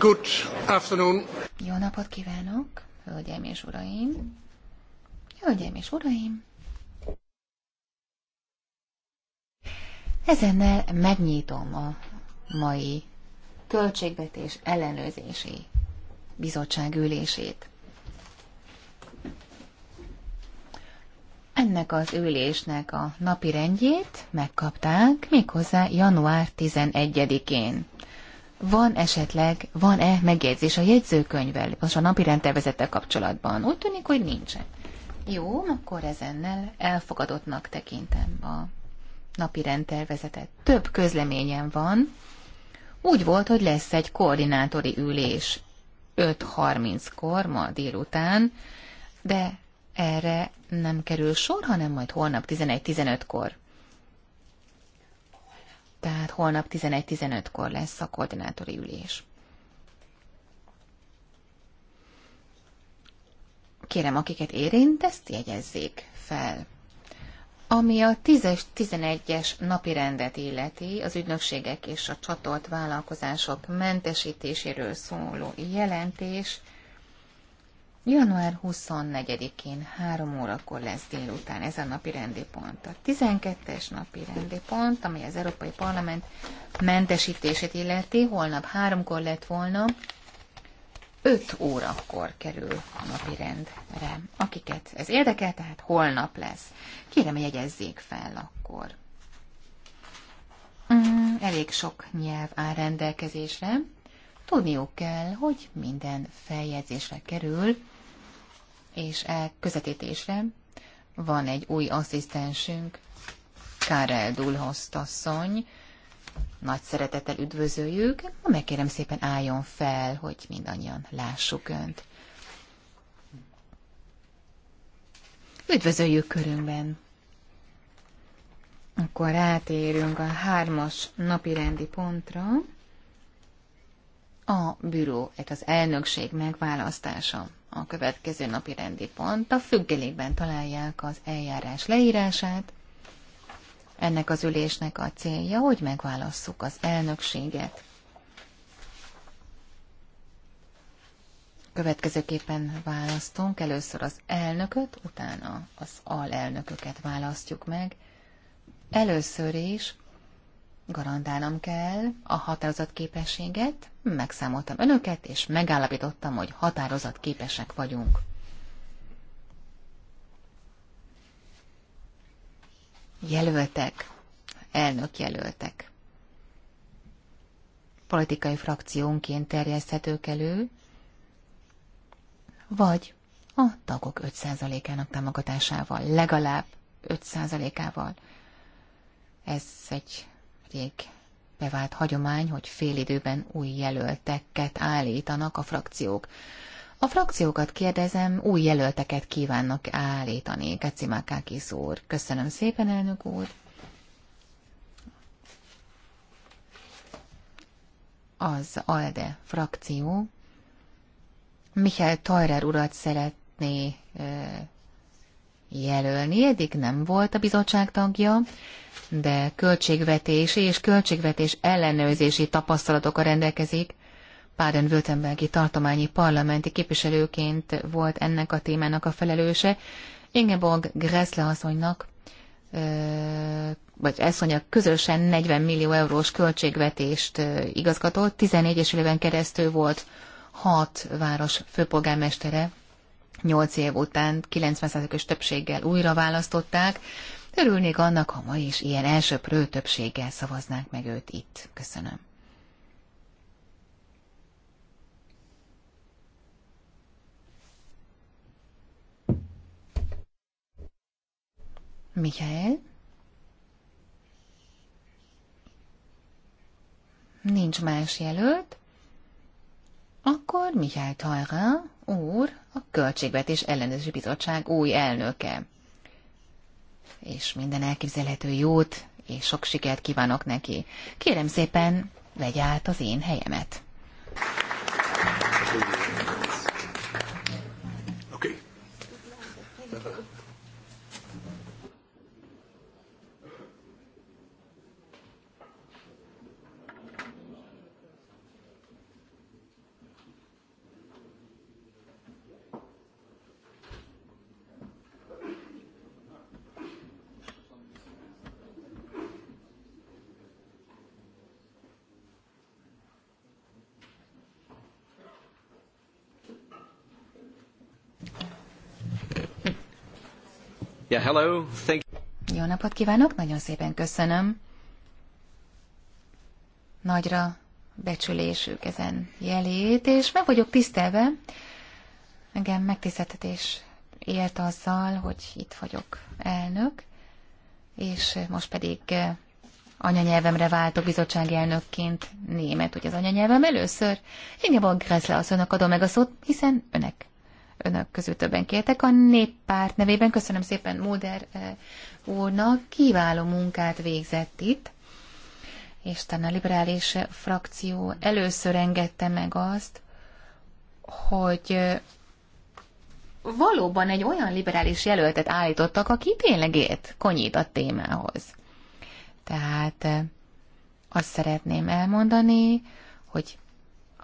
Good afternoon. Jó napot kívánok, hölgyeim és uraim! Hölgyeim és uraim! Ezennel megnyitom a mai költségvetés ellenőrzési bizottság ülését. Ennek az ülésnek a napi rendjét megkapták méghozzá január 11-én. Van esetleg, van-e megjegyzés a jegyzőkönyvvel, most a napi rendtervezettel kapcsolatban? Úgy tűnik, hogy nincsen. Jó, akkor ezennel elfogadottnak tekintem a napi rendtervezetet. Több közleményem van. Úgy volt, hogy lesz egy koordinátori ülés 5.30-kor ma délután, de erre nem kerül sor, hanem majd holnap 11.15-kor. Tehát holnap 11.15-kor lesz a koordinátori ülés. Kérem, akiket érint, ezt jegyezzék fel. Ami a 10-es, 11-es napi rendet illeti, az ügynökségek és a csatolt vállalkozások mentesítéséről szóló jelentés, Január 24-én 3 órakor lesz délután ez a napi rendi pont. A 12-es napi rendi pont, amely az Európai Parlament mentesítését illeti, holnap 3-kor lett volna, 5 órakor kerül a napi rendre. Akiket ez érdekel, tehát holnap lesz. Kérem, jegyezzék fel akkor. Mm, elég sok nyelv áll rendelkezésre. Tudniuk kell, hogy minden feljegyzésre kerül, és e közvetítésre van egy új asszisztensünk, Karel Dulhoszt asszony. Nagy szeretettel üdvözöljük. Megkérem szépen álljon fel, hogy mindannyian lássuk Önt. Üdvözöljük körünkben! Akkor rátérünk a hármas napi rendi pontra. A büró, ez az elnökség megválasztása a következő napi rendi pont. A függelékben találják az eljárás leírását. Ennek az ülésnek a célja, hogy megválasszuk az elnökséget. Következőképpen választunk először az elnököt, utána az alelnököket választjuk meg. Először is garantálnom kell a határozat képességet, megszámoltam önöket, és megállapítottam, hogy határozat képesek vagyunk. Jelöltek, elnök jelöltek. Politikai frakciónként terjeszthetők elő, vagy a tagok 5%-ának támogatásával, legalább 5%-ával. Ez egy rég bevált hagyomány, hogy félidőben új jelölteket állítanak a frakciók. A frakciókat kérdezem, új jelölteket kívánnak állítani, Mákákis úr. Köszönöm szépen, elnök úr. Az ALDE frakció Michael Tajrer urat szeretné jelölni. Eddig nem volt a bizottság tagja, de költségvetési és költségvetés ellenőrzési tapasztalatokkal rendelkezik. páden württembergi tartományi parlamenti képviselőként volt ennek a témának a felelőse. Ingeborg Gressle asszonynak, vagy asszonya közösen 40 millió eurós költségvetést igazgatott, 14 és éven keresztül volt hat város főpolgármestere Nyolc év után 90%-os többséggel újra választották. Örülnék annak, ha ma is ilyen elsőprő többséggel szavaznánk meg őt itt. Köszönöm. Mihály? Nincs más jelölt. Akkor Mihály Tajra úr a Költségvetés ellenőrző Bizottság új elnöke. És minden elképzelhető jót és sok sikert kívánok neki. Kérem szépen, vegye át az én helyemet. Köszönöm. Yeah, hello. Thank Jó napot kívánok, nagyon szépen köszönöm. Nagyra becsülésük ezen jelét, és meg vagyok tisztelve. Engem megtiszteltetés élt azzal, hogy itt vagyok elnök, és most pedig anyanyelvemre váltok bizottsági elnökként német, ugye az anyanyelvem először. Ingeborg Gressle asszonynak adom meg a szót, hiszen önek önök közül többen kértek. A néppárt nevében köszönöm szépen móder eh, úrnak, kiváló munkát végzett itt, és talán a liberális frakció először engedte meg azt, hogy eh, valóban egy olyan liberális jelöltet állítottak, aki tényleg ért, konyít a témához. Tehát eh, azt szeretném elmondani, hogy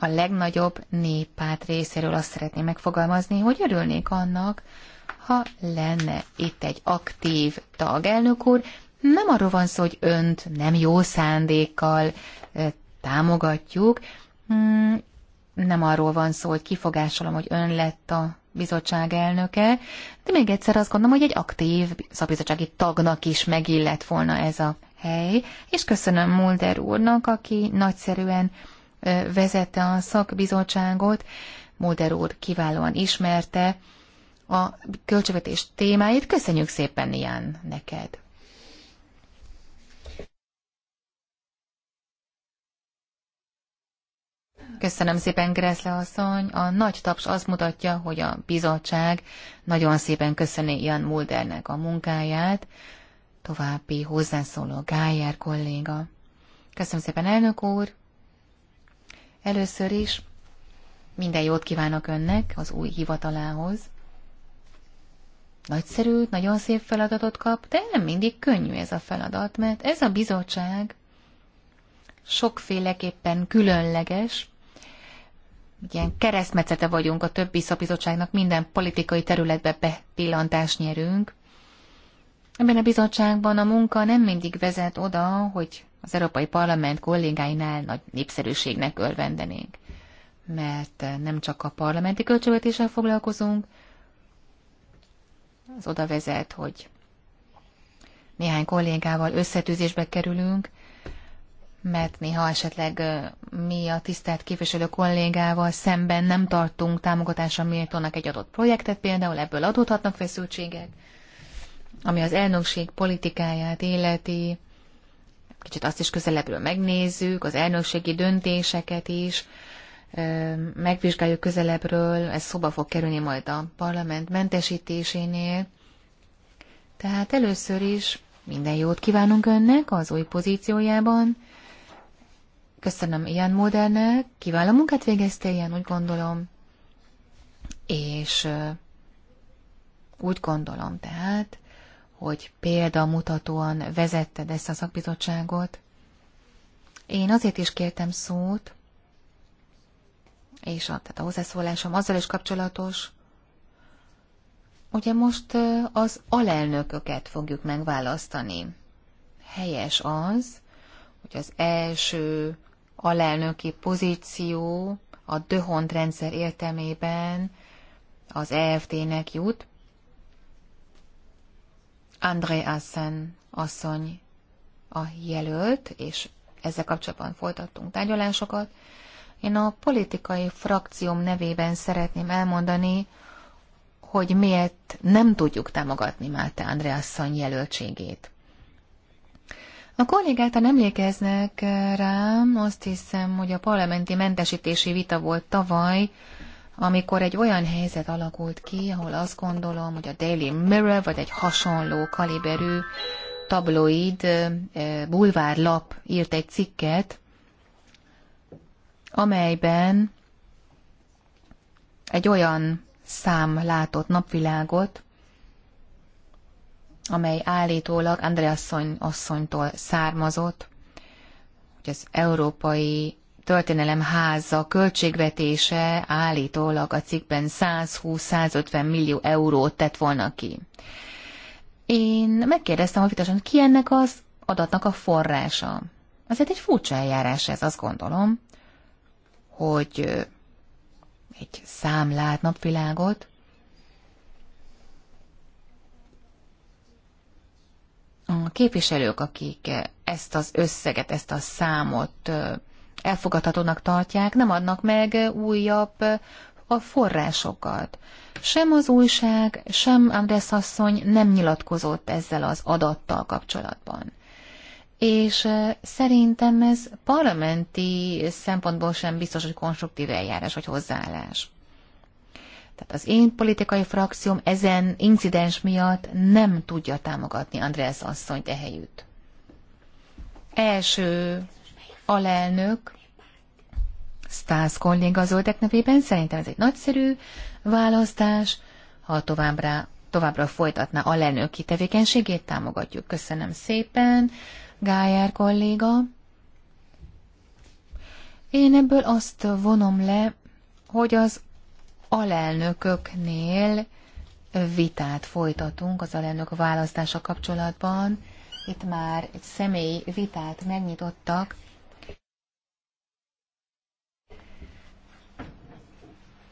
a legnagyobb néppárt részéről azt szeretném megfogalmazni, hogy örülnék annak, ha lenne itt egy aktív tag. Elnök úr, nem arról van szó, hogy önt nem jó szándékkal támogatjuk, mm, nem arról van szó, hogy kifogásolom, hogy ön lett a bizottság elnöke, de még egyszer azt gondolom, hogy egy aktív szabizottsági tagnak is megillett volna ez a hely, és köszönöm Mulder úrnak, aki nagyszerűen vezette a szakbizottságot, Mulder úr kiválóan ismerte a költségvetés témáit. Köszönjük szépen, Ian, neked! Köszönöm szépen, Greszle asszony. A nagy taps azt mutatja, hogy a bizottság nagyon szépen köszöni Jan Muldernek a munkáját. További hozzászóló Gájer kolléga. Köszönöm szépen, elnök úr. Először is minden jót kívánok önnek az új hivatalához. Nagyszerű, nagyon szép feladatot kap, de nem mindig könnyű ez a feladat, mert ez a bizottság sokféleképpen különleges, ilyen keresztmetszete vagyunk a többi szabizottságnak, minden politikai területbe bepillantást nyerünk. Ebben a bizottságban a munka nem mindig vezet oda, hogy az Európai Parlament kollégáinál nagy népszerűségnek örvendenénk. Mert nem csak a parlamenti költségvetéssel foglalkozunk, az oda vezet, hogy néhány kollégával összetűzésbe kerülünk, mert néha esetleg mi a tisztelt képviselő kollégával szemben nem tartunk támogatásra méltónak egy adott projektet, például ebből adódhatnak feszültségek, ami az elnökség politikáját életi, kicsit azt is közelebbről megnézzük, az elnökségi döntéseket is, megvizsgáljuk közelebbről, ez szoba fog kerülni majd a parlament mentesítésénél. Tehát először is minden jót kívánunk önnek az új pozíciójában. Köszönöm ilyen Modernek, kiváló munkát végezte ilyen úgy gondolom. És úgy gondolom tehát, hogy példamutatóan vezetted ezt a szakbizottságot. Én azért is kértem szót, és a, tehát a hozzászólásom azzal is kapcsolatos, ugye most az alelnököket fogjuk megválasztani. Helyes az, hogy az első alelnöki pozíció a Döhont rendszer értelmében az EFT-nek jut, André Assen asszony a jelölt, és ezzel kapcsolatban folytattunk tárgyalásokat. Én a politikai frakcióm nevében szeretném elmondani, hogy miért nem tudjuk támogatni Máté André asszony jelöltségét. A nem emlékeznek rám, azt hiszem, hogy a parlamenti mentesítési vita volt tavaly, amikor egy olyan helyzet alakult ki, ahol azt gondolom, hogy a Daily Mirror, vagy egy hasonló kaliberű tabloid bulvárlap írt egy cikket, amelyben egy olyan szám látott napvilágot, amely állítólag Andreasszony asszonytól származott, hogy az európai történelem háza költségvetése állítólag a cikkben 120-150 millió eurót tett volna ki. Én megkérdeztem a vitason, ki ennek az adatnak a forrása. Azért egy furcsa eljárás ez, azt gondolom, hogy egy számlát napvilágot, a képviselők, akik ezt az összeget, ezt a számot elfogadhatónak tartják, nem adnak meg újabb a forrásokat. Sem az újság, sem Andrész asszony nem nyilatkozott ezzel az adattal kapcsolatban. És szerintem ez parlamenti szempontból sem biztos, hogy konstruktív eljárás vagy hozzáállás. Tehát az én politikai frakcióm ezen incidens miatt nem tudja támogatni Andrész asszonyt ehelyütt. Első alelnök, Stász kolléga a nevében. Szerintem ez egy nagyszerű választás. Ha továbbra, továbbra folytatná alelnöki tevékenységét, támogatjuk. Köszönöm szépen, Gájár kolléga. Én ebből azt vonom le, hogy az alelnököknél vitát folytatunk az alelnök választása kapcsolatban. Itt már egy személy vitát megnyitottak,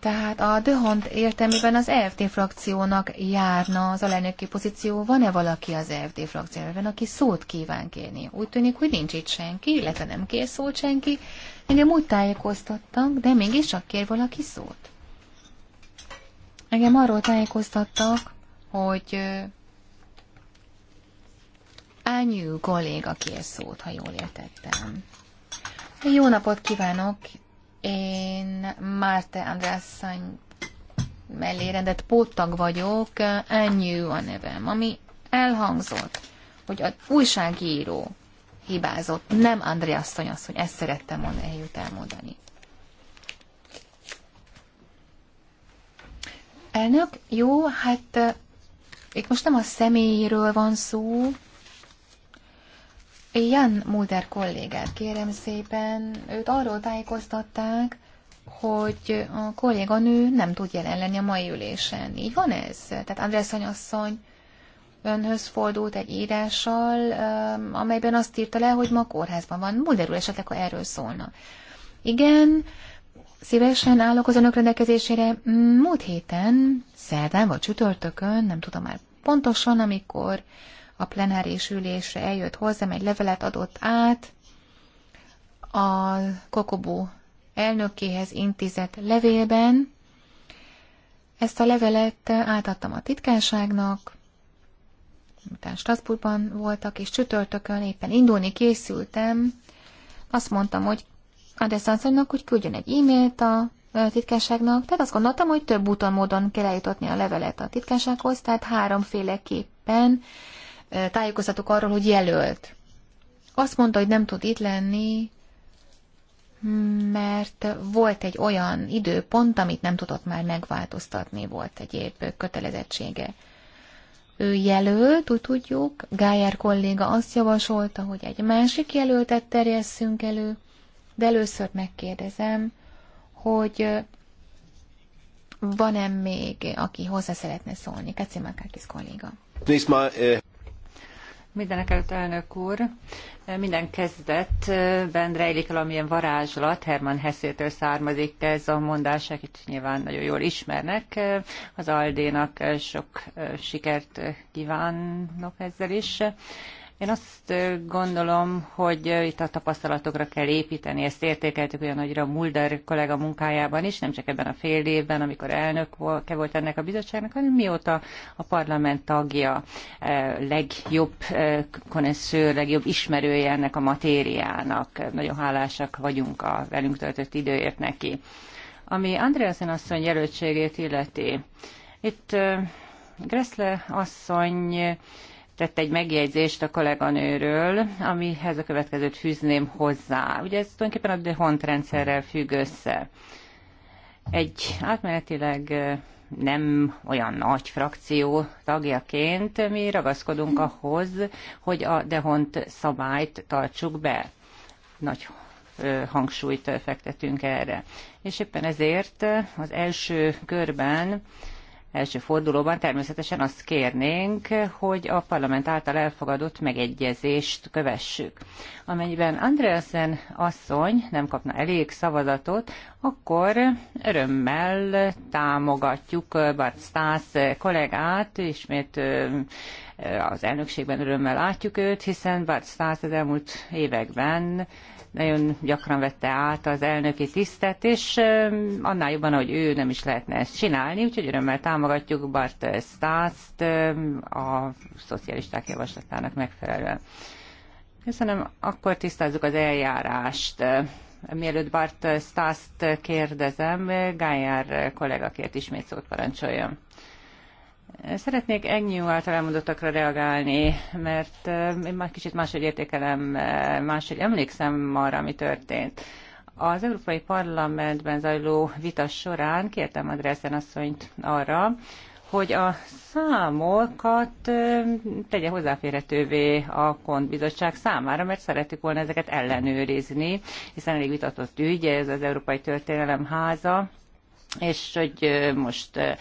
Tehát a Dehont értelmében az EFT frakciónak járna az alelnöki pozíció. Van-e valaki az EFT frakcióban, aki szót kíván kérni? Úgy tűnik, hogy nincs itt senki, illetve nem kér szót senki. Engem úgy tájékoztattak, de mégiscsak kér valaki szót. Engem arról tájékoztattak, hogy Ányú kolléga kér szót, ha jól értettem. Jó napot kívánok! Én Márte Andrásszony mellé rendett póttag vagyok, ennyi a nevem, ami elhangzott, hogy az újságíró hibázott, nem Andreasszony asszony, ezt szerettem volna eljut elmondani. Elnök, jó, hát eh, itt most nem a személyéről van szó, Jan Mulder kollégát kérem szépen, őt arról tájékoztatták, hogy a kolléganő nem tud jelen lenni a mai ülésen. Így van ez? Tehát András anyasszony önhöz fordult egy írással, amelyben azt írta le, hogy ma kórházban van. Mulder úr esetleg, ha erről szólna. Igen, szívesen állok az önök rendelkezésére. Múlt héten, szerdán vagy csütörtökön, nem tudom már pontosan, amikor a plenáris ülésre eljött hozzám, egy levelet adott át, a Kokobó elnökéhez intézett levélben. Ezt a levelet átadtam a titkárságnak, miután Strasbourgban voltak, és csütörtökön éppen indulni készültem, azt mondtam, hogy a deszanszonynak, hogy küldjön egy e-mailt a titkárságnak, tehát azt gondoltam, hogy több úton módon kell eljutatni a levelet a titkársághoz, tehát háromféleképpen tájékoztatok arról, hogy jelölt. Azt mondta, hogy nem tud itt lenni, mert volt egy olyan időpont, amit nem tudott már megváltoztatni, volt egyéb kötelezettsége. Ő jelölt, úgy tudjuk, Gájár kolléga azt javasolta, hogy egy másik jelöltet terjesszünk elő, de először megkérdezem, hogy van-e még, aki hozzá szeretne szólni? Kacimákákis kolléga. Eh, Mindenek előtt elnök úr, minden kezdetben eh, rejlik valamilyen varázslat, Herman Hessétől származik ez a mondás, akit nyilván nagyon jól ismernek. Eh, az Aldénak eh, sok sikert kívánok ezzel is. Én azt gondolom, hogy itt a tapasztalatokra kell építeni, ezt értékeltük olyan nagyra Mulder kollega munkájában is, nem csak ebben a fél évben, amikor elnök volt ennek a bizottságnak, hanem mióta a parlament tagja legjobb konesző, legjobb ismerője ennek a matériának. Nagyon hálásak vagyunk a velünk töltött időért neki. Ami Andreasen asszony jelöltségét illeti, itt Gressle asszony tett egy megjegyzést a kolléganőről, amihez a következőt fűzném hozzá. Ugye ez tulajdonképpen a DeHont rendszerrel függ össze. Egy átmenetileg nem olyan nagy frakció tagjaként mi ragaszkodunk ahhoz, hogy a dehont szabályt tartsuk be. Nagy hangsúlyt fektetünk erre. És éppen ezért az első körben első fordulóban természetesen azt kérnénk, hogy a parlament által elfogadott megegyezést kövessük. Amennyiben Andreasen asszony nem kapna elég szavazatot, akkor örömmel támogatjuk Bart Stas kollégát, ismét az elnökségben örömmel látjuk őt, hiszen Bart Stas az elmúlt években nagyon gyakran vette át az elnöki tisztet, és annál jobban, hogy ő nem is lehetne ezt csinálni, úgyhogy örömmel támogatjuk Bart Stászt a szocialisták javaslatának megfelelően. Köszönöm, akkor tisztázzuk az eljárást. Mielőtt Bart Stászt kérdezem, Gájár kollega kért ismét szót parancsoljon. Szeretnék Egnyú által elmondottakra reagálni, mert eh, én már kicsit máshogy értékelem, eh, máshogy emlékszem arra, ami történt. Az Európai Parlamentben zajló vita során kértem Andrészen asszonyt arra, hogy a számokat eh, tegye hozzáférhetővé a KONT bizottság számára, mert szerettük volna ezeket ellenőrizni, hiszen elég vitatott ügy, ez az Európai Történelem Háza, és hogy most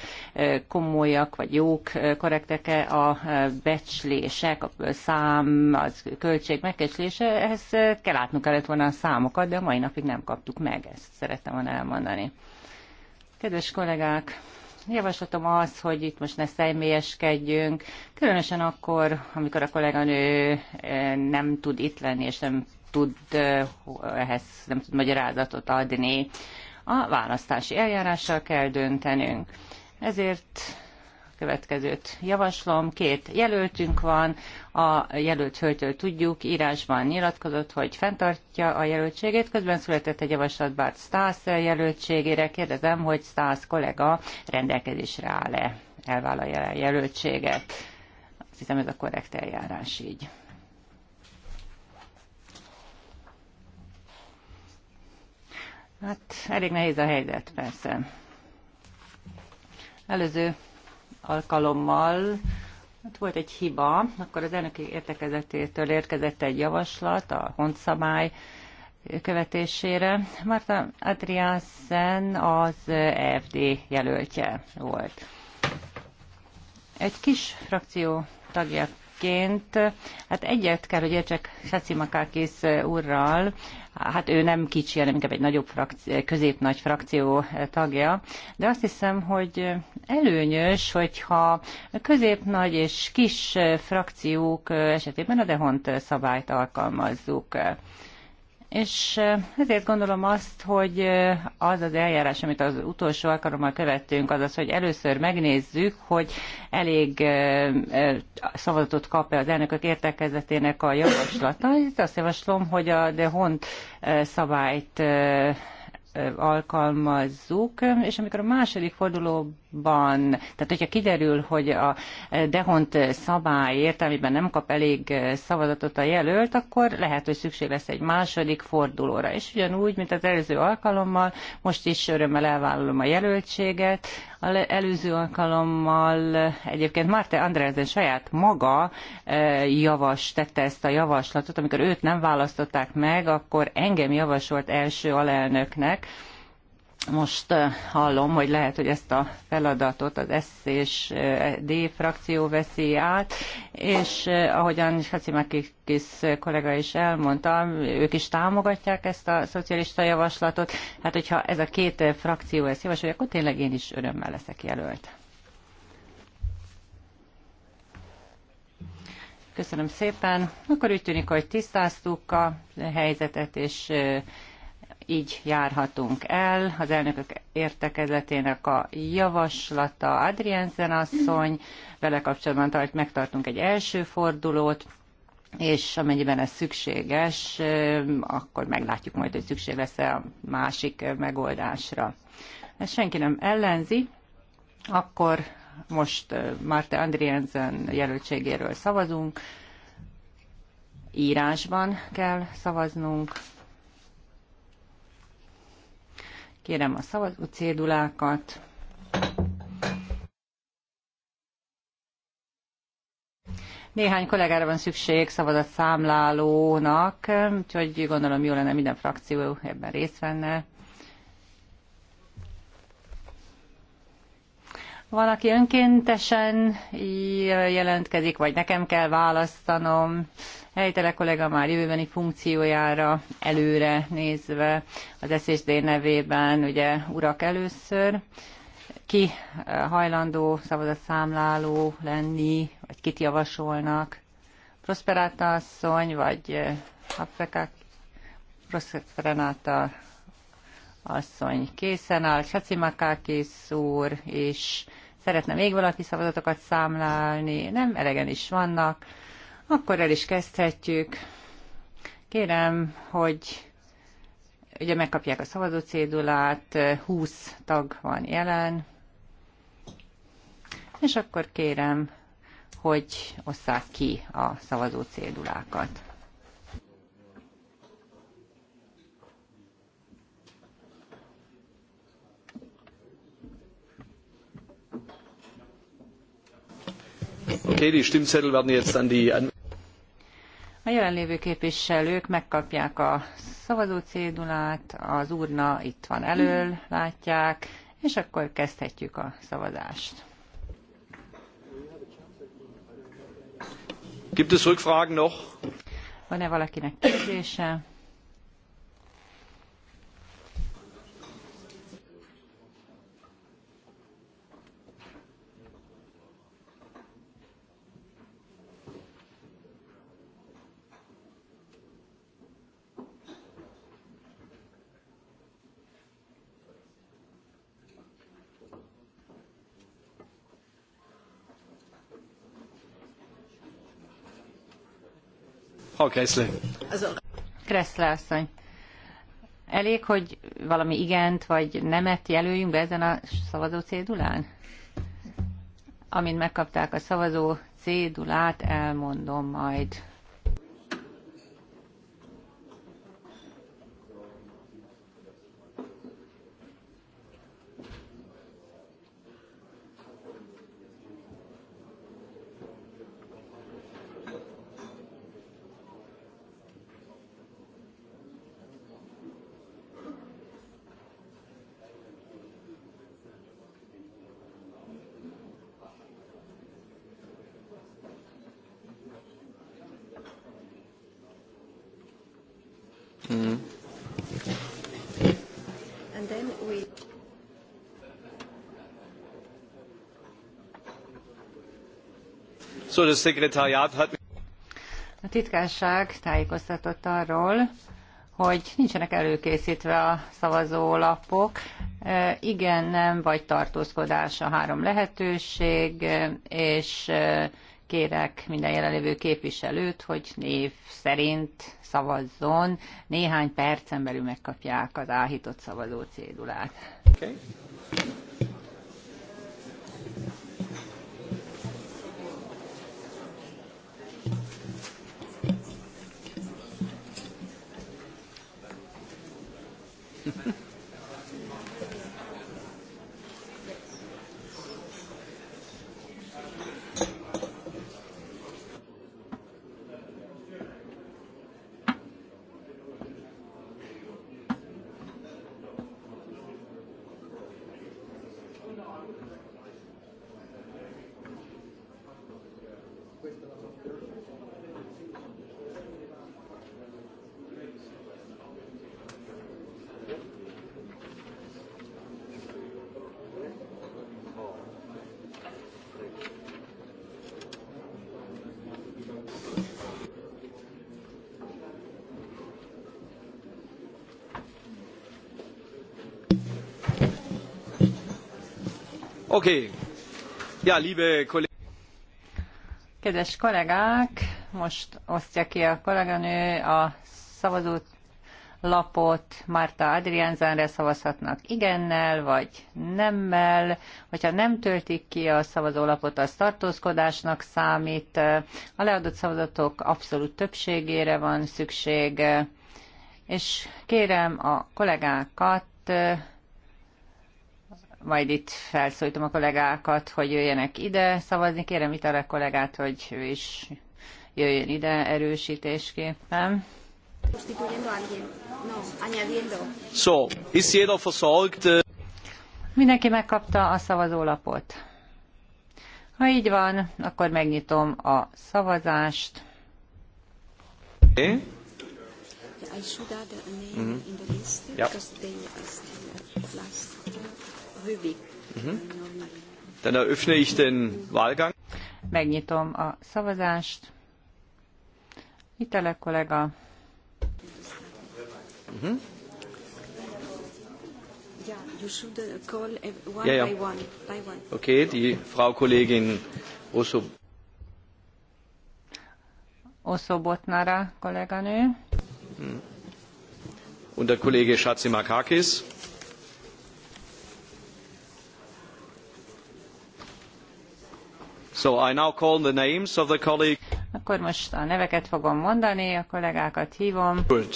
komolyak vagy jók, korrektek-e a becslések, a szám, az költség megbecslése, ehhez kell látnunk kellett volna a számokat, de a mai napig nem kaptuk meg, ezt szerettem volna elmondani. Kedves kollégák, javaslatom az, hogy itt most ne személyeskedjünk, különösen akkor, amikor a kolléganő nem tud itt lenni, és nem tud ehhez nem tud magyarázatot adni a választási eljárással kell döntenünk. Ezért a következőt javaslom. Két jelöltünk van, a jelölt hölgytől tudjuk, írásban nyilatkozott, hogy fenntartja a jelöltségét. Közben született egy javaslat Bart Stász jelöltségére. Kérdezem, hogy Stász kollega rendelkezésre áll-e, elvállalja a jelöltséget. Azt hiszem ez a korrekt eljárás így. Hát elég nehéz a helyzet, persze. Előző alkalommal Hát volt egy hiba, akkor az elnöki értekezetétől érkezett egy javaslat a hontszabály követésére. Marta Adriásen az EFD jelöltje volt. Egy kis frakció tagjaként, hát egyet kell, hogy értsek Sacimakakis úrral, hát ő nem kicsi, hanem inkább egy nagyobb frakció, középnagy frakció tagja, de azt hiszem, hogy előnyös, hogyha középnagy és kis frakciók esetében a dehont szabályt alkalmazzuk. És ezért gondolom azt, hogy az az eljárás, amit az utolsó alkalommal követtünk, az az, hogy először megnézzük, hogy elég szavazatot kap-e az elnökök értekezetének a javaslata. Itt azt javaslom, hogy a de hont szabályt alkalmazzuk, és amikor a második fordulóban ban. Tehát, hogyha kiderül, hogy a Dehont szabály értelmében nem kap elég szavazatot a jelölt, akkor lehet, hogy szükség lesz egy második fordulóra. És ugyanúgy, mint az előző alkalommal, most is örömmel elvállalom a jelöltséget. Az előző alkalommal egyébként Marte Andreasen saját maga e, javas, tette ezt a javaslatot, amikor őt nem választották meg, akkor engem javasolt első alelnöknek, most eh, hallom, hogy lehet, hogy ezt a feladatot az S és eh, D frakció veszi át, és eh, ahogyan Hacimakis kollega is elmondta, ők is támogatják ezt a szocialista javaslatot. Hát, hogyha ez a két frakció ezt javasolja, akkor tényleg én is örömmel leszek jelölt. Köszönöm szépen. Akkor úgy tűnik, hogy tisztáztuk a helyzetet, és így járhatunk el. Az elnökök értekezletének a javaslata Adriensen asszony, vele kapcsolatban tart, megtartunk egy első fordulót, és amennyiben ez szükséges, akkor meglátjuk majd, hogy szükség lesz-e a másik megoldásra. Ezt senki nem ellenzi, akkor most Marte Andriensen jelöltségéről szavazunk, írásban kell szavaznunk, Kérem a szavazó cédulákat. Néhány kollégára van szükség szavazatszámlálónak, úgyhogy gondolom jó lenne minden frakció ebben részt venne. Van, aki önkéntesen jelentkezik, vagy nekem kell választanom. Helytele kollega már jövőbeni funkciójára előre nézve az SSD nevében, ugye urak először ki eh, hajlandó szavazatszámláló lenni, vagy kit javasolnak? Prosperáta asszony, vagy eh, Hapfekák? Prosperáta asszony készen áll, Sacimakákész úr és szeretne még valaki szavazatokat számlálni, nem, elegen is vannak, akkor el is kezdhetjük. Kérem, hogy ugye megkapják a szavazócédulát, 20 tag van jelen, és akkor kérem, hogy osszák ki a szavazócédulákat. Okay, die Stimmzettel werden jetzt an die a jelenlévő képviselők megkapják a szavazó cédulát, az urna itt van elől, látják, és akkor kezdhetjük a szavazást. Gibt es Rückfragen noch? Van-e valakinek kérdése? Kressle. Kressle asszony. Elég, hogy valami igent vagy nemet jelöljünk be ezen a szavazó cédulán? Amint megkapták a szavazó cédulát, elmondom majd. hat... A titkárság tájékoztatott arról, hogy nincsenek előkészítve a szavazólapok. E, igen, nem, vagy tartózkodás a három lehetőség, e, és e, kérek minden jelenlévő képviselőt, hogy név szerint szavazzon. Néhány percen belül megkapják az áhított szavazó cédulát. Okay. Kedves kollégák, most osztja ki a kolléganő a szavazólapot. marta Márta szavazhatnak igennel vagy nemmel. Hogyha nem töltik ki a szavazólapot, az tartózkodásnak számít. A leadott szavazatok abszolút többségére van szükség, és kérem a kollégákat, majd itt felszólítom a kollégákat, hogy jöjjenek ide szavazni. Kérem itt a kollégát, hogy ő is jöjjön ide erősítésképpen. So, ist jeder versorgt? Mindenki megkapta a szavazólapot. Ha így van, akkor megnyitom a szavazást. Okay. Eh? I should add a name mm-hmm. in the list yep. because they are still last. Mhm. Dann eröffne ich den Wahlgang. Megnyitom a szavazást. Itele kollega. Uh-huh. Yeah, you Okay, die Frau Kollegin Osso. Osso Botnara kolléganő. Mhm. Und der Kollege Schatzimakakis. So I now call the names of the colleague. Akkor most a neveket fogom mondani, a kollégákat hívom. Good.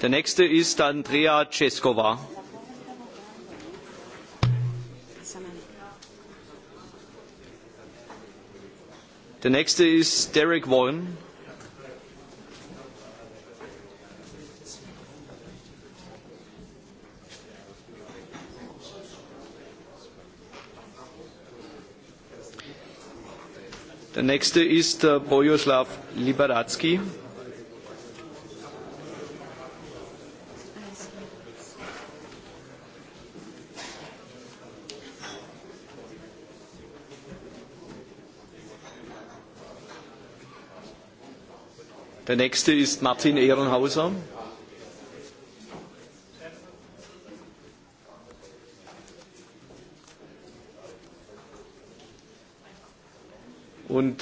Der Andrea Ceskova. Der nächste Derek Vaughan. Der nächste ist äh, Bojoslav Liberadzki. Der nächste ist Martin Ehrenhauser.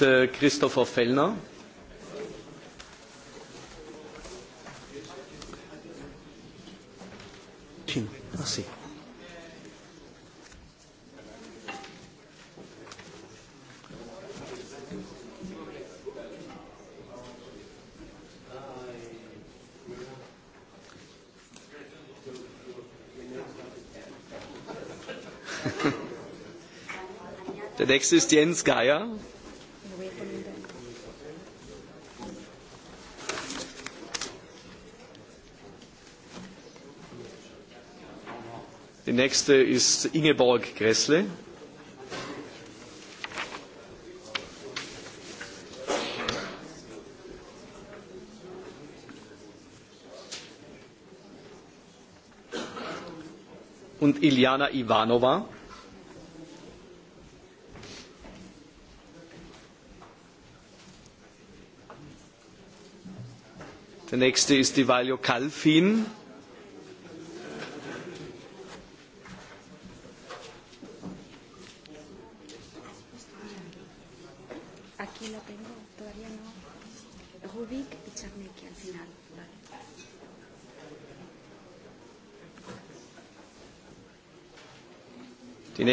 mit Christopher Fellner. Merci. Der nächste ist Jens Geier. nächste ist Ingeborg Gressle. und Iliana Ivanova. Der nächste ist Divalio Kalfin.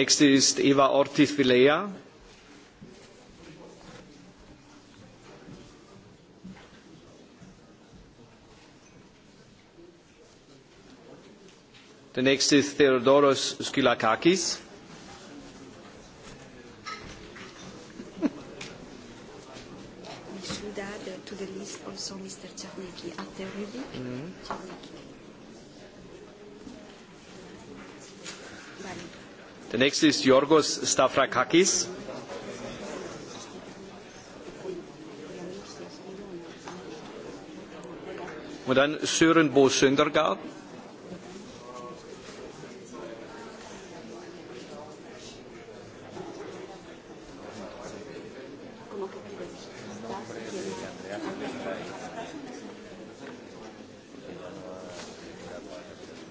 nächste ist Eva Ortiz Vilea. Der nächste ist Theodoros Skylakakis. Next is Yorgos Stavrakakis. Und dann Sören Bo Söndergaard.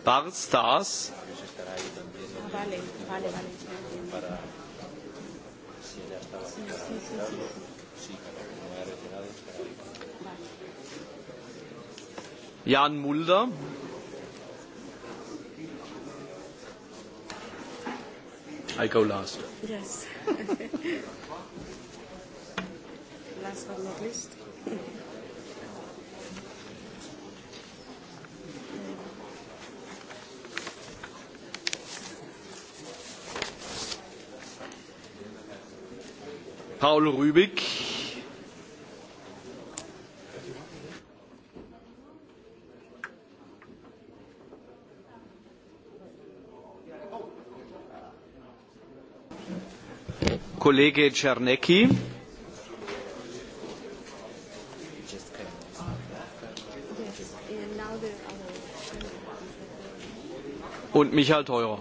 Bart Stars. Vale, vale. Para si ella estaba sí, para sí, sí, sí. sí, para que no haya retirado. Vale. Jan Mulder. I go last. Yes. last but not least. Paul Rübig. Kollege Czernecki. Und Michael Theurer.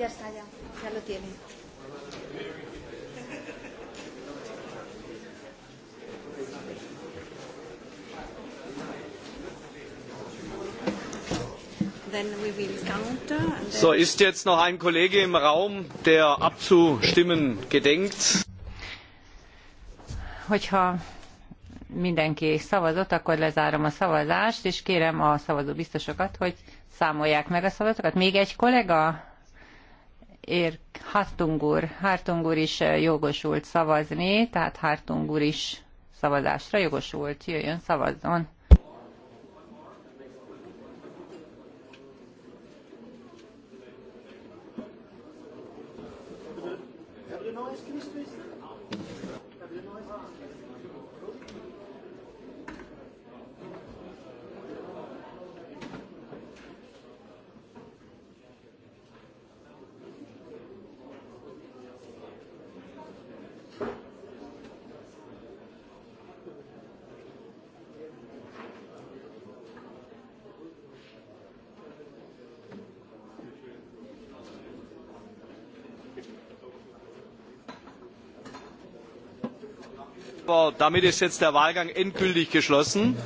Ya está, ya, ya lo tiene. So, ist jetzt noch ein Kollege im Raum, der abzustimmen gedenkt? Hogyha mindenki szavazott, akkor lezárom a szavazást, és kérem a szavazó biztosokat, hogy számolják meg a szavazatokat. Még egy kollega? ér, Hartung úr, Hartung úr is eh, jogosult szavazni, tehát Hartung úr is szavazásra jogosult, jöjjön, szavazzon. aber damit ist jetzt der wahlgang endgültig geschlossen.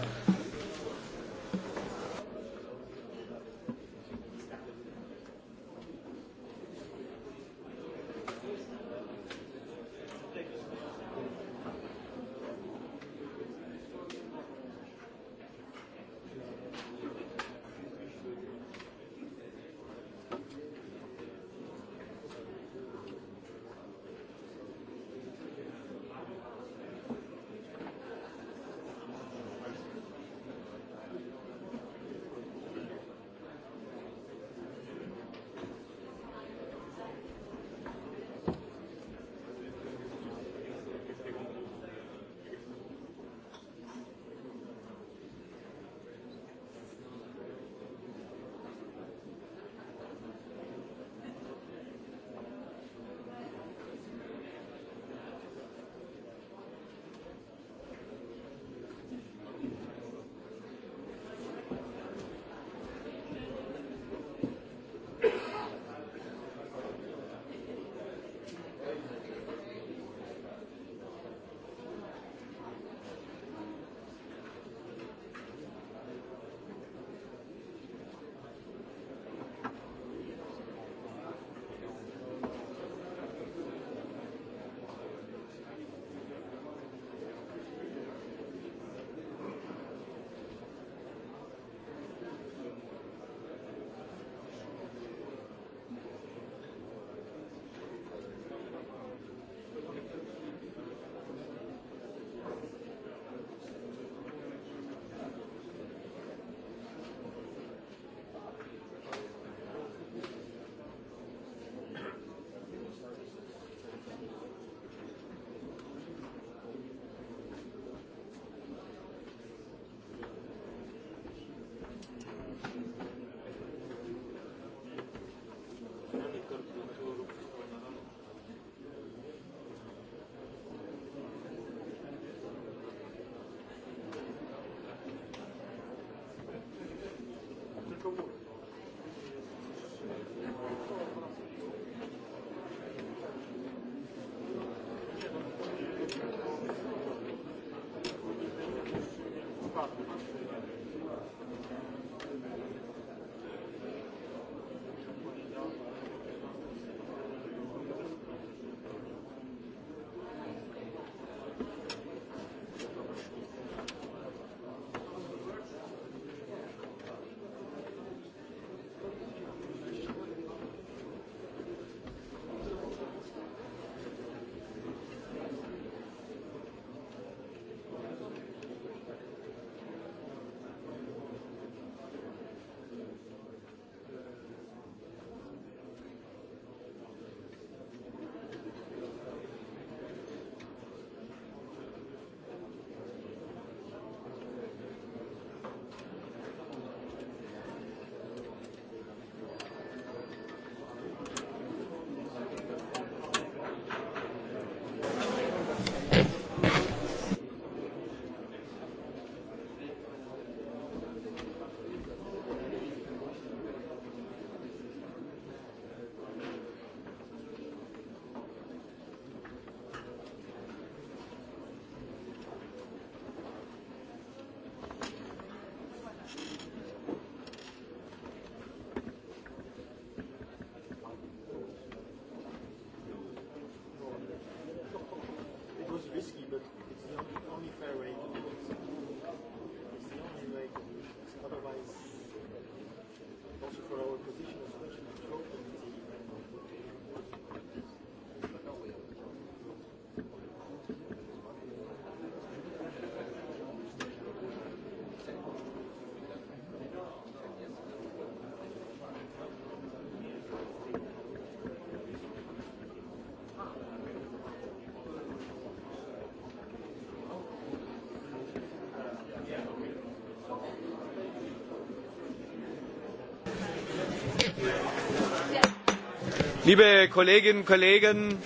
Liebe Kolleginnen und Kollegen!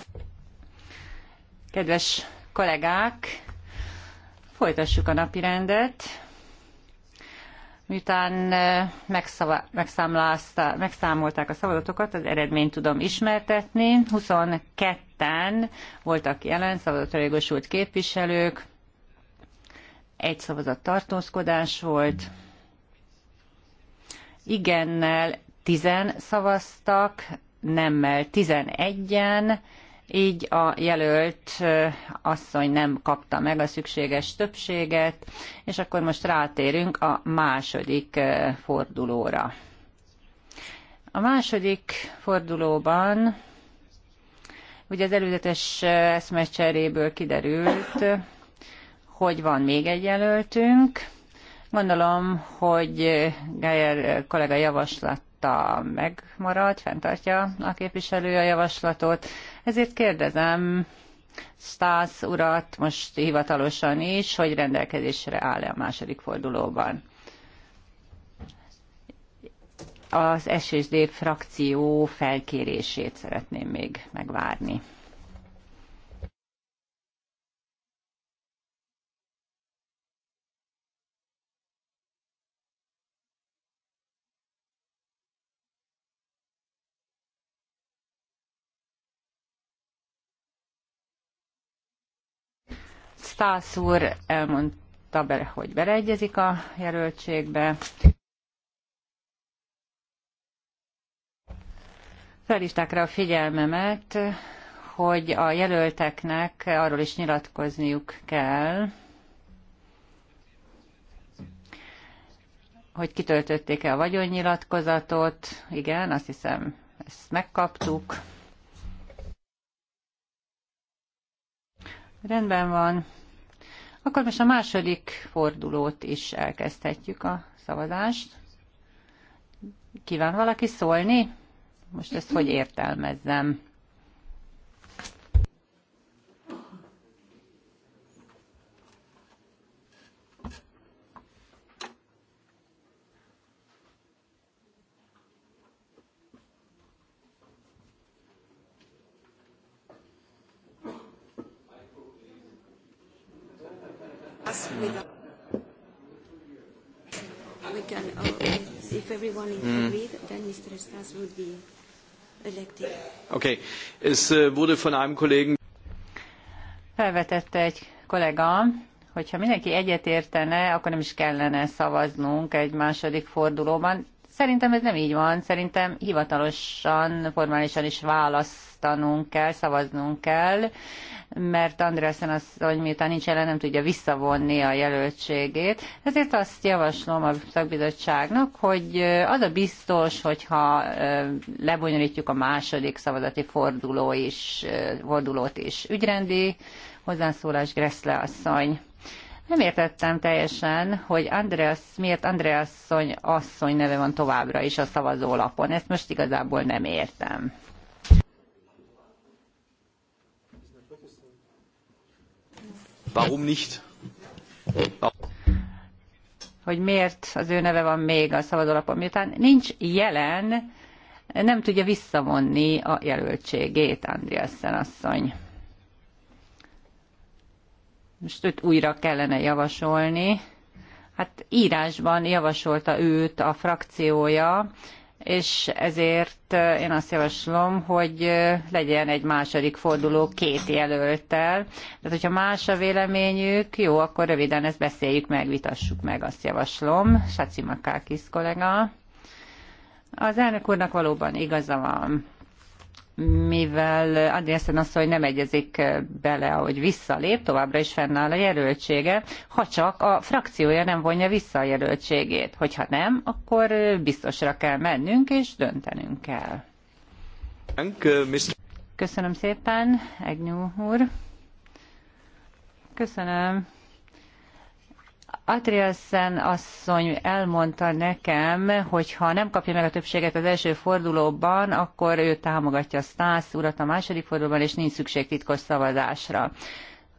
Kedves kollégák, folytassuk a napirendet. Miután eh, megszámolták a szavazatokat, az eredményt tudom ismertetni. 22-en voltak jelen szavazatra jogosult képviselők, egy szavazat tartózkodás volt, igennel 10 szavaztak, nemmel 11-en, így a jelölt asszony nem kapta meg a szükséges többséget, és akkor most rátérünk a második fordulóra. A második fordulóban, ugye az előzetes eszmecseréből kiderült, hogy van még egy jelöltünk. Gondolom, hogy Geyer kollega javaslat javaslata megmarad, fenntartja a képviselő a javaslatot. Ezért kérdezem Stász urat most hivatalosan is, hogy rendelkezésre áll-e a második fordulóban. Az SSD frakció felkérését szeretném még megvárni. Stász úr elmondta, be, hogy beleegyezik a jelöltségbe. Felhívták rá a figyelmemet, hogy a jelölteknek arról is nyilatkozniuk kell, hogy kitöltötték-e a vagyonnyilatkozatot. Igen, azt hiszem, ezt megkaptuk. Rendben van. Akkor most a második fordulót is elkezdhetjük a szavazást. Kíván valaki szólni? Most ezt hogy értelmezzem? We can, uh, if everyone is mm. agreed, then Mr. would be elected. Okay. Es äh, wurde von einem Kollegen felvetette egy kollega, hogyha mindenki egyetértene, akkor nem is kellene szavaznunk egy második fordulóban. Szerintem ez nem így van, szerintem hivatalosan, formálisan is választanunk kell, szavaznunk kell, mert Andreasen az, hogy miután nincs ellen, nem tudja visszavonni a jelöltségét. Ezért azt javaslom a szakbizottságnak, hogy az a biztos, hogyha lebonyolítjuk a második szavazati forduló is, fordulót is. Ügyrendi hozzászólás Greszle asszony. Nem értettem teljesen, hogy Andreas, miért Andreas asszony, asszony neve van továbbra is a szavazólapon. Ezt most igazából nem értem. Warum nicht? Hogy miért az ő neve van még a szavazólapon, miután nincs jelen, nem tudja visszavonni a jelöltségét Andreasen asszony most őt újra kellene javasolni. Hát írásban javasolta őt a frakciója, és ezért eh, én azt javaslom, hogy eh, legyen egy második forduló két jelölttel. Tehát, hogyha más a véleményük, jó, akkor röviden ezt beszéljük meg, vitassuk meg, azt javaslom. Saci Makákis kollega. Az elnök úrnak valóban igaza van mivel Andrészen hogy nem egyezik eh, bele, ahogy visszalép, továbbra is fennáll a jelöltsége, ha csak a frakciója nem vonja vissza a jelöltségét. Hogyha nem, akkor eh, biztosra kell mennünk és döntenünk kell. Köszönöm szépen, Egnyú úr. Köszönöm. Atriassen asszony elmondta nekem, hogy ha nem kapja meg a többséget az első fordulóban, akkor ő támogatja Stász urat a második fordulóban, és nincs szükség titkos szavazásra.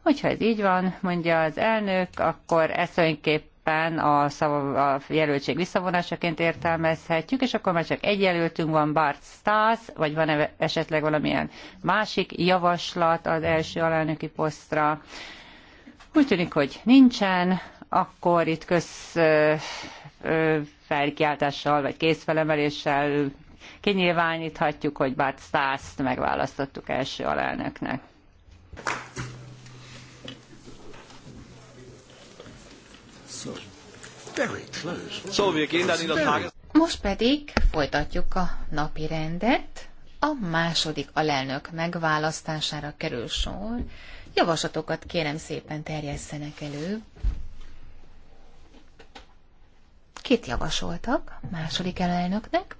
Hogyha ez így van, mondja az elnök, akkor eszönképpen a, szav- a jelöltség visszavonásaként értelmezhetjük, és akkor már csak egy jelöltünk van, Bart Stász, vagy van -e esetleg valamilyen másik javaslat az első alelnöki posztra. Úgy tűnik, hogy nincsen, akkor itt közfelkiáltással vagy kézfelemeléssel kinyilváníthatjuk, hogy Bart Staszt megválasztottuk első alelnöknek. Most pedig folytatjuk a napi rendet. A második alelnök megválasztására kerül sor. Javaslatokat kérem szépen terjesszenek elő. Kit javasoltak második elnöknek?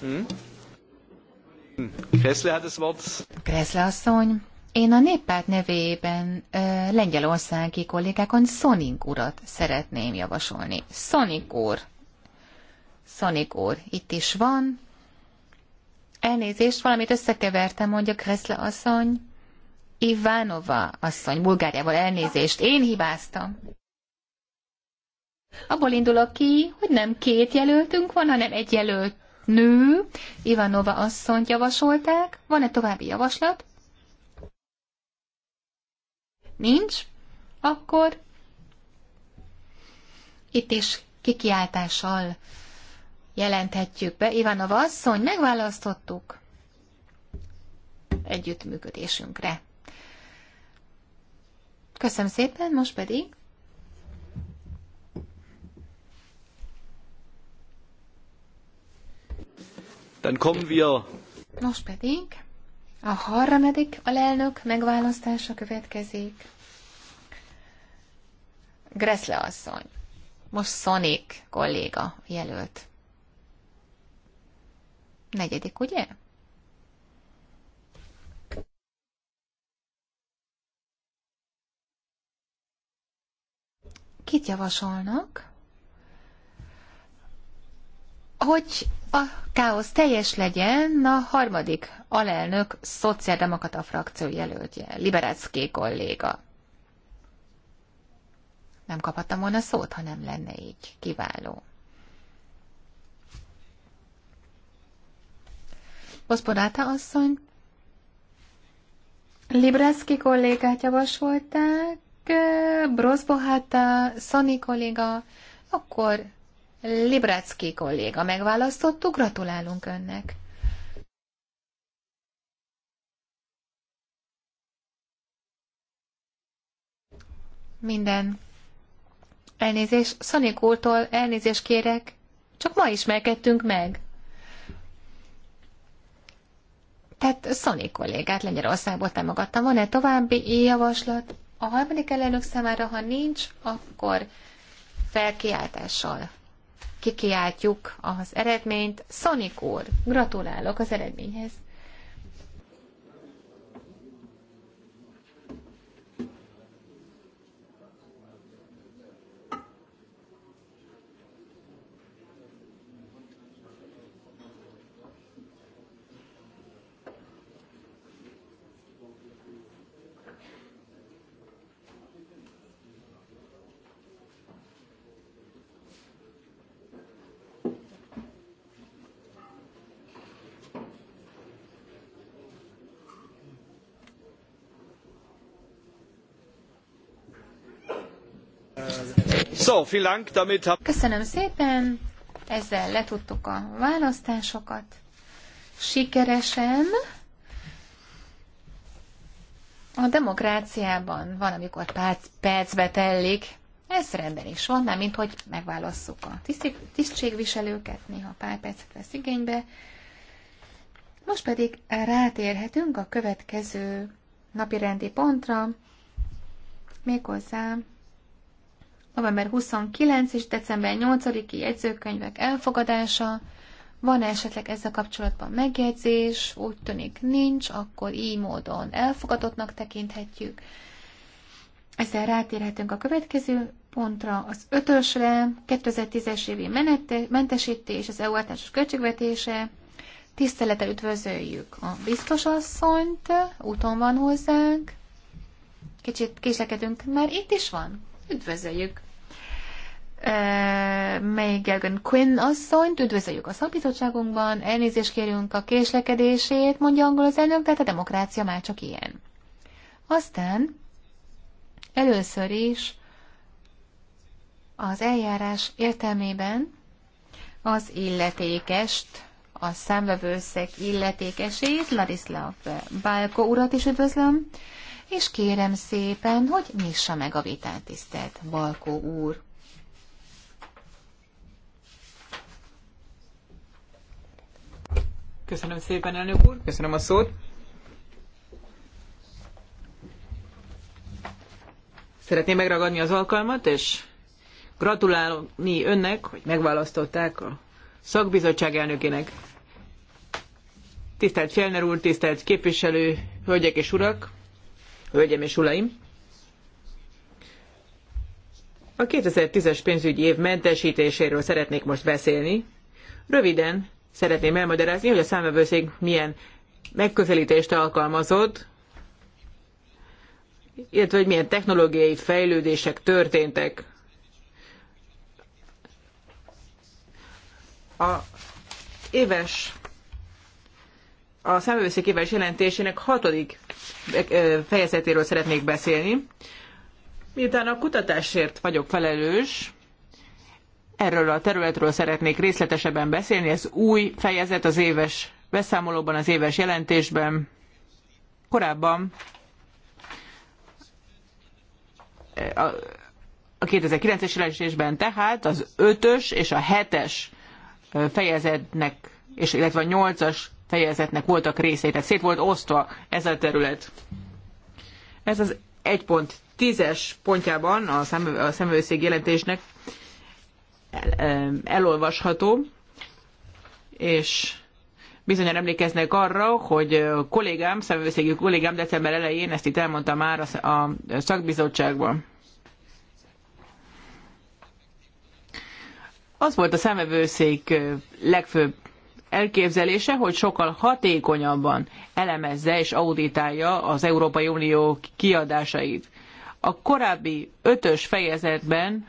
Hmm? Kressle hat das Wort. Kressle asszony. Én a néppárt nevében ö, lengyelországi kollégákon Sonic urat szeretném javasolni. Sonic úr. Sonic úr, itt is van. Elnézést, valamit összekevertem, mondja Kressle asszony. Ivánova asszony Bulgáriával elnézést, én hibáztam. Abból indulok ki, hogy nem két jelöltünk van, hanem egy jelölt nő. Ivanova asszonyt javasolták. Van-e további javaslat? Nincs? Akkor itt is kikiáltással jelenthetjük be. Ivanova asszony, megválasztottuk együttműködésünkre. Köszönöm szépen, most pedig. Dann kommen wir. Most pedig a harmadik alelnök megválasztása következik. Gressle asszony. Most Sonic kolléga jelölt. Negyedik, ugye? Kit javasolnak? Hogy a káosz teljes legyen, a harmadik alelnök szociáldemokrata frakció jelöltje, Liberácki kolléga. Nem kaphattam volna szót, ha nem lenne így. Kiváló. Boszporáta asszony, Libreszki kollégát javasolták, Eh, Brozboháta, Szani kolléga, akkor Librecki kolléga megválasztottuk, gratulálunk önnek. Minden. Elnézés, Szanikótól elnézést kérek, csak ma ismerkedtünk meg. Tehát Szani kollégát Lengyelországból támogattam. Van-e további javaslat? A harmadik ellenök számára, ha nincs, akkor felkiáltással kikiáltjuk az eredményt. Szonik úr, gratulálok az eredményhez. Köszönöm szépen, ezzel letudtuk a választásokat. Sikeresen. A demokráciában van, amikor perc, percbe tellik, ez rendben is van, nem mint hogy megválasszuk a tisztségviselőket, néha pár percet vesz igénybe. Most pedig rátérhetünk a következő napi rendi pontra, méghozzá november 29 és december 8-i jegyzőkönyvek elfogadása. van -e esetleg ezzel kapcsolatban megjegyzés? Úgy tűnik nincs, akkor így módon elfogadottnak tekinthetjük. Ezzel rátérhetünk a következő pontra, az ötösre, 2010-es évi menete, mentesítés, az EU általános költségvetése. Tisztelettel üdvözöljük a biztosasszonyt, úton van hozzánk. Kicsit késlekedünk, már itt is van. Üdvözöljük! May Gergen Quinn asszonyt, üdvözöljük a szakbizottságunkban, elnézést kérünk a késlekedését, mondja angol az elnök, de hát a demokrácia már csak ilyen. Aztán először is az eljárás értelmében az illetékest, a számvevőszek illetékesét, Ladislav Balko urat is üdvözlöm, és kérem szépen, hogy nyissa meg a vitát, tisztelt Balkó úr. Köszönöm szépen, elnök úr, köszönöm a szót. Szeretném megragadni az alkalmat, és gratulálni önnek, hogy megválasztották a szakbizottság elnökének. Tisztelt Fjellner úr, tisztelt képviselő, hölgyek és urak, hölgyem és uraim! A 2010-es pénzügyi év mentesítéséről szeretnék most beszélni. Röviden, szeretném elmagyarázni, hogy a számvevőszék milyen megközelítést alkalmazott, illetve hogy milyen technológiai fejlődések történtek. A éves a számvevőszék éves jelentésének hatodik fejezetéről szeretnék beszélni. Miután a kutatásért vagyok felelős, Erről a területről szeretnék részletesebben beszélni. Ez új fejezet az éves beszámolóban, az éves jelentésben. Korábban a 2009-es jelentésben tehát az 5-ös és a 7-es fejezetnek, és illetve a 8-as fejezetnek voltak részei, tehát szét volt osztva ez a terület. Ez az 1.10-es pontjában a, szemő, szemőszég jelentésnek elolvasható, és bizonyára emlékeznek arra, hogy kollégám, szemvőszégi kollégám december elején ezt itt elmondta már a szakbizottságban. Az volt a szemvevőszék legfőbb elképzelése, hogy sokkal hatékonyabban elemezze és auditálja az Európai Unió kiadásait. A korábbi ötös fejezetben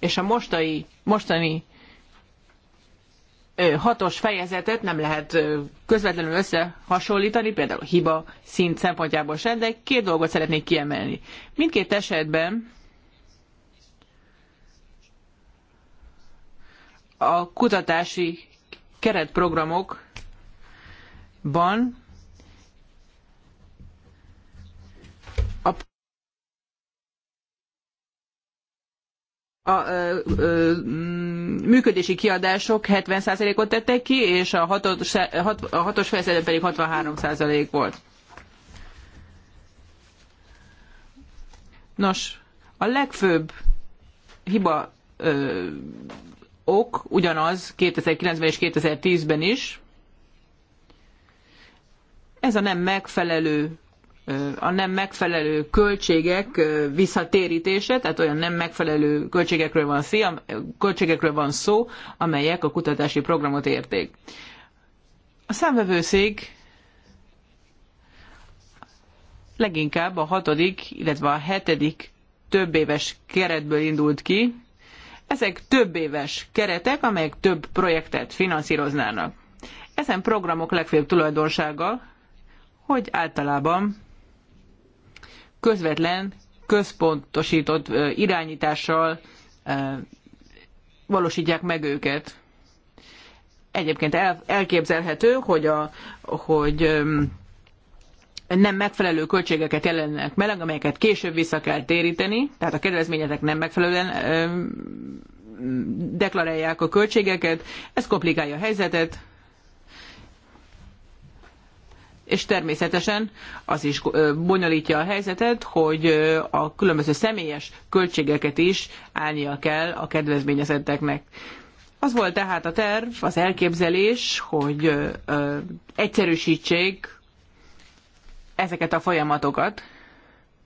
és a mostai, mostani hatos fejezetet nem lehet közvetlenül összehasonlítani, például a hiba szint szempontjából sem, de két dolgot szeretnék kiemelni. Mindkét esetben a kutatási keretprogramokban a ö, ö, mm, működési kiadások 70%-ot tettek ki, és a hatos, hat, hatos fejezet pedig 63% volt. Nos, a legfőbb hiba ö, ok ugyanaz 2009-ben és 2010-ben is. Ez a nem megfelelő a nem megfelelő költségek visszatérítése, tehát olyan nem megfelelő költségekről van, szó, költségekről van szó, amelyek a kutatási programot érték. A számvevőszék leginkább a hatodik, illetve a hetedik többéves keretből indult ki. Ezek többéves keretek, amelyek több projektet finanszíroznának. Ezen programok legfőbb tulajdonsága, hogy általában közvetlen, központosított irányítással valósítják meg őket. Egyébként elképzelhető, hogy, a, hogy nem megfelelő költségeket jelennek meleg, amelyeket később vissza kell téríteni, tehát a kedvezményetek nem megfelelően deklarálják a költségeket, ez komplikálja a helyzetet, és természetesen az is bonyolítja a helyzetet, hogy a különböző személyes költségeket is állnia kell a kedvezményezetteknek. Az volt tehát a terv, az elképzelés, hogy egyszerűsítsék ezeket a folyamatokat.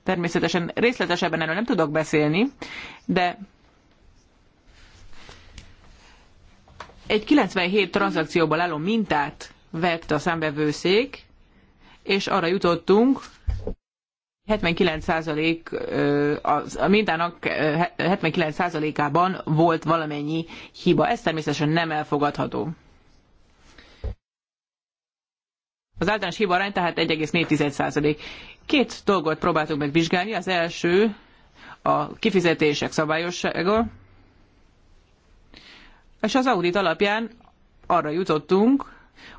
Természetesen részletesebben erről nem tudok beszélni, de egy 97 tranzakcióból álló mintát vett a számbevőszék, és arra jutottunk, 79% a mintának 79%-ában volt valamennyi hiba. Ez természetesen nem elfogadható. Az általános hiba arány tehát 1,4%. Két dolgot próbáltunk meg vizsgálni. Az első a kifizetések szabályossága, és az audit alapján arra jutottunk,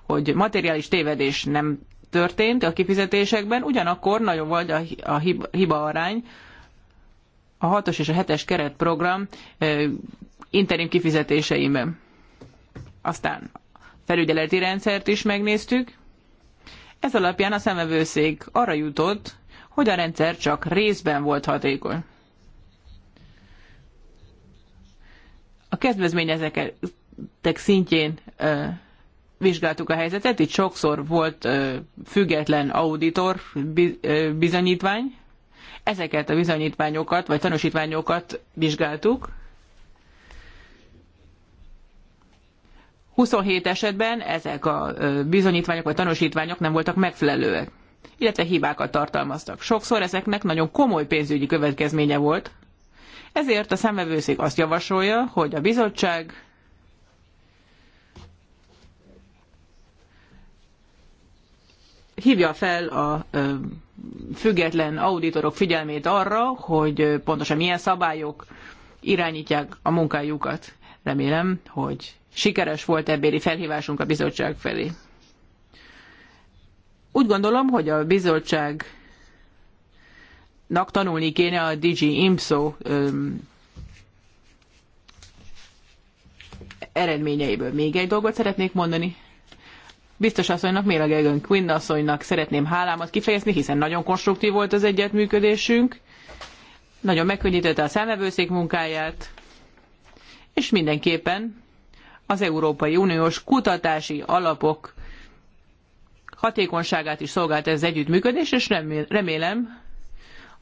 hogy materiális tévedés nem történt a kifizetésekben, ugyanakkor nagyon volt a, a hiba, hiba arány. A 6-os és a 7-es keretprogram interim kifizetéseiben. Aztán felügyeleti rendszert is megnéztük. Ez alapján a szemevőszék arra jutott, hogy a rendszer csak részben volt hatékony. A kedvezményezetek szintjén vizsgáltuk a helyzetet, itt sokszor volt független auditor bizonyítvány, ezeket a bizonyítványokat, vagy tanúsítványokat vizsgáltuk. 27 esetben ezek a bizonyítványok vagy tanúsítványok nem voltak megfelelőek, illetve hibákat tartalmaztak. Sokszor ezeknek nagyon komoly pénzügyi következménye volt, ezért a számvevőszék azt javasolja, hogy a bizottság hívja fel a független auditorok figyelmét arra, hogy pontosan milyen szabályok irányítják a munkájukat. Remélem, hogy sikeres volt ebbéli felhívásunk a bizottság felé. Úgy gondolom, hogy a bizottság tanulni kéne a DG IMSO eredményeiből. Még egy dolgot szeretnék mondani. Biztos asszonynak, Méla Gergőn Quinn asszonynak szeretném hálámat kifejezni, hiszen nagyon konstruktív volt az egyetműködésünk, nagyon megkönnyítette a számvevőszék munkáját, és mindenképpen az Európai Uniós kutatási alapok hatékonyságát is szolgált ez együttműködés, és remélem,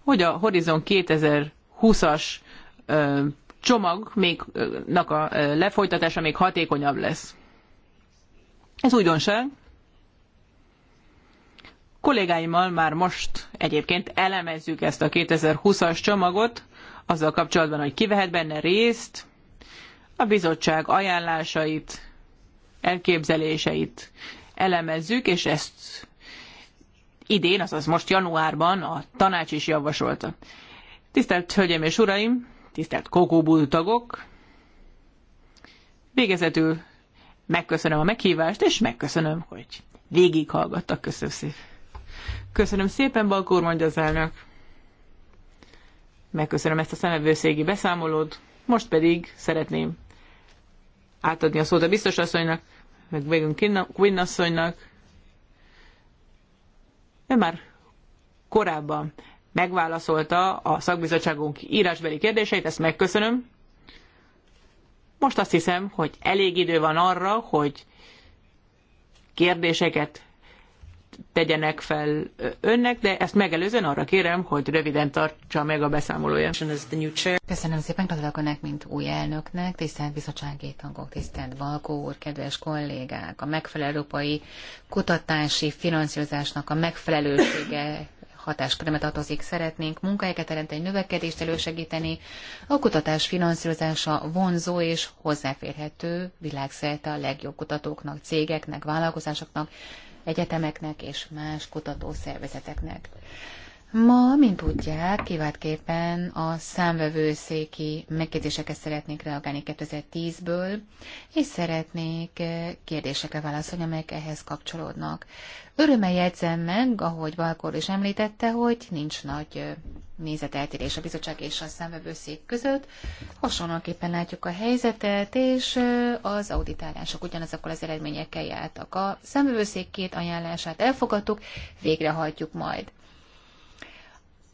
hogy a Horizon 2020-as csomagnak a lefolytatása még hatékonyabb lesz. Ez újdonság. Kollégáimmal már most egyébként elemezzük ezt a 2020-as csomagot, azzal kapcsolatban, hogy ki vehet benne részt, a bizottság ajánlásait, elképzeléseit elemezzük, és ezt idén, azaz most januárban a tanács is javasolta. Tisztelt Hölgyeim és Uraim, tisztelt Kokóbul tagok, végezetül Megköszönöm a meghívást, és megköszönöm, hogy végighallgattak. Köszönöm szépen. Köszönöm szépen, Balkór, mondja az elnök. Megköszönöm ezt a szemevőszégi beszámolót. Most pedig szeretném átadni a szót a biztos asszonynak, meg végünk Quinn asszonynak. Ő már korábban megválaszolta a szakbizottságunk írásbeli kérdéseit, ezt megköszönöm. Most azt hiszem, hogy elég idő van arra, hogy kérdéseket tegyenek fel önnek, de ezt megelőzően arra kérem, hogy röviden tartsa meg a beszámolóját. Köszönöm szépen, gratulálok önnek, mint új elnöknek, tisztelt bizottsági tagok, tisztelt Balkó úr, kedves kollégák, a megfelelő európai kutatási finanszírozásnak a megfelelősége hatáskörömet tartozik. Szeretnénk munkahelyeket teremteni, növekedést elősegíteni, a kutatás finanszírozása vonzó és hozzáférhető világszerte a legjobb kutatóknak, cégeknek, vállalkozásoknak, egyetemeknek és más kutatószervezeteknek. Ma, mint tudják, kiváltképpen a számvevőszéki megkérdésekre szeretnék reagálni 2010-ből, és szeretnék eh, kérdésekre válaszolni, amelyek ehhez kapcsolódnak. Örömmel jegyzem meg, ahogy Valkor is említette, hogy nincs nagy eh, nézeteltérés a bizottság és a számvevőszék között. Hasonlóképpen látjuk a helyzetet, és eh, az auditálások ugyanazokkal az eredményekkel jártak. A számvevőszék két ajánlását elfogadtuk, végrehajtjuk majd.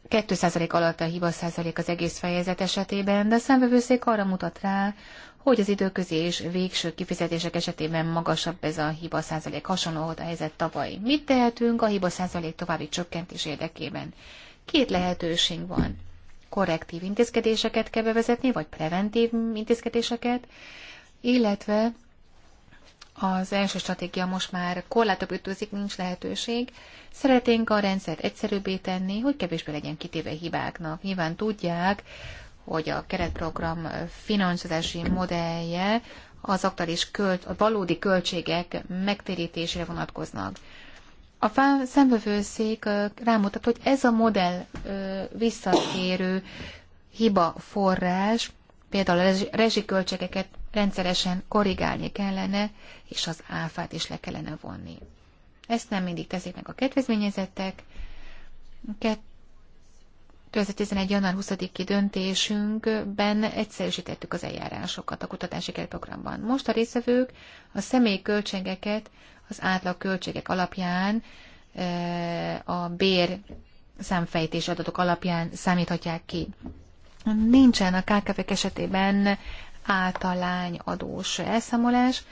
2% alatt a hiba százalék az egész fejezet esetében, de a számvevőszék arra mutat rá, hogy az időközi és végső kifizetések esetében magasabb ez a hiba százalék hasonló volt a helyzet tavaly. Mit tehetünk a hiba százalék további csökkentés érdekében? Két lehetőség van. Korrektív intézkedéseket kell bevezetni, vagy preventív intézkedéseket, illetve az első stratégia most már korlátok ütőzik, nincs lehetőség. Szeretnénk a rendszert egyszerűbbé tenni, hogy kevésbé legyen kitéve hibáknak. Nyilván tudják, hogy a keretprogram finanszírozási modellje az aktuális költ, a valódi költségek megtérítésére vonatkoznak. A szemvevőszék rámutat, hogy ez a modell visszatérő hiba forrás, például a rezsiköltségeket rendszeresen korrigálni kellene, és az áfát is le kellene vonni. Ezt nem mindig teszik meg a kedvezményezettek. 2011. január 20-i döntésünkben egyszerűsítettük az eljárásokat a kutatási keretprogramban. Most a részvevők a személyi költségeket az átlag költségek alapján a bér számfejtés adatok alapján számíthatják ki. Nincsen a kkv esetében általány adós elszámolás.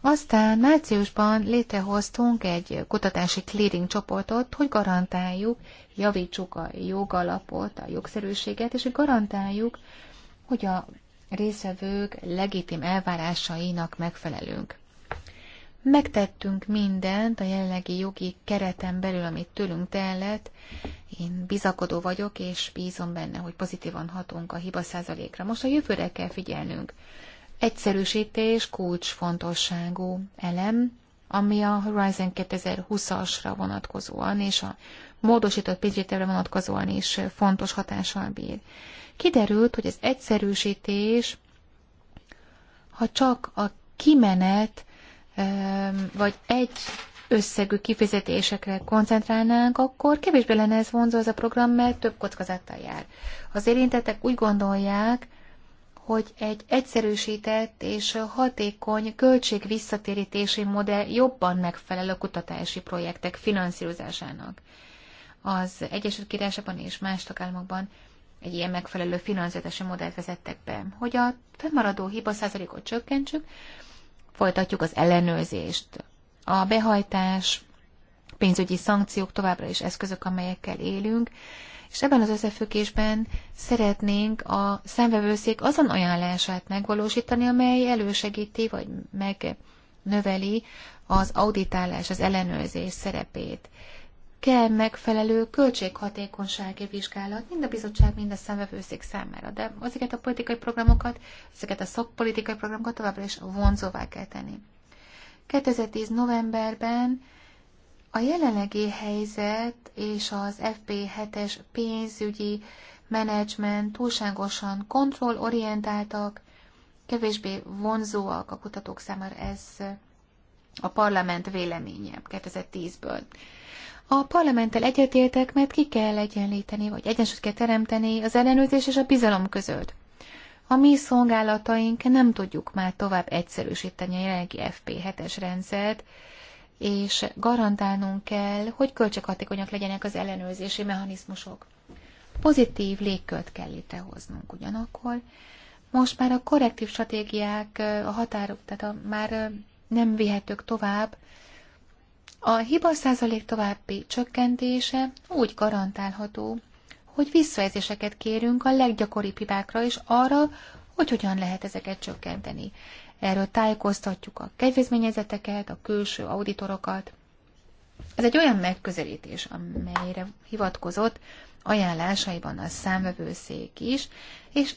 Aztán márciusban létrehoztunk egy kutatási clearing csoportot, hogy garantáljuk, javítsuk a jogalapot, a jogszerűséget, és hogy garantáljuk, hogy a részevők legitim elvárásainak megfelelünk. Megtettünk mindent a jelenlegi jogi kereten belül, amit tőlünk tellett. Én bizakodó vagyok, és bízom benne, hogy pozitívan hatunk a hiba százalékra. Most a jövőre kell figyelnünk. Egyszerűsítés kulcsfontosságú elem, ami a Horizon 2020-asra vonatkozóan és a módosított pénzvételre vonatkozóan is fontos hatással bír. Kiderült, hogy az egyszerűsítés, ha csak a kimenet vagy egy összegű kifizetésekre koncentrálnánk, akkor kevésbé lenne ez vonzó az a program, mert több kockázattal jár. Az érintettek úgy gondolják, hogy egy egyszerűsített és hatékony költség visszatérítési modell jobban megfelel a kutatási projektek finanszírozásának. Az Egyesült Királyságban és más tagállamokban egy ilyen megfelelő finanszírozási modellt vezettek be, hogy a fennmaradó hiba százalékot csökkentsük, Folytatjuk az ellenőrzést. A behajtás, pénzügyi szankciók továbbra is eszközök, amelyekkel élünk, és ebben az összefüggésben szeretnénk a szemvevőszék azon ajánlását megvalósítani, amely elősegíti vagy megnöveli az auditálás, az ellenőrzés szerepét kell megfelelő költséghatékonysági vizsgálat, mind a bizottság, mind a szemvevőszék számára. De ezeket a politikai programokat, ezeket a szakpolitikai programokat továbbra is vonzóvá kell tenni. 2010. novemberben a jelenlegi helyzet és az FP7-es pénzügyi menedzsment túlságosan kontrollorientáltak, kevésbé vonzóak a kutatók számára ez a parlament véleménye 2010-ből. A parlamenttel egyetértek, mert ki kell egyenlíteni, vagy egyensúlyt kell teremteni az ellenőrzés és a bizalom között. A mi szolgálataink nem tudjuk már tovább egyszerűsíteni a jelenlegi FP7-es rendszert, és garantálnunk kell, hogy költséghatékonyak legyenek az ellenőrzési mechanizmusok. Pozitív légkört kell létrehoznunk ugyanakkor. Most már a korrektív stratégiák a határok, tehát a, már nem vihetők tovább, a hiba százalék további csökkentése úgy garantálható, hogy visszajelzéseket kérünk a leggyakoribb hibákra és arra, hogy hogyan lehet ezeket csökkenteni. Erről tájékoztatjuk a kedvezményezeteket, a külső auditorokat. Ez egy olyan megközelítés, amelyre hivatkozott ajánlásaiban a számvevőszék is, és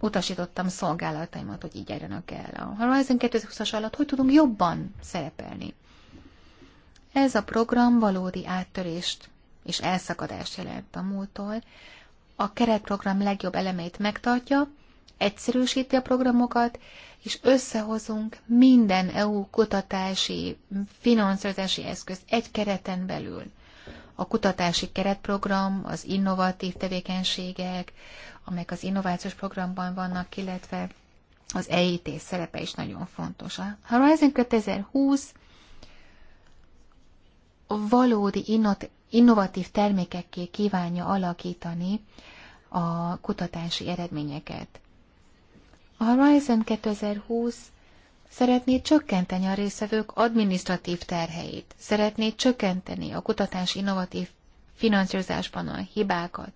utasítottam szolgálataimat, hogy így járjanak el. A Horizon 2020-as alatt hogy tudunk jobban szerepelni? Ez a program valódi áttörést és elszakadást jelent a múltól. A keretprogram legjobb elemeit megtartja, egyszerűsíti a programokat, és összehozunk minden EU kutatási, finanszírozási eszköz egy kereten belül. A kutatási keretprogram, az innovatív tevékenységek, amelyek az innovációs programban vannak, illetve az EIT szerepe is nagyon fontos. A Horizon 2020 valódi innovatív termékekké kívánja alakítani a kutatási eredményeket. A Horizon 2020 szeretné csökkenteni a részvevők adminisztratív terheit, szeretné csökkenteni a kutatás innovatív finanszírozásban a hibákat,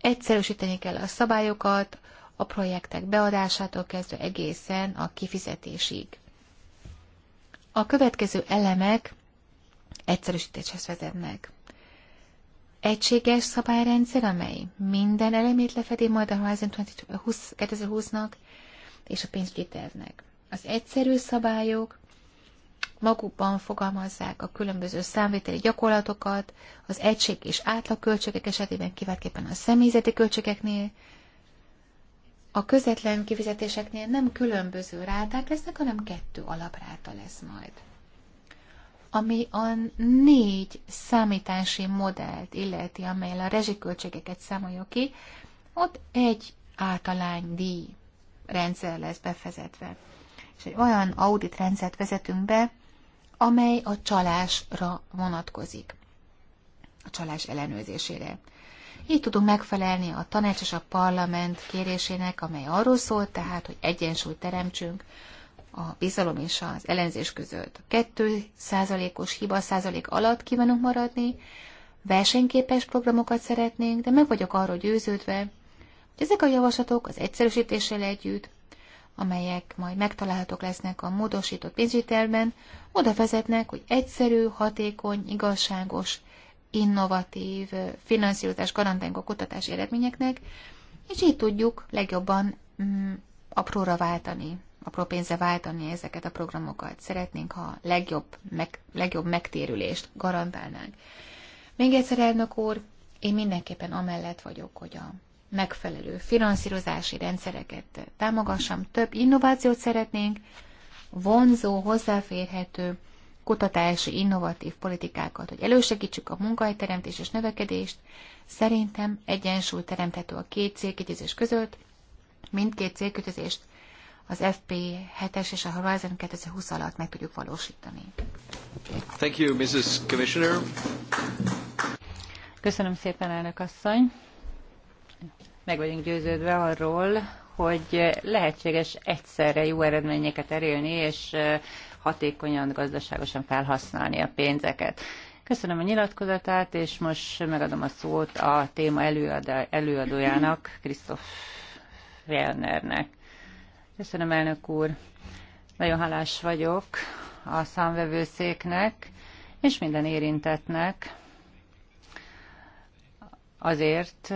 egyszerűsíteni kell a szabályokat, a projektek beadásától kezdve egészen a kifizetésig. A következő elemek egyszerűsítéshez vezetnek. Egységes szabályrendszer, amely minden elemét lefedi majd a Horizon 2020-nak és a pénzügyi tervnek. Az egyszerű szabályok magukban fogalmazzák a különböző számvételi gyakorlatokat, az egység és átlag költségek esetében kiváltképpen a személyzeti költségeknél, a közvetlen kifizetéseknél nem különböző ráták lesznek, hanem kettő alapráta lesz majd ami a négy számítási modellt illeti, amelyel a rezsiköltségeket számoljuk ki, ott egy általány díj rendszer lesz befezetve, És egy olyan audit rendszert vezetünk be, amely a csalásra vonatkozik, a csalás ellenőrzésére. Így tudunk megfelelni a tanács és a parlament kérésének, amely arról szól tehát, hogy egyensúlyt teremtsünk a bizalom és az ellenzés között. 2%-os hiba százalék alatt kívánunk maradni, versenyképes programokat szeretnénk, de meg vagyok arról győződve, hogy ezek a javaslatok az egyszerűsítéssel együtt, amelyek majd megtalálhatók lesznek a módosított pénzvitelben, oda vezetnek, hogy egyszerű, hatékony, igazságos, innovatív finanszírozás garantáljunk a kutatási eredményeknek, és így tudjuk legjobban mm, apróra váltani apró pénze váltani ezeket a programokat. Szeretnénk, ha legjobb, meg, legjobb megtérülést garantálnánk. Még egyszer, elnök úr, én mindenképpen amellett vagyok, hogy a megfelelő finanszírozási rendszereket támogassam. Több innovációt szeretnénk, vonzó, hozzáférhető, kutatási, innovatív politikákat, hogy elősegítsük a munkahelyteremtés és növekedést. Szerintem egyensúly teremthető a két célkitűzés között, mindkét célkitűzést az FP7-es és a Horizon 2020 alatt meg tudjuk valósítani. Thank you, Mrs. Commissioner. Köszönöm szépen, elnök asszony. Meg vagyunk győződve arról, hogy lehetséges egyszerre jó eredményeket elérni, és hatékonyan, gazdaságosan felhasználni a pénzeket. Köszönöm a nyilatkozatát, és most megadom a szót a téma előadójának, Krisztof Fjellnernek. Köszönöm, elnök úr. Nagyon hálás vagyok a számvevőszéknek és minden érintetnek azért,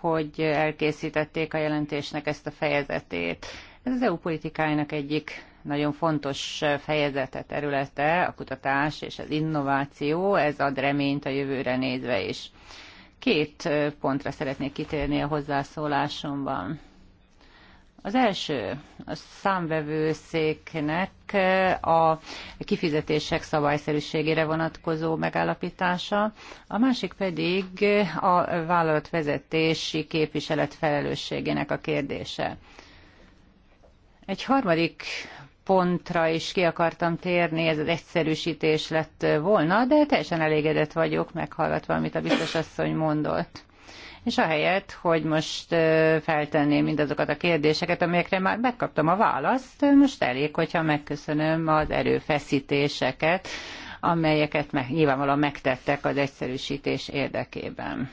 hogy elkészítették a jelentésnek ezt a fejezetét. Ez az EU politikájának egyik nagyon fontos fejezete, területe, a kutatás és az innováció, ez ad reményt a jövőre nézve is. Két pontra szeretnék kitérni a hozzászólásomban. Az első a számvevőszéknek a kifizetések szabályszerűségére vonatkozó megállapítása, a másik pedig a vállalat vezetési képviselet felelősségének a kérdése. Egy harmadik pontra is ki akartam térni, ez az egyszerűsítés lett volna, de teljesen elégedett vagyok meghallgatva, amit a biztos asszony mondott és ahelyett, hogy most feltenném mindazokat a kérdéseket, amelyekre már megkaptam a választ, most elég, hogyha megköszönöm az erőfeszítéseket, amelyeket meg, nyilvánvalóan megtettek az egyszerűsítés érdekében.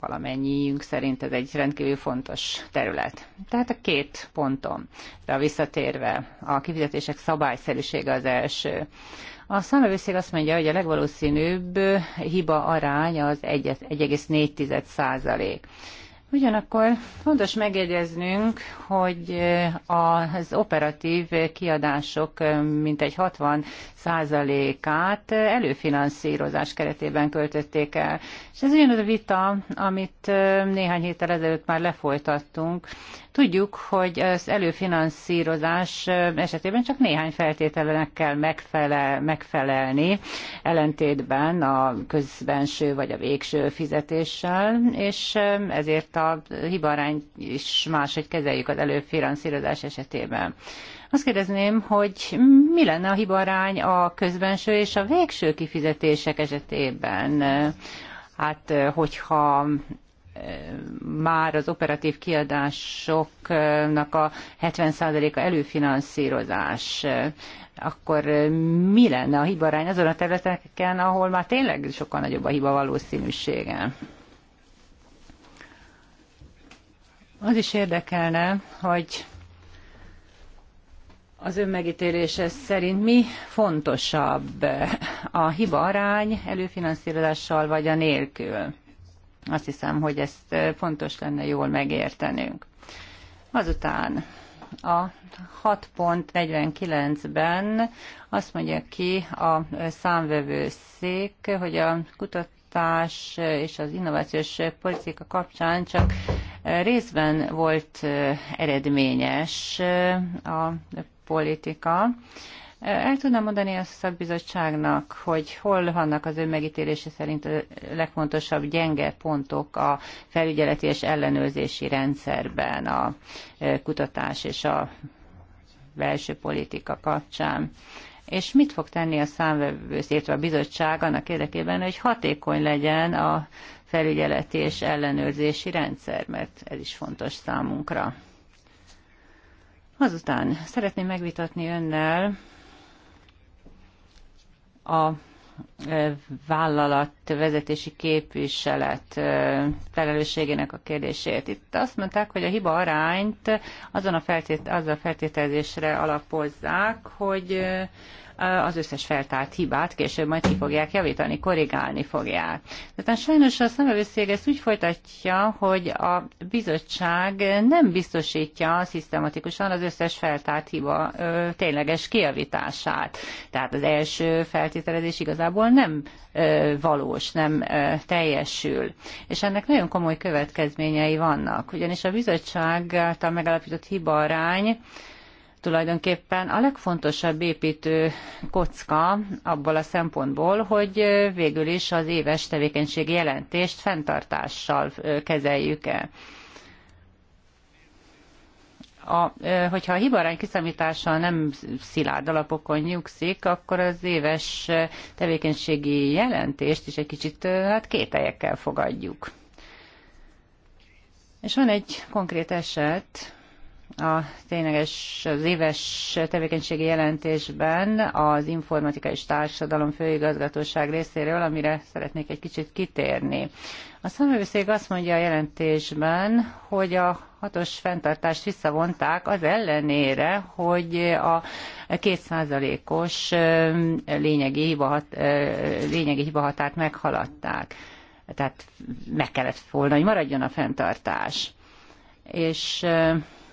Valamennyiünk szerint ez egy rendkívül fontos terület. Tehát a két pontomra visszatérve, a kifizetések szabályszerűsége az első. A számövőszék azt mondja, hogy a legvalószínűbb hiba arány az 1,4 százalék. Ugyanakkor fontos megjegyeznünk, hogy az operatív kiadások mintegy 60 százalékát előfinanszírozás keretében költötték el. És ez ugyanaz a vita, amit néhány héttel ezelőtt már lefolytattunk Tudjuk, hogy az előfinanszírozás esetében csak néhány feltételnek kell megfelel, megfelelni, ellentétben a közbenső vagy a végső fizetéssel, és ezért a hibarány is máshogy kezeljük az előfinanszírozás esetében. Azt kérdezném, hogy mi lenne a hibarány a közbenső és a végső kifizetések esetében? Hát, hogyha már az operatív kiadásoknak a 70%-a előfinanszírozás, akkor mi lenne a hibarány azon a területeken, ahol már tényleg sokkal nagyobb a hiba valószínűsége? Az is érdekelne, hogy az ön megítélése szerint mi fontosabb, a hiba arány előfinanszírozással vagy a nélkül? Azt hiszem, hogy ezt fontos lenne jól megértenünk. Azután a 6.49-ben azt mondja ki a számvevőszék, hogy a kutatás és az innovációs politika kapcsán csak részben volt eredményes a politika, el tudna mondani a szakbizottságnak, hogy hol vannak az ön megítélése szerint a legfontosabb gyenge pontok a felügyeleti és ellenőrzési rendszerben, a e, kutatás és a belső politika kapcsán? És mit fog tenni a számvevősz, illetve a bizottság annak érdekében, hogy hatékony legyen a felügyeleti és ellenőrzési rendszer, mert ez is fontos számunkra. Azután szeretném megvitatni önnel a e, vállalat vezetési képviselet e, felelősségének a kérdését. Itt azt mondták, hogy a hiba arányt azon a feltét, a feltételezésre alapozzák, hogy e, Eh, az összes feltárt hibát később majd ki fogják javítani, korrigálni fogják. De sajnos a szemövőszég ezt úgy folytatja, hogy a bizottság nem biztosítja szisztematikusan az összes feltárt hiba ö, tényleges kijavítását. Tehát az első feltételezés igazából nem ö, valós, nem ö, teljesül. És ennek nagyon komoly következményei vannak, ugyanis a bizottság által megalapított hibarány tulajdonképpen a legfontosabb építő kocka abból a szempontból, hogy végül is az éves tevékenységi jelentést fenntartással kezeljük el. A, hogyha a hibarány kiszámítása nem szilárd alapokon nyugszik, akkor az éves tevékenységi jelentést is egy kicsit hát kételyekkel fogadjuk. És van egy konkrét eset, a tényleges az éves tevékenységi jelentésben az informatika és társadalom főigazgatóság részéről, amire szeretnék egy kicsit kitérni. A szemüveszék azt mondja a jelentésben, hogy a hatos fenntartást visszavonták az ellenére, hogy a kétszázalékos lényegi, hibahat, lényegi hibahatát meghaladták. Tehát meg kellett volna, hogy maradjon a fenntartás. És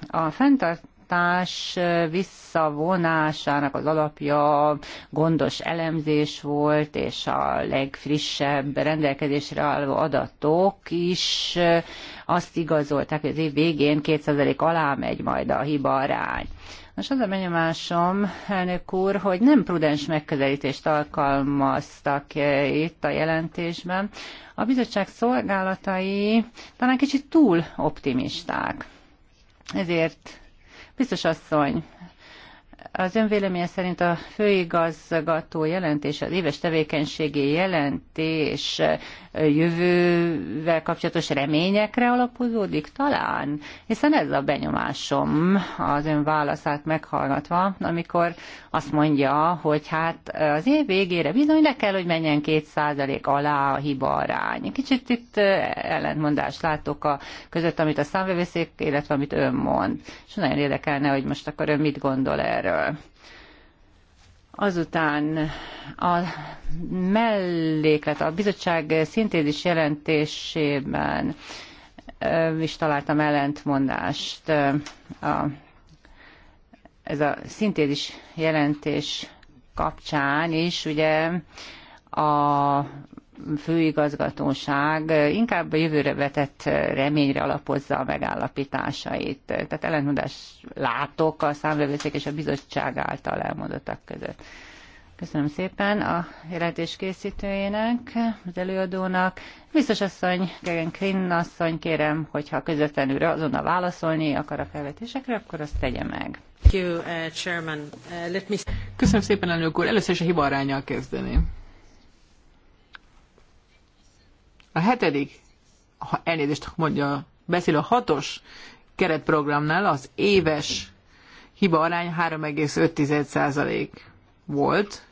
a fenntart visszavonásának az alapja gondos elemzés volt, és a legfrissebb rendelkezésre álló adatok is azt igazolták, hogy az év végén 2% alá megy majd a hiba arány. Most az a benyomásom, elnök úr, hogy nem prudens megközelítést alkalmaztak eh, itt a jelentésben. A bizottság szolgálatai talán kicsit túl optimisták. Ezért, biztos asszony, az véleménye szerint a főigazgató jelentés, az éves tevékenységi jelentés jövővel kapcsolatos reményekre alapozódik talán? Hiszen ez a benyomásom az ön válaszát meghallgatva, amikor azt mondja, hogy hát az év végére bizony le kell, hogy menjen két százalék alá a hiba arány. Kicsit itt ellentmondást látok a között, amit a számvevőszék, illetve amit ön mond. És nagyon érdekelne, hogy most akkor ön mit gondol erről részéről. Azután a melléklet, a bizottság szintézis jelentésében is találtam ellentmondást. A, ez a szintézis jelentés kapcsán is ugye a főigazgatóság inkább a jövőre vetett reményre alapozza a megállapításait. Tehát ellentmondás látok a számlevőszék és a bizottság által elmondottak között. Köszönöm szépen a jelentés készítőjének, az előadónak. Biztos asszony, Gegen Klinn asszony, kérem, hogyha közvetlenül azonnal válaszolni akar a felvetésekre, akkor azt tegye meg. Uh, uh, Köszönöm szépen, elnök úr. Először is a hibarányjal kezdeném A hetedik, ha elnézést mondja, beszél a hatos keretprogramnál az éves hiba arány 3,5% volt.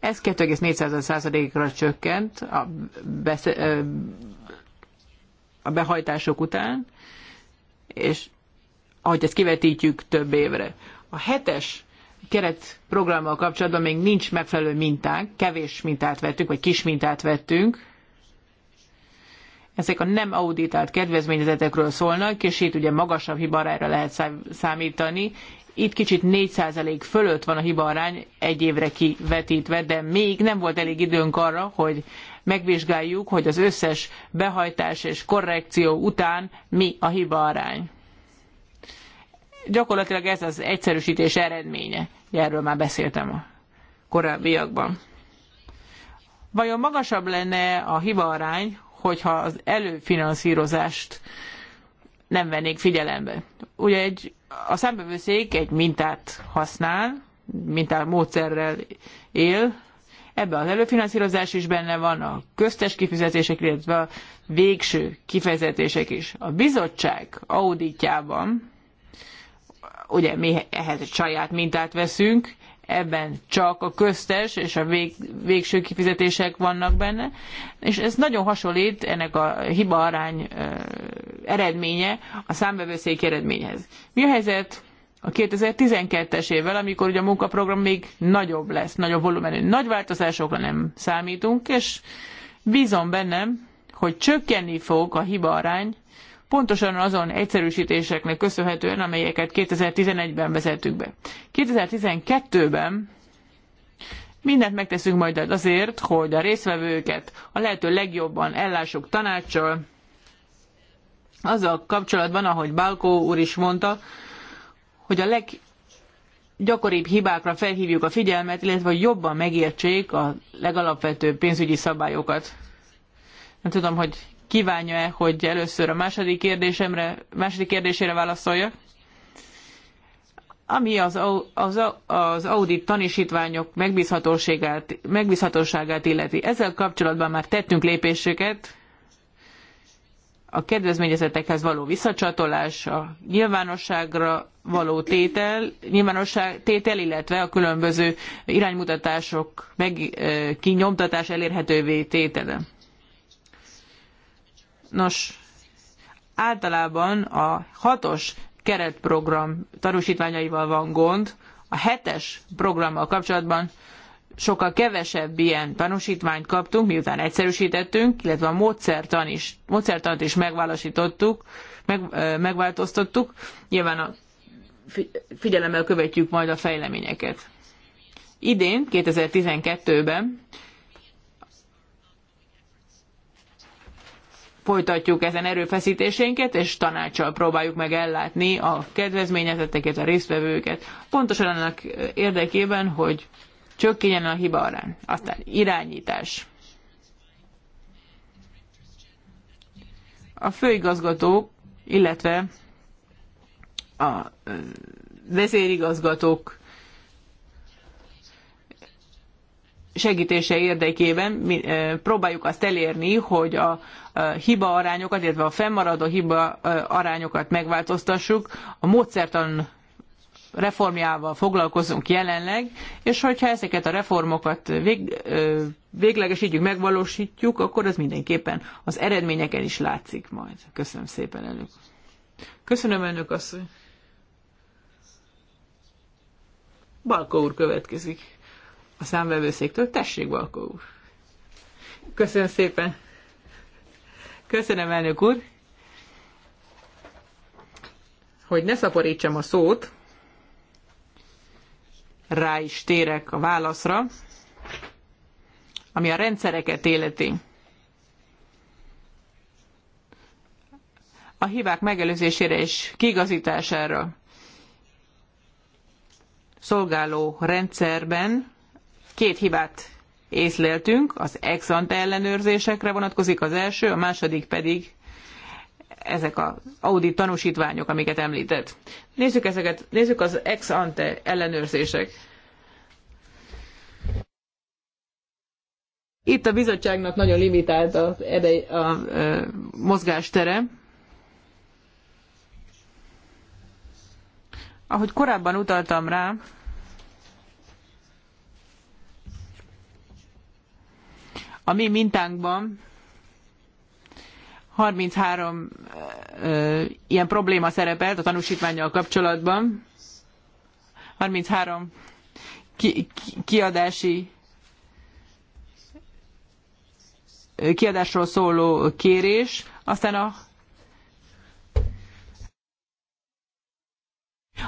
Ez 2,4%-ra csökkent a, besze, a behajtások után, és ahogy ezt kivetítjük több évre. A hetes keretprogrammal kapcsolatban még nincs megfelelő mintánk, kevés mintát vettünk, vagy kis mintát vettünk, ezek a nem auditált kedvezményezetekről szólnak, és itt ugye magasabb hibarára lehet számítani. Itt kicsit 4% fölött van a hibarány egy évre kivetítve, de még nem volt elég időnk arra, hogy megvizsgáljuk, hogy az összes behajtás és korrekció után mi a hibaarány. Gyakorlatilag ez az egyszerűsítés eredménye. Erről már beszéltem a korábbiakban. Vajon magasabb lenne a hibaarány, hogyha az előfinanszírozást nem vennék figyelembe. Ugye egy, a szembevőszék egy mintát használ, mintát módszerrel él, ebben az előfinanszírozás is benne van, a köztes kifizetések, illetve a végső kifizetések is. A bizottság auditjában, ugye mi ehhez egy saját mintát veszünk, ebben csak a köztes és a vég, végső kifizetések vannak benne, és ez nagyon hasonlít ennek a hiba arány eredménye a számbevőszék eredményhez. Mi a helyzet a 2012-es évvel, amikor ugye a munkaprogram még nagyobb lesz, nagyobb volumenű, nagy változásokra nem számítunk, és bízom bennem, hogy csökkenni fog a hiba arány pontosan azon egyszerűsítéseknek köszönhetően, amelyeket 2011-ben vezettük be. 2012-ben mindent megteszünk majd azért, hogy a résztvevőket a lehető legjobban ellássuk tanácssal, azzal kapcsolatban, ahogy Balkó úr is mondta, hogy a leggyakoribb hibákra felhívjuk a figyelmet, illetve hogy jobban megértsék a legalapvetőbb pénzügyi szabályokat. Nem tudom, hogy kívánja-e, hogy először a második, kérdésemre, második kérdésére válaszoljak? Ami az, az, az audit tanúsítványok megbízhatóságát, megbízhatóságát illeti. Ezzel kapcsolatban már tettünk lépéseket, a kedvezményezetekhez való visszacsatolás, a nyilvánosságra való tétel, nyilvánosság tétel, illetve a különböző iránymutatások meg eh, kinyomtatás elérhetővé tétele. Nos, általában a hatos keretprogram tanúsítványaival van gond, a hetes programmal kapcsolatban sokkal kevesebb ilyen tanúsítványt kaptunk, miután egyszerűsítettünk, illetve a módszertan is, módszertant is megválasítottuk, meg, megváltoztattuk. Nyilván a figyelemmel követjük majd a fejleményeket. Idén, 2012-ben folytatjuk ezen erőfeszítéseinket, és tanácssal próbáljuk meg ellátni a kedvezményezetteket, a résztvevőket, pontosan annak érdekében, hogy csökkenjen a hiba arány. Aztán irányítás. A főigazgatók, illetve a vezérigazgatók segítése érdekében próbáljuk azt elérni, hogy a hiba arányokat, illetve a fennmaradó hiba arányokat megváltoztassuk. A módszertan reformjával foglalkozunk jelenleg, és hogyha ezeket a reformokat vég, véglegesítjük, megvalósítjuk, akkor ez mindenképpen az eredményeken is látszik majd. Köszönöm szépen, elnök. Köszönöm, elnök asszony. Balka úr következik a számvevőszéktől. Tessék, Balkó úr! Köszönöm szépen! Köszönöm, elnök úr! Hogy ne szaporítsam a szót, rá is térek a válaszra, ami a rendszereket életi. A hibák megelőzésére és kigazítására szolgáló rendszerben Két hibát észleltünk, az ex ante ellenőrzésekre vonatkozik az első, a második pedig ezek az audit tanúsítványok, amiket említett. Nézzük ezeket, nézzük az ex ante ellenőrzések. Itt a bizottságnak nagyon limitált a, a, a, a mozgástere. Ahogy korábban utaltam rá, A mi mintánkban 33 ö, ilyen probléma szerepelt a tanúsítványjal kapcsolatban. 33 ki, ki, kiadási kiadásról szóló kérés, aztán a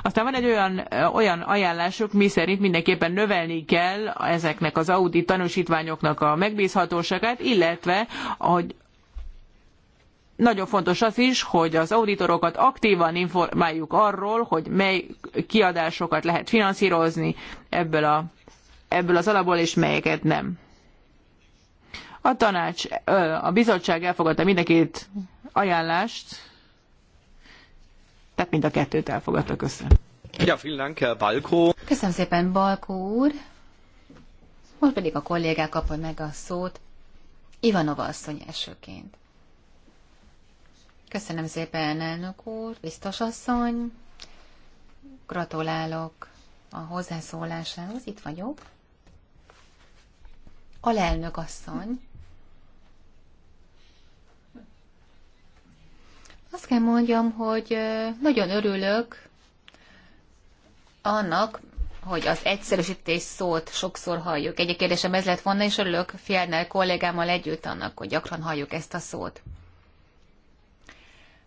Aztán van egy olyan, olyan ajánlásuk, mi szerint mindenképpen növelni kell ezeknek az audit tanúsítványoknak a megbízhatóságát, illetve, hogy nagyon fontos az is, hogy az auditorokat aktívan informáljuk arról, hogy mely kiadásokat lehet finanszírozni ebből, a, ebből az alapból, és melyeket nem. A tanács, a bizottság elfogadta mindenkit ajánlást, tehát mind a kettőt elfogadta. Köszönöm. Ja, vielen Dank, Balko. Köszönöm szépen, Balkó úr. Most pedig a kollégák kapod meg a szót. Ivanova asszony elsőként. Köszönöm szépen, elnök úr, biztos asszony. Gratulálok a hozzászólásához, itt vagyok. Alelnök asszony, Azt kell mondjam, hogy nagyon örülök annak, hogy az egyszerűsítés szót sokszor halljuk. Egy kérdésem ez lett volna, és örülök Fjernel kollégámmal együtt annak, hogy gyakran halljuk ezt a szót.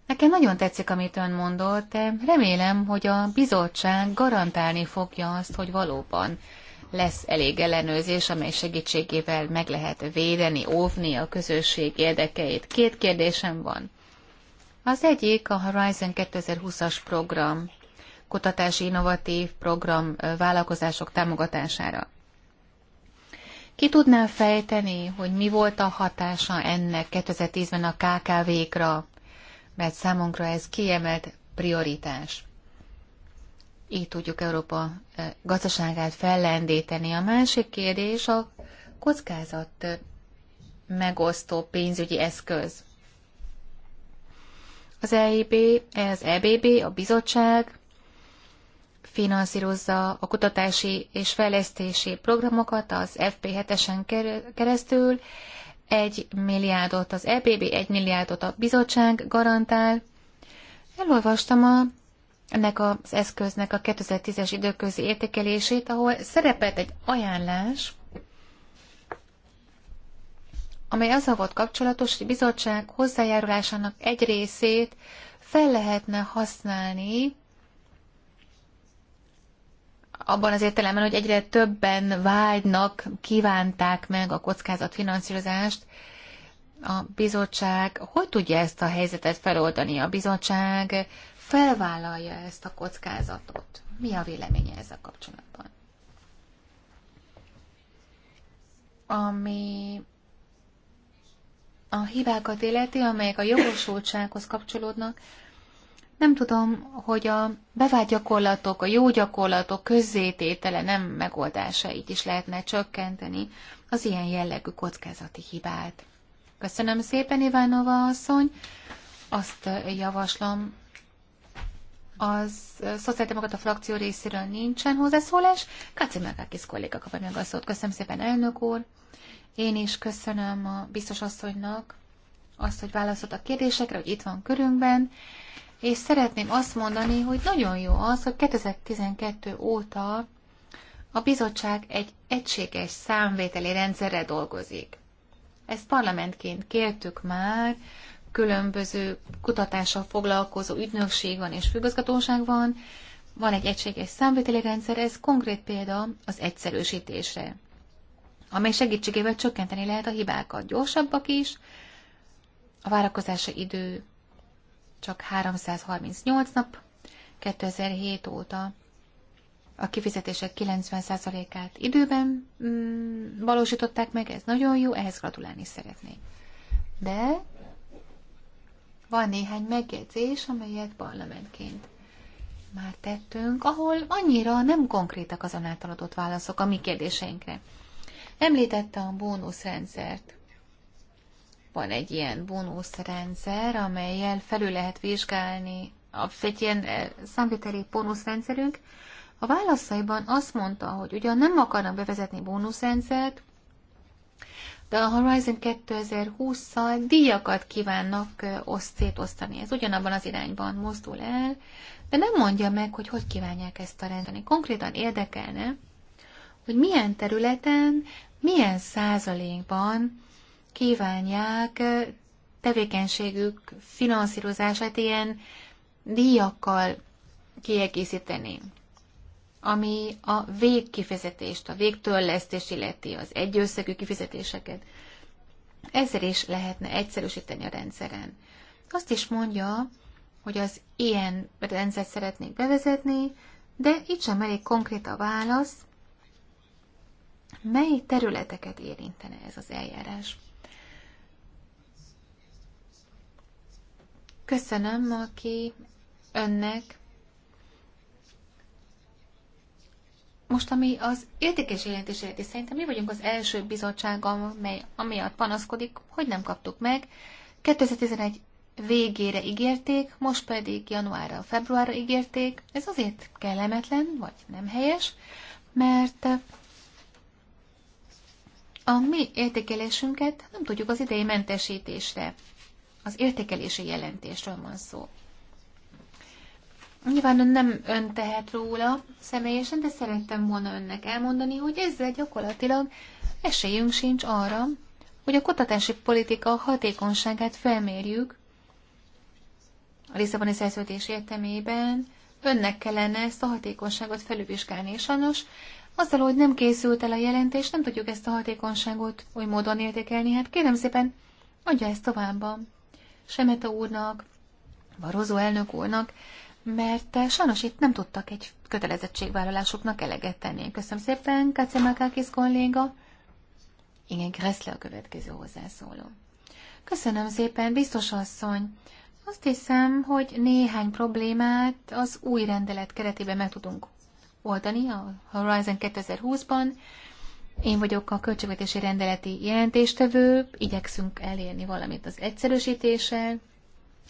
Nekem nagyon tetszik, amit ön mondott, de remélem, hogy a bizottság garantálni fogja azt, hogy valóban lesz elég ellenőrzés, amely segítségével meg lehet védeni, óvni a közösség érdekeit. Két kérdésem van. Az egyik a Horizon 2020-as program, kutatási innovatív program vállalkozások támogatására. Ki tudná fejteni, hogy mi volt a hatása ennek 2010-ben a KKV-kra, mert számunkra ez kiemelt prioritás. Így tudjuk Európa gazdaságát fellendíteni. A másik kérdés a kockázat megosztó pénzügyi eszköz. Az EIB, az EBB, a bizottság finanszírozza a kutatási és fejlesztési programokat az FP7-esen keresztül, egy milliárdot az EBB, egy milliárdot a bizottság garantál. Elolvastam a, ennek az eszköznek a 2010-es időközi értékelését, ahol szerepelt egy ajánlás, amely azzal volt kapcsolatos, hogy a bizottság hozzájárulásának egy részét fel lehetne használni abban az értelemben, hogy egyre többen vágynak, kívánták meg a kockázatfinanszírozást. A bizottság hogy tudja ezt a helyzetet feloldani? A bizottság felvállalja ezt a kockázatot. Mi a véleménye ezzel kapcsolatban? Ami a hibákat életi, amelyek a jogosultsághoz kapcsolódnak, nem tudom, hogy a bevált gyakorlatok, a jó gyakorlatok közzététele nem megoldása így is lehetne csökkenteni az ilyen jellegű kockázati hibát. Köszönöm szépen, Ivánova asszony. Azt javaslom, az szociáldemokrata frakció részéről nincsen hozzászólás. Kaci Melkákis kolléga kapja meg a szót. Köszönöm szépen, elnök úr. Én is köszönöm a biztos asszonynak azt, hogy válaszolt a kérdésekre, hogy itt van körünkben, és szeretném azt mondani, hogy nagyon jó az, hogy 2012 óta a bizottság egy egységes számvételi rendszerre dolgozik. Ezt parlamentként kértük már, különböző kutatással foglalkozó ügynökség van és főgazgatóság van, van egy egységes számvételi rendszer, ez konkrét példa az egyszerűsítésre amely segítségével csökkenteni lehet a hibákat. Gyorsabbak is, a várakozási idő csak 338 nap 2007 óta. A kifizetések 90%-át időben mm, valósították meg, ez nagyon jó, ehhez gratulálni szeretnék. De van néhány megjegyzés, amelyet parlamentként már tettünk, ahol annyira nem konkrétak az önáltal adott válaszok a mi kérdéseinkre. Említette a bónuszrendszert. Van egy ilyen bónuszrendszer, amelyel felül lehet vizsgálni, egy ilyen eh, számviteli bónuszrendszerünk. A válaszaiban azt mondta, hogy ugyan nem akarnak bevezetni bónuszrendszert, de a Horizon 2020-szal díjakat kívánnak eh, szétosztani. Ez ugyanabban az irányban mozdul el, de nem mondja meg, hogy hogy kívánják ezt a rendszert. Konkrétan érdekelne, hogy milyen területen, milyen százalékban kívánják tevékenységük finanszírozását ilyen díjakkal kiegészíteni, ami a végkifizetést, a végtörlesztést illeti, az egyösszegű kifizetéseket. Ezzel is lehetne egyszerűsíteni a rendszeren. Azt is mondja, hogy az ilyen rendszert szeretnék bevezetni, de itt sem elég konkrét a válasz, mely területeket érintene ez az eljárás. Köszönöm, aki önnek Most, ami az értékes jelentéseket, és szerintem mi vagyunk az első bizottság, amely amiatt panaszkodik, hogy nem kaptuk meg. 2011 végére ígérték, most pedig januárra, februárra ígérték. Ez azért kellemetlen, vagy nem helyes, mert a mi értékelésünket nem tudjuk az idei mentesítésre. Az értékelési jelentésről van szó. Nyilván ön nem ön tehet róla személyesen, de szerettem volna önnek elmondani, hogy ezzel gyakorlatilag esélyünk sincs arra, hogy a kutatási politika hatékonyságát felmérjük a Lisszaboni szerződés értelmében, önnek kellene ezt a hatékonyságot felülvizsgálni, és sajnos azzal, hogy nem készült el a jelentés, nem tudjuk ezt a hatékonyságot oly módon értékelni. Hát kérem szépen, adja ezt tovább Semeta úrnak, Barozó elnök úrnak, mert sajnos itt nem tudtak egy kötelezettségvállalásuknak eleget tenni. Köszönöm szépen, Kacemakakis kolléga. Igen, Kreszle a következő hozzászóló. Köszönöm szépen, biztos asszony. Azt hiszem, hogy néhány problémát az új rendelet keretében meg tudunk oldani a Horizon 2020-ban. Én vagyok a költségvetési rendeleti jelentéstevő, igyekszünk elérni valamit az egyszerűsítéssel,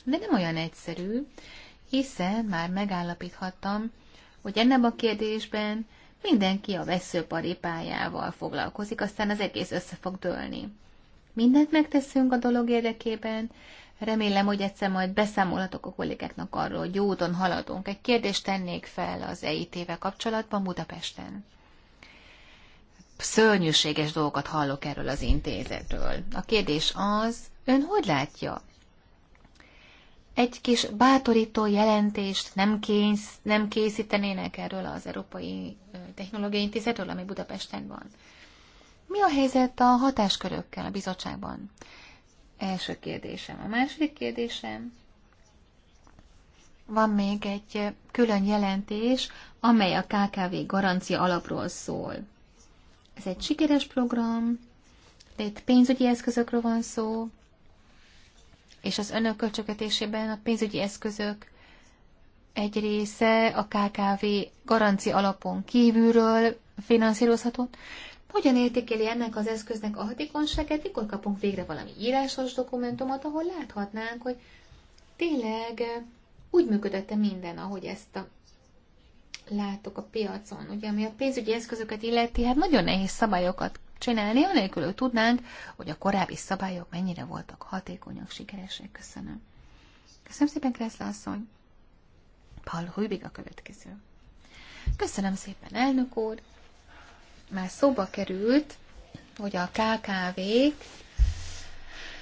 de nem olyan egyszerű, hiszen már megállapíthattam, hogy ennek a kérdésben mindenki a veszőparipájával foglalkozik, aztán az egész össze fog dőlni. Mindent megteszünk a dolog érdekében, Remélem, hogy egyszer majd beszámolhatok a kollégáknak arról, hogy jó úton haladunk. Egy kérdést tennék fel az EIT-vel kapcsolatban Budapesten. Szörnyűséges dolgokat hallok erről az intézetről. A kérdés az, ön hogy látja? Egy kis bátorító jelentést nem, kész, nem készítenének erről az Európai Technológiai Intézetről, ami Budapesten van. Mi a helyzet a hatáskörökkel a bizottságban? első kérdésem. A második kérdésem, van még egy külön jelentés, amely a KKV garancia alapról szól. Ez egy sikeres program, de itt pénzügyi eszközökről van szó, és az önök költségvetésében a pénzügyi eszközök egy része a KKV garancia alapon kívülről finanszírozható. Hogyan értékeli ennek az eszköznek a hatékonyságát, mikor kapunk végre valami írásos dokumentumot, ahol láthatnánk, hogy tényleg eh, úgy működött -e minden, ahogy ezt a látok a piacon, ugye, ami a pénzügyi eszközöket illeti, hát nagyon nehéz szabályokat csinálni, anélkül, hogy tudnánk, hogy a korábbi szabályok mennyire voltak hatékonyak, sikeresek. Köszönöm. Köszönöm szépen, Kressz asszony. Paul Hübig a következő. Köszönöm szépen, elnök úr már szóba került, hogy a KKV-k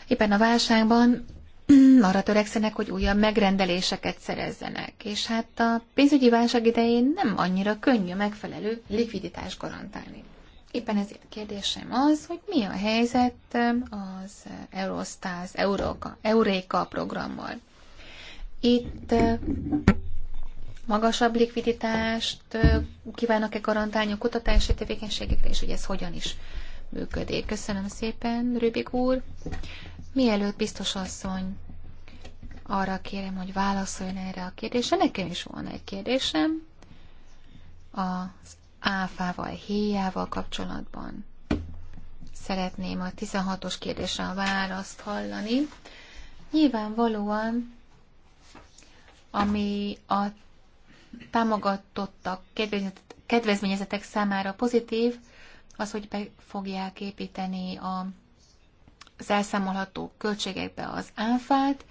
éppen a válságban arra törekszenek, hogy újabb megrendeléseket szerezzenek. És hát a pénzügyi válság idején nem annyira könnyű megfelelő likviditást garantálni. Éppen ezért kérdésem az, hogy mi a helyzet az Eurostars Eureka, Euréka programmal. Itt magasabb likviditást kívánnak-e garantálni a kutatási tevékenységekre, és hogy ez hogyan is működik. Köszönöm szépen, Rübik úr. Mielőtt biztos asszony arra kérem, hogy válaszoljon erre a kérdésre. Nekem is van egy kérdésem az áfával, héjával kapcsolatban. Szeretném a 16-os kérdésre a választ hallani. Nyilvánvalóan, ami a támogatottak, kedvezményezetek számára pozitív az, hogy be fogják építeni a, az elszámolható költségekbe az áfát.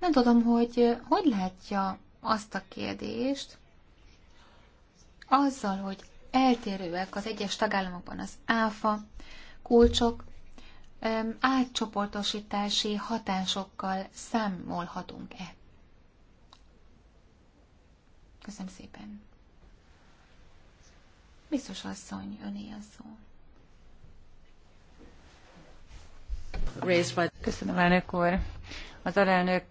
Nem tudom, hogy hogy látja azt a kérdést, azzal, hogy eltérőek az egyes tagállamokban az áfa kulcsok, átcsoportosítási hatásokkal számolhatunk-e? Köszönöm szépen. Biztos asszony, öné a szó. Köszönöm, elnök úr. Az alelnök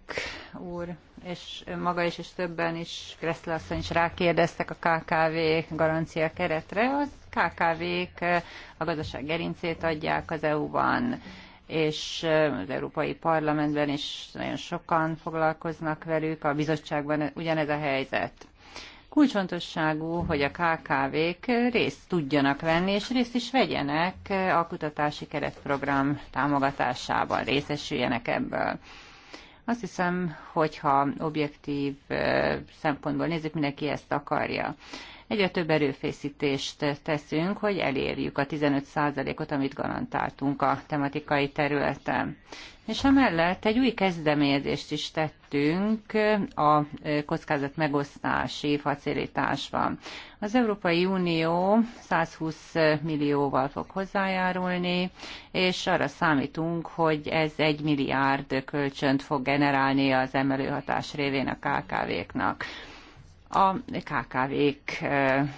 úr és maga is, és többen is, Kresszle asszony is rákérdeztek a KKV garancia keretre. Az KKV-k a gazdaság gerincét adják az EU-ban, és az Európai Parlamentben is nagyon sokan foglalkoznak velük, a bizottságban ugyanez a helyzet kulcsfontosságú, hogy a KKV-k részt tudjanak venni, és részt is vegyenek a kutatási keretprogram támogatásában, részesüljenek ebből. Azt hiszem, hogyha objektív szempontból nézzük, mindenki ezt akarja. Egyre több erőfészítést teszünk, hogy elérjük a 15%-ot, amit garantáltunk a tematikai területen. És emellett egy új kezdeményezést is tettünk a kockázat megosztási facilitásban. Az Európai Unió 120 millióval fog hozzájárulni, és arra számítunk, hogy ez egy milliárd kölcsönt fog generálni az emelőhatás révén a KKV-knak a KKV-k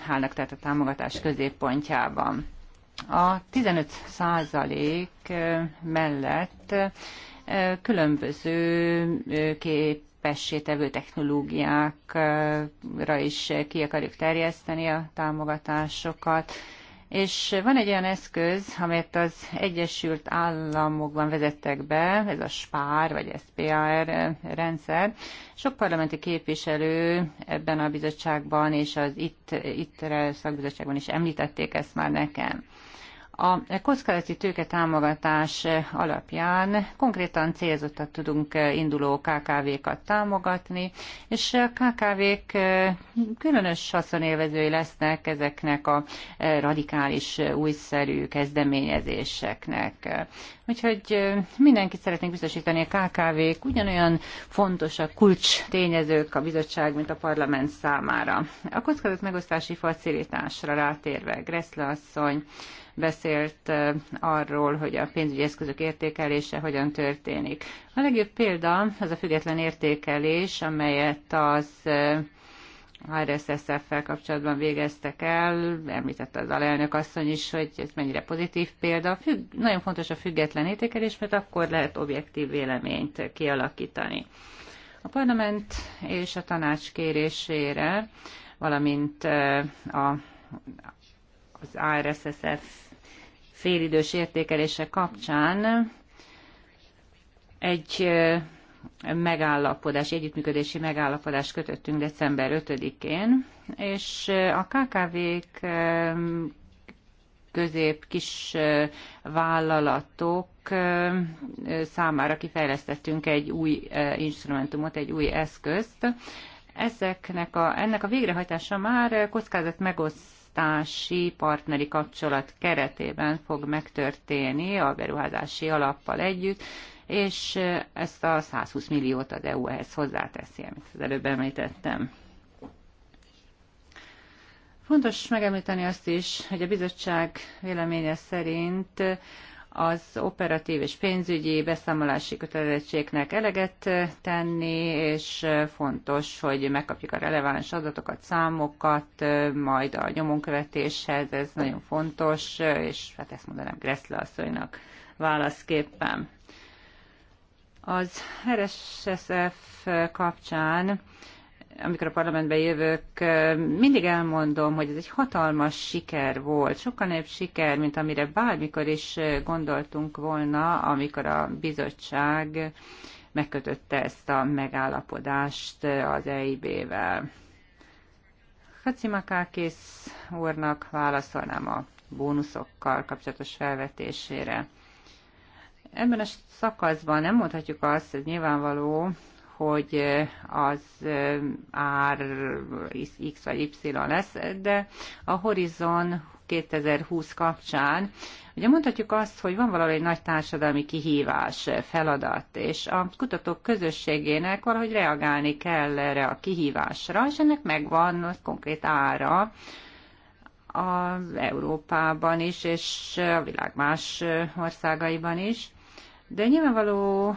állnak tehát a támogatás középpontjában. A 15 százalék mellett különböző képessétevő technológiákra is ki akarjuk terjeszteni a támogatásokat. És van egy olyan eszköz, amelyet az Egyesült Államokban vezettek be, ez a SPAR vagy SPAR rendszer. Sok parlamenti képviselő ebben a bizottságban és az itt, itt szakbizottságban is említették ezt már nekem. A kockázati tőke támogatás alapján konkrétan célzottat tudunk induló KKV-kat támogatni, és a KKV-k különös haszonélvezői lesznek ezeknek a radikális, újszerű kezdeményezéseknek. Úgyhogy mindenkit szeretnénk biztosítani, a KKV-k ugyanolyan a kulcs tényezők a bizottság, mint a parlament számára. A kockázat megosztási facilitásra rátérve, Greszle asszony, beszélt arról, hogy a pénzügyi eszközök értékelése hogyan történik. A legjobb példa az a független értékelés, amelyet az RSSF-fel kapcsolatban végeztek el, említette az alelnök asszony is, hogy ez mennyire pozitív példa. Függ, nagyon fontos a független értékelés, mert akkor lehet objektív véleményt kialakítani. A parlament és a tanács kérésére, valamint a, az RSSF félidős értékelése kapcsán egy megállapodás, együttműködési megállapodást kötöttünk december 5-én, és a KKV-k közép-kis vállalatok számára kifejlesztettünk egy új instrumentumot, egy új eszközt. Ezeknek a, ennek a végrehajtása már kockázat megosztás beruháztási partneri kapcsolat keretében fog megtörténni a beruházási alappal együtt, és ezt a 120 milliót az EU ehhez hozzáteszi, amit az előbb említettem. Fontos megemlíteni azt is, hogy a bizottság véleménye szerint az operatív és pénzügyi beszámolási kötelezettségnek eleget eh, tenni, és eh, fontos, hogy megkapjuk a releváns adatokat, számokat, eh, majd a nyomonkövetéshez, ez nagyon fontos, és hát ezt mondanám Gressle asszonynak válaszképpen. Az RSSF kapcsán amikor a parlamentbe jövök, mindig elmondom, hogy ez egy hatalmas siker volt, sokkal nagyobb siker, mint amire bármikor is gondoltunk volna, amikor a bizottság megkötötte ezt a megállapodást az EIB-vel. Hacimakákész úrnak válaszolnám a bónuszokkal kapcsolatos felvetésére. Ebben a szakaszban nem mondhatjuk azt, hogy nyilvánvaló, hogy az ár X vagy Y lesz, de a Horizon 2020 kapcsán Ugye mondhatjuk azt, hogy van valahol egy nagy társadalmi kihívás, feladat, és a kutatók közösségének valahogy reagálni kell erre a kihívásra, és ennek megvan az konkrét ára az Európában is, és a világ más országaiban is. De nyilvánvaló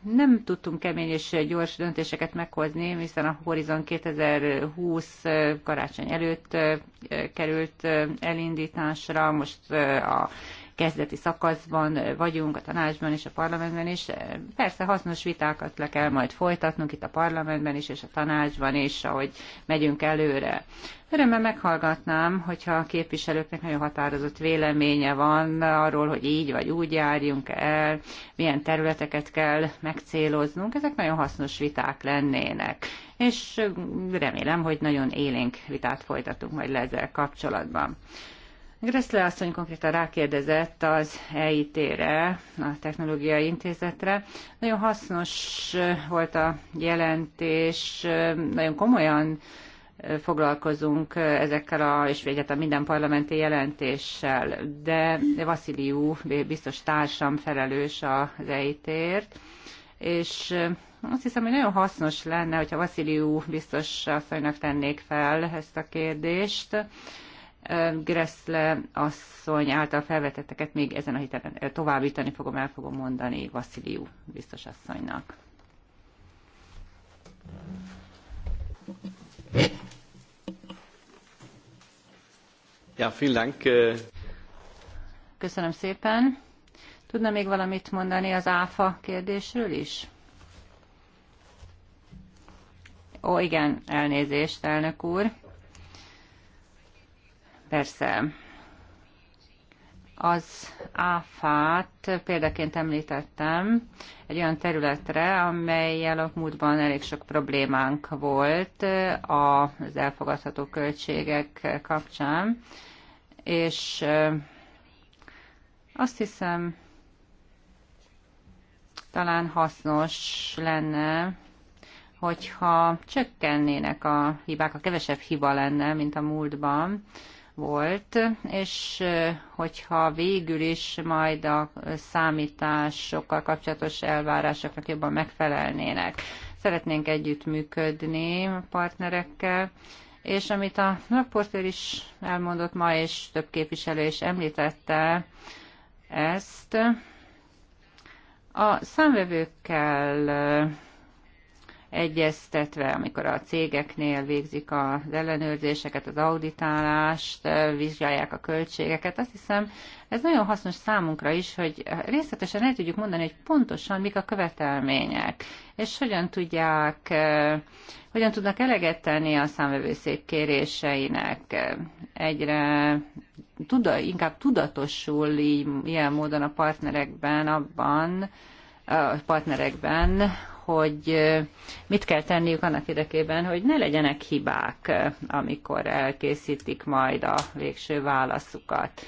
nem tudtunk kemény és gyors döntéseket meghozni, hiszen a Horizon 2020 karácsony előtt került elindításra, most a kezdeti szakaszban vagyunk a tanácsban és a parlamentben is. Persze hasznos vitákat le kell majd folytatnunk itt a parlamentben is és a tanácsban is, ahogy megyünk előre. Örömmel meghallgatnám, hogyha a képviselőknek nagyon határozott véleménye van arról, hogy így vagy úgy járjunk el, milyen területeket kell megcéloznunk. Ezek nagyon hasznos viták lennének. És remélem, hogy nagyon élénk vitát folytatunk majd le ezzel kapcsolatban. Gressler asszony konkrétan rákérdezett az EIT-re, a Technológiai Intézetre. Nagyon hasznos volt a jelentés, nagyon komolyan foglalkozunk ezekkel a, és egyáltalán minden parlamenti jelentéssel, de Vasziliú biztos társam felelős az EIT-ért, és azt hiszem, hogy nagyon hasznos lenne, hogyha Vasziliú biztos asszonynak tennék fel ezt a kérdést, Gressle asszony által felvetetteket még ezen a héten továbbítani fogom, el fogom mondani Vasziliu biztos asszonynak. Ja, vielen Dank. Äh. Köszönöm szépen. Tudna még valamit mondani az áfa kérdésről is? Ó, igen, elnézést, elnök úr. Persze, az áfát példaként említettem egy olyan területre, amelyel a múltban elég sok problémánk volt az elfogadható költségek kapcsán, és eh, azt hiszem, talán hasznos lenne, hogyha csökkennének a hibák, a kevesebb hiba lenne, mint a múltban, volt, és hogyha végül is majd a számításokkal kapcsolatos elvárásoknak jobban megfelelnének. Szeretnénk együttműködni a partnerekkel, és amit a raportőr is elmondott ma, és több képviselő is említette ezt, a számvevőkkel egyeztetve, amikor a cégeknél végzik az ellenőrzéseket, az auditálást, vizsgálják a költségeket. Azt hiszem, ez nagyon hasznos számunkra is, hogy részletesen el tudjuk mondani, hogy pontosan mik a követelmények, és hogyan tudják, hogyan tudnak eleget tenni a számvevőszék kéréseinek. Egyre tuda, inkább tudatosul így, ilyen módon a partnerekben abban, a partnerekben, hogy mit kell tenniük annak érdekében, hogy ne legyenek hibák, amikor elkészítik majd a végső válaszukat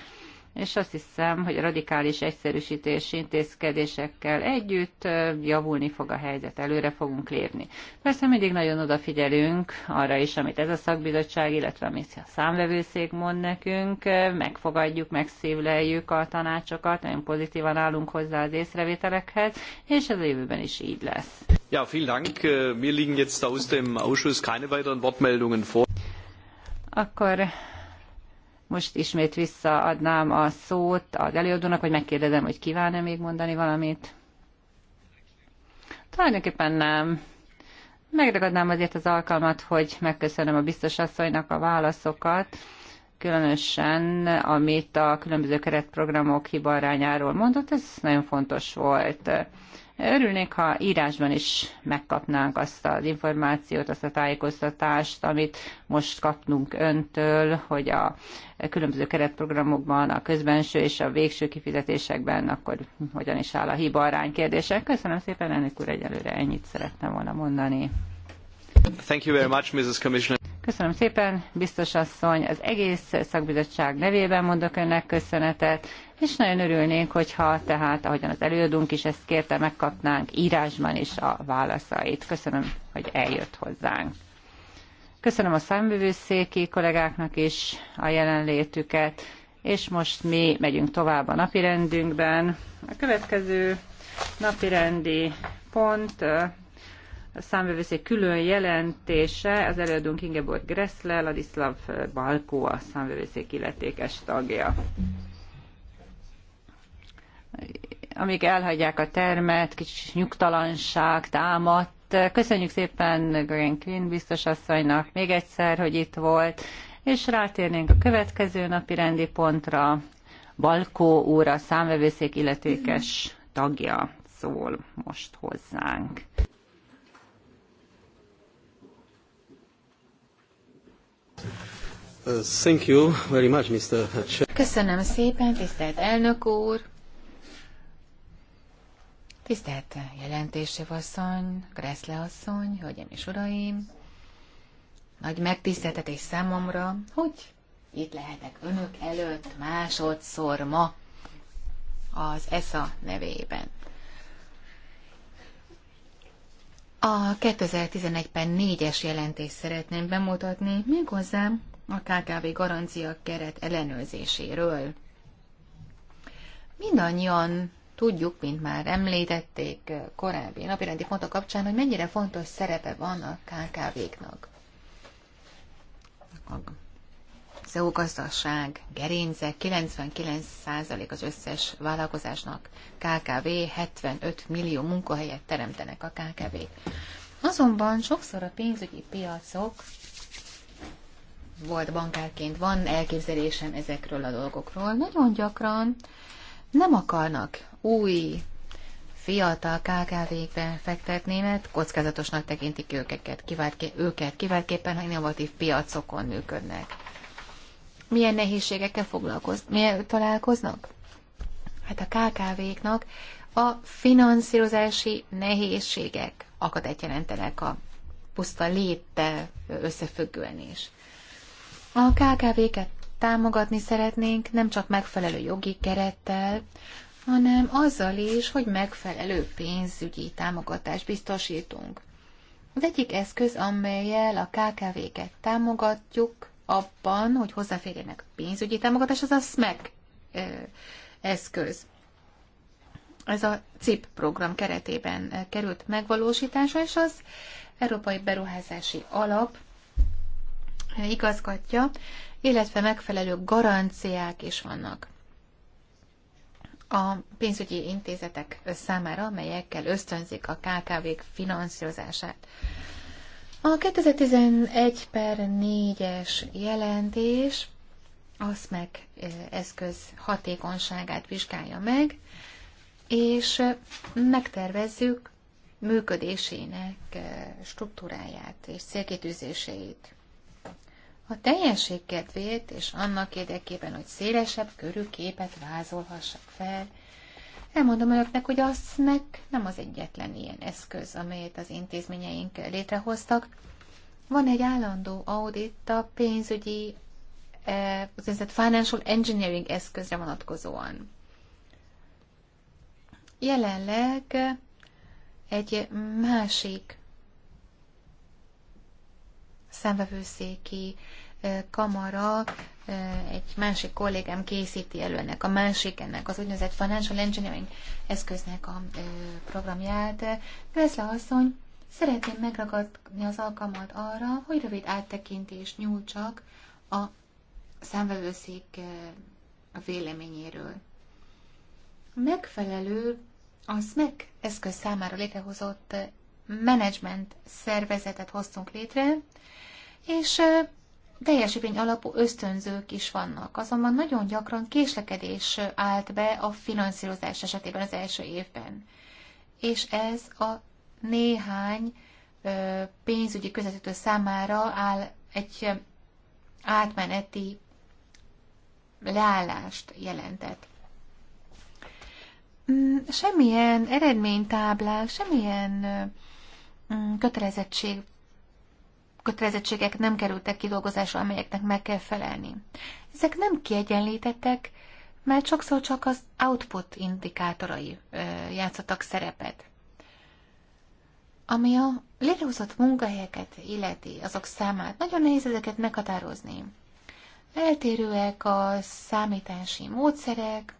és azt hiszem, hogy a radikális egyszerűsítés intézkedésekkel együtt javulni fog a helyzet, előre fogunk lépni. Persze mindig nagyon odafigyelünk arra is, amit ez a szakbizottság, illetve amit a számvevőszék mond nekünk, megfogadjuk, megszívleljük a tanácsokat, nagyon pozitívan állunk hozzá az észrevételekhez, és ez a jövőben is így lesz. Ja, vielen Dank. Äh, mir liegen jetzt aus dem Ausschuss keine weiteren Wortmeldungen vor. Akkor most ismét visszaadnám a szót az előadónak, hogy megkérdezem, hogy kíván-e még mondani valamit. Tulajdonképpen nem. Megragadnám azért az alkalmat, hogy megköszönöm a biztos asszonynak a válaszokat, különösen amit a különböző keretprogramok hibarányáról mondott, ez nagyon fontos volt. Örülnék, ha írásban is megkapnánk azt az információt, azt a tájékoztatást, amit most kapnunk öntől, hogy a különböző keretprogramokban, a közbenső és a végső kifizetésekben, akkor hogyan is áll a hiba arány kérdése. Köszönöm szépen, elnök úr, egyelőre ennyit szerettem volna mondani. Thank you very much, Mrs. Commissioner. Köszönöm szépen, biztos asszony, az egész szakbizottság nevében mondok önnek köszönetet, és nagyon örülnénk, hogyha tehát, ahogyan az előadónk is ezt kérte, megkapnánk írásban is a válaszait. Köszönöm, hogy eljött hozzánk. Köszönöm a számbevőszéki kollégáknak is a jelenlétüket, és most mi megyünk tovább a napirendünkben. A következő napirendi pont a számvevőszék külön jelentése, az előadónk Ingeborg Gressle, Ladislav Balkó a számvevőszék illetékes tagja. Amíg elhagyják a termet, kicsit nyugtalanság támadt. Köszönjük szépen Green Queen biztos még egyszer, hogy itt volt, és rátérnénk a következő napi rendi pontra. Balkó úr a számvevőszék illetékes tagja szól most hozzánk. Thank you very much, Mr. Köszönöm szépen, tisztelt elnök úr! Tisztelt jelentése asszony, Greszle asszony, hölgyem és uraim! Nagy megtiszteltetés számomra, hogy itt lehetek önök előtt másodszor ma az ESA nevében. A 2011-ben négyes jelentést szeretném bemutatni, méghozzá a KKV garancia keret ellenőrzéséről. Mindannyian tudjuk, mint már említették korábbi napirendi pontok kapcsán, hogy mennyire fontos szerepe van a KKV-knak. A EU gazdaság gerince 99% az összes vállalkozásnak KKV, 75 millió munkahelyet teremtenek a KKV-k. Azonban sokszor a pénzügyi piacok volt bankárként, van elképzelésem ezekről a dolgokról. Nagyon gyakran nem akarnak új fiatal KKV-kbe fektetni, mert kockázatosnak tekintik őket, kivált, őket kiváltképpen, ha innovatív piacokon működnek. Milyen nehézségekkel foglalkoznak? Milyen találkoznak? Hát a KKV-knak a finanszírozási nehézségek akadályt jelentenek a puszta léttel összefüggően is. A KKV-ket támogatni szeretnénk nem csak megfelelő jogi kerettel, hanem azzal is, hogy megfelelő pénzügyi támogatást biztosítunk. Az egyik eszköz, amelyel a KKV-ket támogatjuk abban, hogy hozzáférjenek pénzügyi támogatás, az a SMEC eszköz. Ez a CIP program keretében került megvalósításra, és az Európai Beruházási Alap igazgatja, illetve megfelelő garanciák is vannak a pénzügyi intézetek számára, amelyekkel ösztönzik a KKV-k finanszírozását. A 2011 per 4-es jelentés azt meg eszköz hatékonyságát vizsgálja meg, és megtervezzük működésének struktúráját és célkitűzéseit. A teljesség kedvéért és annak érdekében, hogy szélesebb körű képet vázolhassak fel, elmondom önöknek, hogy a SZMEK nem az egyetlen ilyen eszköz, amelyet az intézményeink létrehoztak. Van egy állandó audit a pénzügyi, eh, az eh, financial engineering eszközre vonatkozóan. Jelenleg egy másik szemvevőszéki kamara, egy másik kollégám készíti elő ennek a másik, ennek az úgynevezett financial engineering eszköznek a programját. Greszle asszony, szeretném megragadni az alkalmat arra, hogy rövid áttekintést nyújtsak a szemvevőszék véleményéről. Megfelelő a SMEC eszköz számára létrehozott menedzsment szervezetet hoztunk létre, és teljesítmény alapú ösztönzők is vannak, azonban nagyon gyakran késlekedés állt be a finanszírozás esetében az első évben. És ez a néhány pénzügyi közvetítő számára áll egy átmeneti leállást jelentett. Mm, semmilyen eredménytáblák, semmilyen mm, kötelezettség kötelezettségek nem kerültek kidolgozásra, amelyeknek meg kell felelni. Ezek nem kiegyenlítettek, mert sokszor csak az output indikátorai játszottak szerepet. Ami a létrehozott munkahelyeket illeti, azok számát, nagyon nehéz ezeket meghatározni. Eltérőek a számítási módszerek,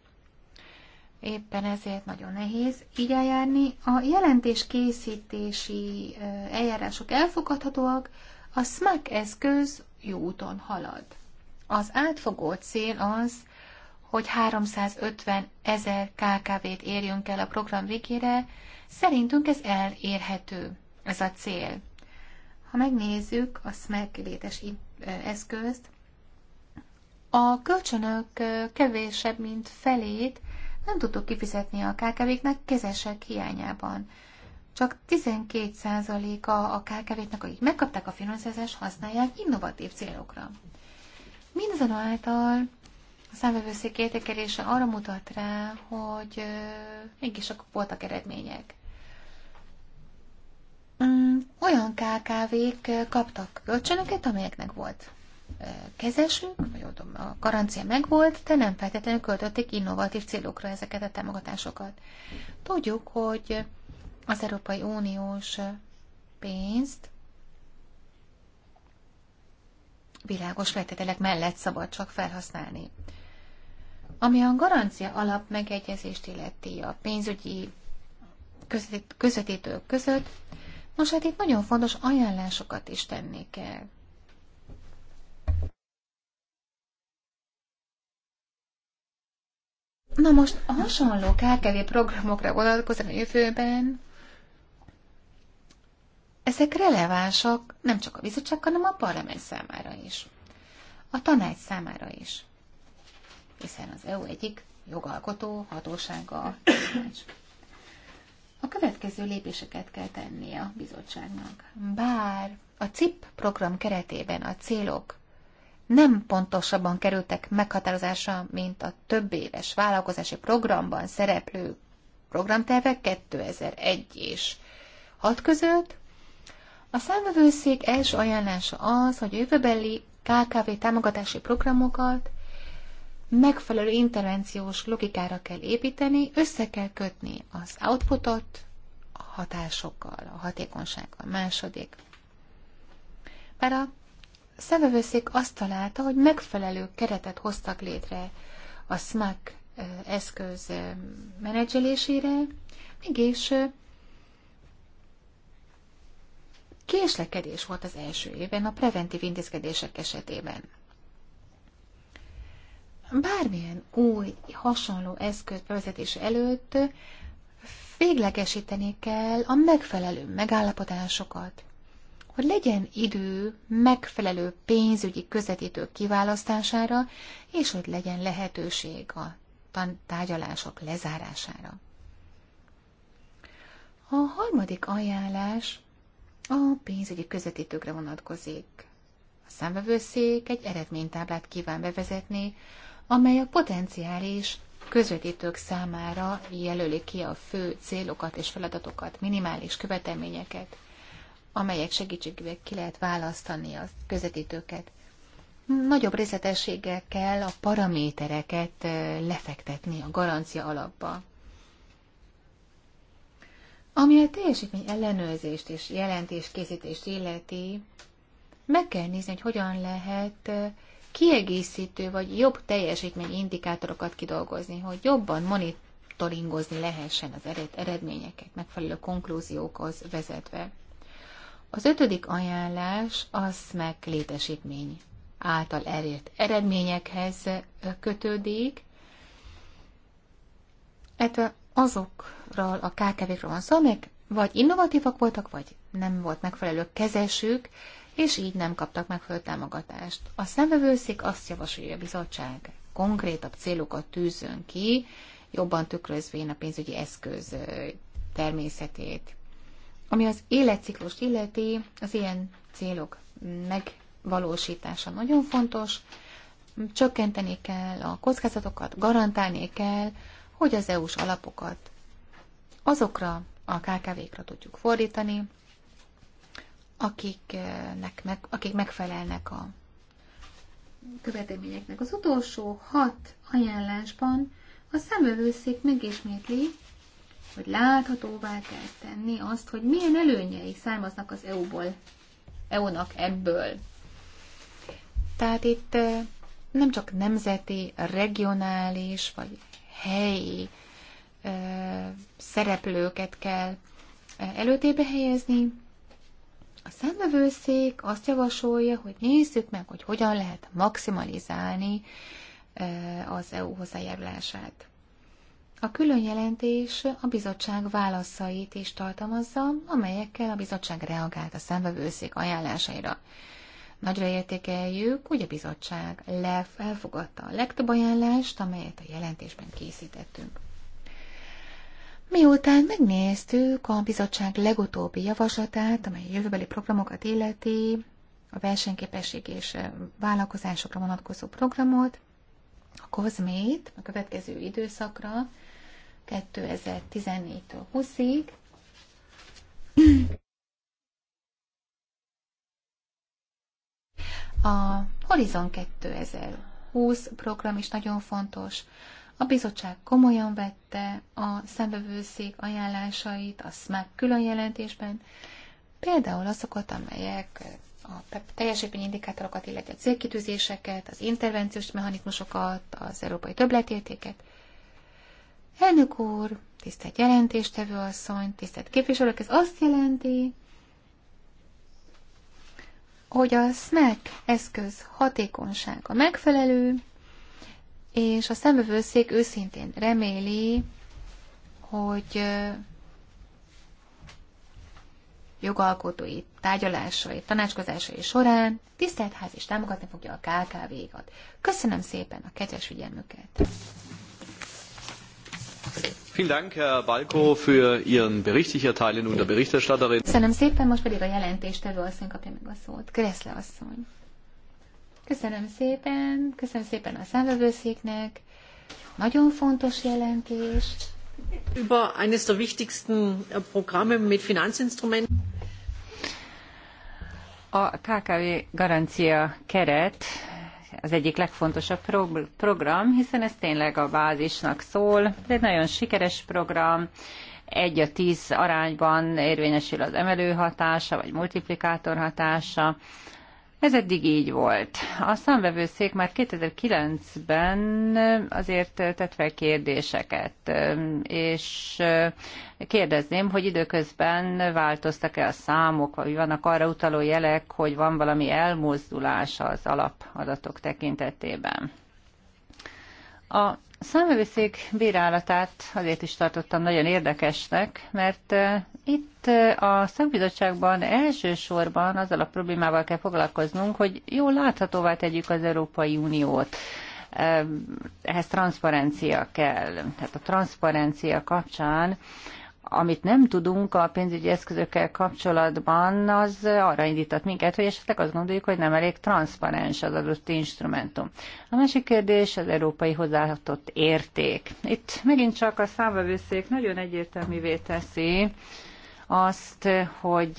éppen ezért nagyon nehéz így eljárni. A jelentés készítési eljárások elfogadhatóak, a SMAC eszköz jó úton halad. Az átfogó cél az, hogy 350 ezer KKV-t érjünk el a program végére, szerintünk ez elérhető, ez a cél. Ha megnézzük a SMAC létes eszközt, a kölcsönök kevésebb, mint felét nem tudtuk kifizetni a KKV-knek kezesek hiányában csak 12%-a a, a KKV-knek, akik megkapták a finanszírozást, használják innovatív célokra. Mindazonáltal a számvevőszék értékelése arra mutat rá, hogy mégis akkor voltak eredmények. Mm, olyan KKV-k kaptak kölcsönöket, amelyeknek volt kezesük, vagy tudom, a garancia megvolt, de nem feltétlenül költötték innovatív célokra ezeket a támogatásokat. Tudjuk, hogy az Európai Uniós pénzt világos feltételek mellett szabad csak felhasználni. Ami a garancia alap megegyezést illeti a pénzügyi közvetítők között, nos hát itt nagyon fontos ajánlásokat is tenni kell. Na most a hasonló KKV programokra vonatkozóan a jövőben ezek relevánsak nem csak a bizottság, hanem a parlament számára is. A tanács számára is. Hiszen az EU egyik jogalkotó hatósága a tanács. A következő lépéseket kell tennie a bizottságnak. Bár a CIP program keretében a célok nem pontosabban kerültek meghatározásra, mint a több éves vállalkozási programban szereplő programtervek 2001 és 6 között, a számvevőszék első ajánlása az, hogy jövőbeli KKV támogatási programokat megfelelő intervenciós logikára kell építeni, össze kell kötni az outputot a hatásokkal, a hatékonysággal. Második. Bár a szemövőszék azt találta, hogy megfelelő keretet hoztak létre a SMAC eszköz menedzselésére, mégis Késlekedés volt az első évben a preventív intézkedések esetében. Bármilyen új, hasonló eszköz bevezetése előtt véglegesíteni kell a megfelelő megállapodásokat, hogy legyen idő megfelelő pénzügyi közvetítők kiválasztására, és hogy legyen lehetőség a tárgyalások lezárására. A harmadik ajánlás a pénzügyi közvetítőkre vonatkozik. A számvevőszék egy eredménytáblát kíván bevezetni, amely a potenciális közvetítők számára jelöli ki a fő célokat és feladatokat, minimális követelményeket, amelyek segítségével ki lehet választani a közvetítőket. Nagyobb részletességgel kell a paramétereket eh, lefektetni a garancia alapba. Ami a teljesítmény ellenőrzést és jelentéskészítést illeti, meg kell nézni, hogy hogyan lehet kiegészítő vagy jobb teljesítmény indikátorokat kidolgozni, hogy jobban monitoringozni lehessen az eredményeket, megfelelő konklúziókhoz vezetve. Az ötödik ajánlás az meg létesítmény által elért eredményekhez kötődik, illetve azokról a KKV-kről van szó, amelyek vagy innovatívak voltak, vagy nem volt megfelelő kezesük, és így nem kaptak megfelelő támogatást. A szemvevőszék azt javasolja, hogy a bizottság konkrétabb célokat tűzön ki, jobban tükrözvén a pénzügyi eszköz természetét. Ami az életciklust illeti, az ilyen célok megvalósítása nagyon fontos, csökkenteni kell a kockázatokat, garantálni kell hogy az EU-s alapokat azokra a KKV-kra tudjuk fordítani, akiknek meg, akik megfelelnek a követelményeknek. Az utolsó hat ajánlásban a szemövőszék megismétli, hogy láthatóvá kell tenni azt, hogy milyen előnyei származnak az EU-ból, EU-nak ebből. Tehát itt eh, nem csak nemzeti, regionális vagy helyi ö, szereplőket kell előtébe helyezni. A számövőszék azt javasolja, hogy nézzük meg, hogy hogyan lehet maximalizálni ö, az EU hozzájárulását. A külön jelentés a bizottság válaszait is tartalmazza, amelyekkel a bizottság reagált a szemvevőszék ajánlásaira. Nagyra értékeljük, hogy a bizottság elfogadta a legtöbb ajánlást, amelyet a jelentésben készítettünk. Miután megnéztük a bizottság legutóbbi javaslatát, amely jövőbeli programokat illeti, a versenyképesség és vállalkozásokra vonatkozó programot, a COSMÉT a következő időszakra 2014-től 20-ig, A Horizon 2020 program is nagyon fontos. A bizottság komolyan vette a szembevőszék ajánlásait a SMAC külön jelentésben, például azokat, amelyek a teljesítmény indikátorokat, illetve célkitűzéseket, az intervenciós mechanizmusokat, az európai többletértéket. Elnök úr, tisztelt jelentéstevő asszony, tisztelt képviselők, ez azt jelenti, hogy a SNAC eszköz hatékonysága megfelelő, és a szemövőszék őszintén reméli, hogy jogalkotói tárgyalásai, tanácskozásai során tisztelt ház is támogatni fogja a KKV-kat. Köszönöm szépen a kedves figyelmüket! Vielen Dank, Herr Balko, für Ihren Bericht. Ich erteile nun der Berichterstatterin. Köszönöm szépen, most pedig a jelentéstevő asszony kapja meg a szót. Kreszle asszony. Köszönöm szépen, köszönöm szépen a számvevőszéknek. Nagyon fontos jelentés. Über eines der wichtigsten äh, Programme mit Finanzinstrumenten. A KKV garancia keret az egyik legfontosabb pro- program, hiszen ez tényleg a bázisnak szól. Ez egy nagyon sikeres program, egy a tíz arányban érvényesül az emelő hatása, vagy multiplikátor hatása, ez eddig így volt. A számvevőszék már 2009-ben azért tett fel kérdéseket, és kérdezném, hogy időközben változtak-e a számok, vagy vannak arra utaló jelek, hogy van valami elmozdulás az alapadatok tekintetében. A a számövőszék bírálatát azért is tartottam nagyon érdekesnek, mert itt a szakbizottságban elsősorban azzal a problémával kell foglalkoznunk, hogy jól láthatóvá tegyük az Európai Uniót. Ehhez transzparencia kell. Tehát a transzparencia kapcsán amit nem tudunk a pénzügyi eszközökkel kapcsolatban, az arra indított minket, hogy esetleg azt gondoljuk, hogy nem elég transzparens az adott instrumentum. A másik kérdés az európai hozzáadott érték. Itt megint csak a számvevőszék nagyon egyértelművé teszi, azt, hogy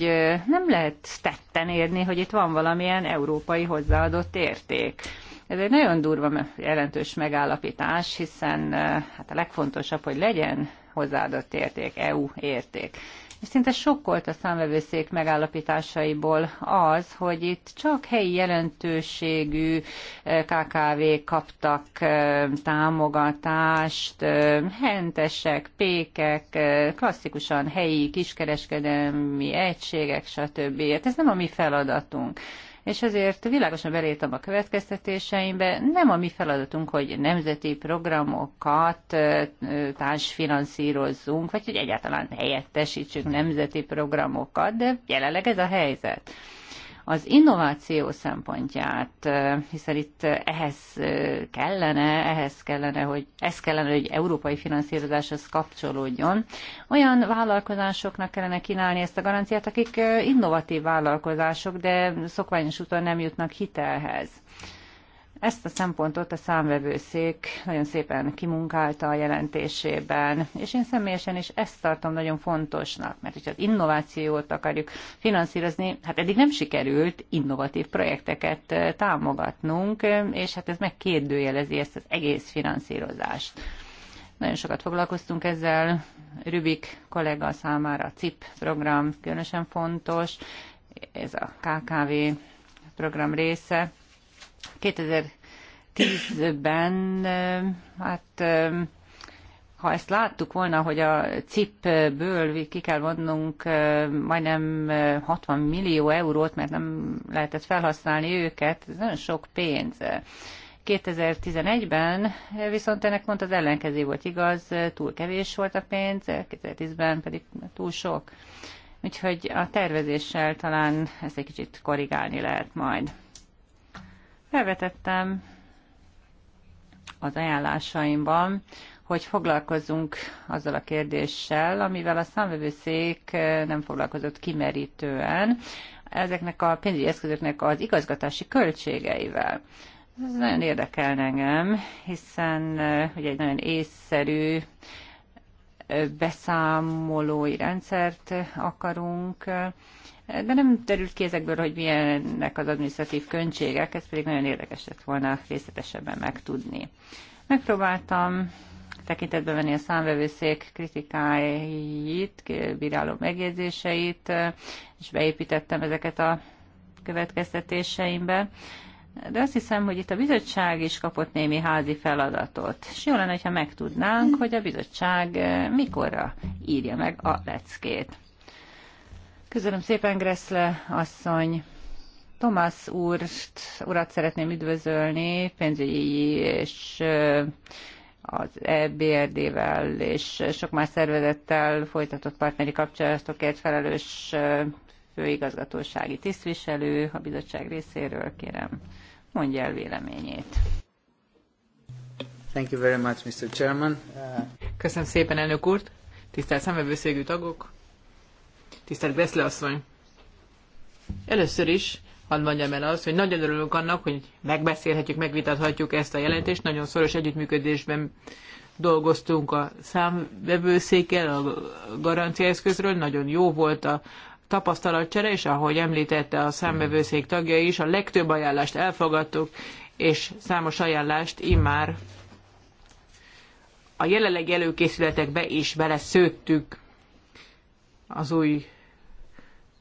nem lehet tetten érni, hogy itt van valamilyen európai hozzáadott érték. Ez egy nagyon durva jelentős megállapítás, hiszen eh, hát a legfontosabb, hogy legyen hozzáadott érték, EU érték. És szinte sokkolt a számvevőszék megállapításaiból az, hogy itt csak helyi jelentőségű eh, KKV kaptak eh, támogatást, eh, hentesek, pékek, klasszikusan helyi kiskereskedelmi egységek, stb. Hát ez nem a mi feladatunk és ezért világosan belétem a következtetéseimbe. Nem a mi feladatunk, hogy nemzeti programokat társfinanszírozzunk, vagy hogy egyáltalán helyettesítsünk nemzeti programokat, de jelenleg ez a helyzet az innováció szempontját, hiszen itt ehhez kellene, ehhez kellene, hogy ez kellene, hogy európai finanszírozáshoz kapcsolódjon. Olyan vállalkozásoknak kellene kínálni ezt a garanciát, akik innovatív vállalkozások, de szokványos úton nem jutnak hitelhez. Ezt a szempontot a számvevőszék nagyon szépen kimunkálta a jelentésében, és én személyesen is ezt tartom nagyon fontosnak, mert hogyha az innovációt akarjuk finanszírozni, hát eddig nem sikerült innovatív projekteket eh, támogatnunk, és hát ez megkérdőjelezi ezt az egész finanszírozást. Nagyon sokat foglalkoztunk ezzel, Rubik kollega számára a CIP program különösen fontos, ez a KKV program része, 2010-ben, hát ha ezt láttuk volna, hogy a CIP-ből ki kell vonnunk majdnem 60 millió eurót, mert nem lehetett felhasználni őket, ez nagyon sok pénz. 2011-ben viszont ennek pont az ellenkező volt igaz, túl kevés volt a pénz, 2010-ben pedig túl sok. Úgyhogy a tervezéssel talán ezt egy kicsit korrigálni lehet majd. Felvetettem az ajánlásaimban, hogy foglalkozzunk azzal a kérdéssel, amivel a számvevőszék nem foglalkozott kimerítően, ezeknek a pénzügyi eszközöknek az igazgatási költségeivel. Ez nagyon érdekel engem, hiszen ugye egy nagyon észszerű beszámolói rendszert akarunk, de nem terült ki ezekből, hogy milyenek az adminisztratív költségek, ez pedig nagyon érdekes lett volna részletesebben megtudni. Megpróbáltam tekintetbe venni a számvevőszék kritikáit, bíráló megjegyzéseit, és beépítettem ezeket a következtetéseimbe. De azt hiszem, hogy itt a bizottság is kapott némi házi feladatot. És jó lenne, ha megtudnánk, hogy a bizottság mikorra írja meg a leckét. Köszönöm szépen, Greszle asszony. Tomás úr, urat szeretném üdvözölni, pénzügyi és az EBRD-vel és sok más szervezettel folytatott partneri kapcsolatokért felelős főigazgatósági tisztviselő a bizottság részéről, kérem, mondja el véleményét. Thank you very much, Mr. Chairman. Uh... Köszönöm szépen, elnök úr, tisztelt számvevőszégű tagok, Tisztelt Beszle asszony! Először is hadd mondjam el azt, hogy nagyon örülünk annak, hogy megbeszélhetjük, megvitathatjuk ezt a jelentést. Nagyon szoros együttműködésben dolgoztunk a számvevőszékkel, a garanciaeszközről. Nagyon jó volt a tapasztalatcsere, és ahogy említette a számvevőszék tagja is, a legtöbb ajánlást elfogadtuk, és számos ajánlást immár a jelenleg előkészületekbe is beleszőttük az új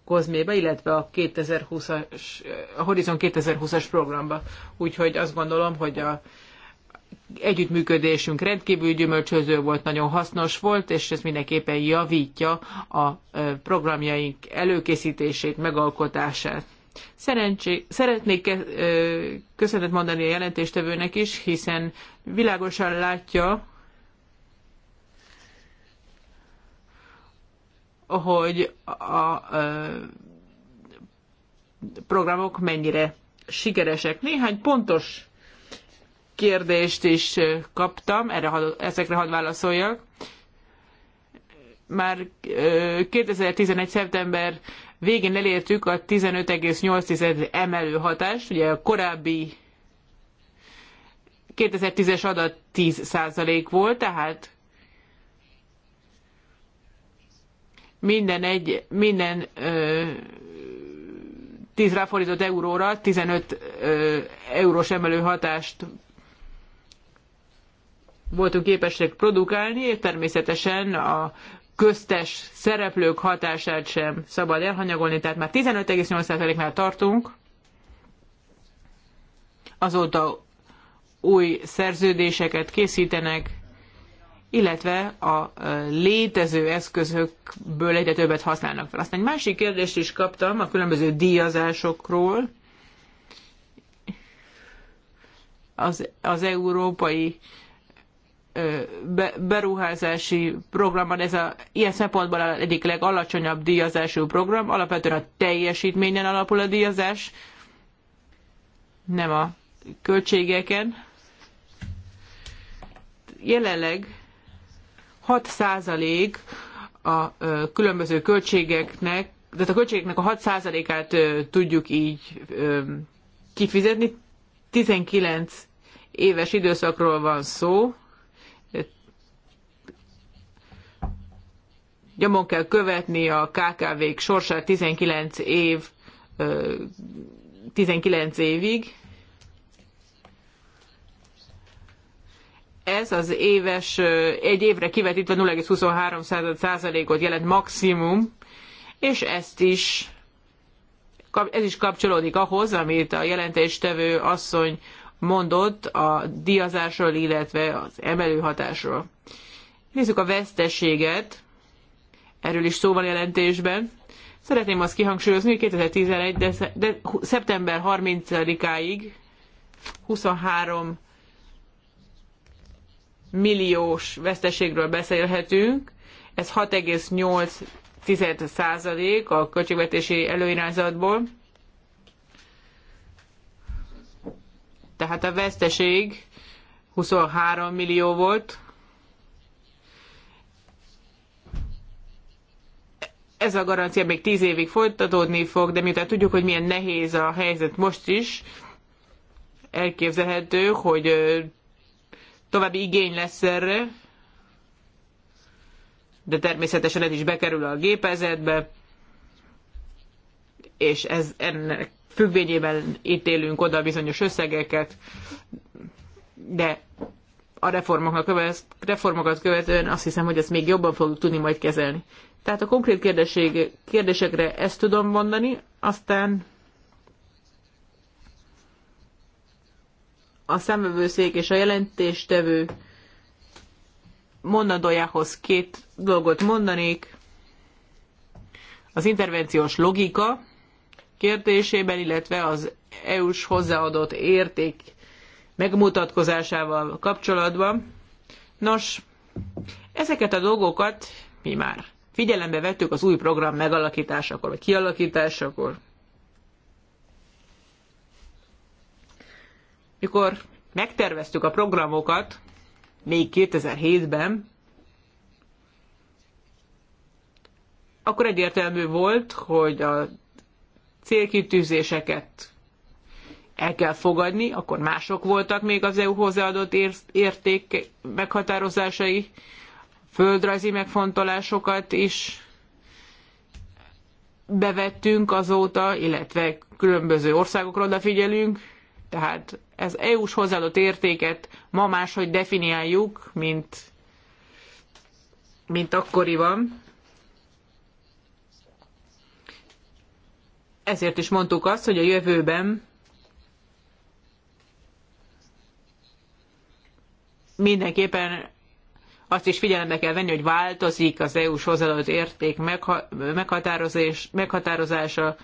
kozmébe, illetve a, 2020-as, a Horizon 2020-as programba. Úgyhogy azt gondolom, hogy a együttműködésünk rendkívül gyümölcsöző volt, nagyon hasznos volt, és ez mindenképpen javítja a programjaink előkészítését, megalkotását. Szerencsé, szeretnék köszönet mondani a jelentéstevőnek is, hiszen világosan látja, hogy a programok mennyire sikeresek. Néhány pontos kérdést is kaptam, erre, ezekre hadd válaszoljak. Már 2011. szeptember végén elértük a 15,8 emelő hatást, ugye a korábbi 2010-es adat 10 volt, tehát minden egy, minden ö, 10 ráfordított euróra 15 ö, eurós emelő hatást voltunk képesek produkálni, és természetesen a köztes szereplők hatását sem szabad elhanyagolni, tehát már 15,8%-nál tartunk. Azóta új szerződéseket készítenek, illetve a létező eszközökből egyre többet használnak fel. Aztán egy másik kérdést is kaptam a különböző díjazásokról. Az, az európai beruházási programban ez a, ilyen szempontból az egyik legalacsonyabb díjazású program, alapvetően a teljesítményen alapul a díjazás, nem a költségeken. Jelenleg 6 százalék a különböző költségeknek, tehát a költségeknek a 6 százalékát tudjuk így kifizetni. 19 éves időszakról van szó, nyomon kell követni a KKV-k sorsát 19 év 19 évig, ez az éves, egy évre kivetítve 0,23%-ot jelent maximum, és ezt is, ez is kapcsolódik ahhoz, amit a jelentéstevő asszony mondott a diazásról, illetve az emelő hatásról. Nézzük a veszteséget, erről is szó van jelentésben. Szeretném azt kihangsúlyozni, hogy 2011. De, de szeptember 30-áig 23 milliós veszteségről beszélhetünk, ez 6,8 százalék a költségvetési előirányzatból. Tehát a veszteség 23 millió volt. Ez a garancia még 10 évig folytatódni fog, de miután tudjuk, hogy milyen nehéz a helyzet most is, elképzelhető, hogy további igény lesz erre, de természetesen ez is bekerül a gépezetbe, és ez ennek függvényében ítélünk oda bizonyos összegeket, de a reformoknak követ, reformokat követően azt hiszem, hogy ezt még jobban fogjuk tudni majd kezelni. Tehát a konkrét kérdésekre ezt tudom mondani, aztán a szemövőszék és a jelentéstevő mondandójához két dolgot mondanék. Az intervenciós logika kérdésében, illetve az EU-s hozzáadott érték megmutatkozásával kapcsolatban. Nos, ezeket a dolgokat mi már figyelembe vettük az új program megalakításakor, vagy kialakításakor. Mikor megterveztük a programokat, még 2007-ben, akkor egyértelmű volt, hogy a célkitűzéseket el kell fogadni, akkor mások voltak még az EU hozzáadott érték meghatározásai, földrajzi megfontolásokat is bevettünk azóta, illetve különböző országokra odafigyelünk. Tehát ez EU-s hozzáadott értéket ma máshogy definiáljuk, mint, mint akkoriban. Ezért is mondtuk azt, hogy a jövőben mindenképpen azt is figyelembe kell venni, hogy változik az EU-s hozzáadott érték meghatározás, meghatározása,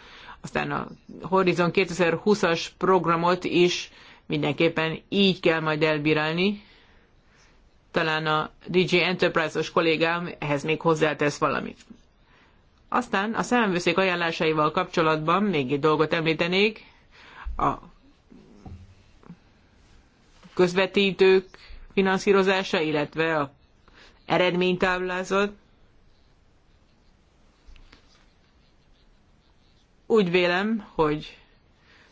aztán a Horizon 2020-as programot is mindenképpen így kell majd elbírálni. Talán a DJ Enterprise-os kollégám ehhez még hozzátesz valamit. Aztán a szemvőszék ajánlásaival kapcsolatban még egy dolgot említenék. A közvetítők finanszírozása, illetve a eredménytáblázat. Úgy vélem, hogy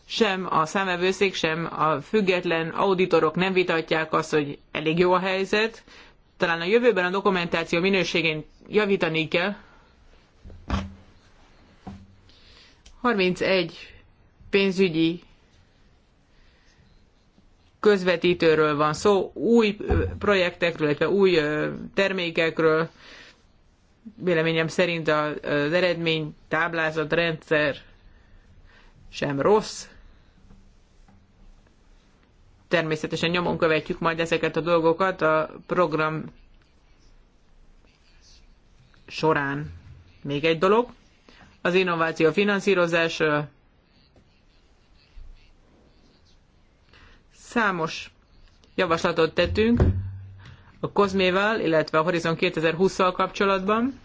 sem a számvevőszék, sem a független auditorok nem vitatják azt, hogy elég jó a helyzet. Talán a jövőben a dokumentáció minőségén javítani kell. 31 pénzügyi közvetítőről van szó, új projektekről, illetve új termékekről. Véleményem szerint az eredmény táblázat rendszer sem rossz. Természetesen nyomon követjük majd ezeket a dolgokat a program során. Még egy dolog, az innováció finanszírozás számos javaslatot tettünk a Kozméval, illetve a Horizon 2020-szal kapcsolatban.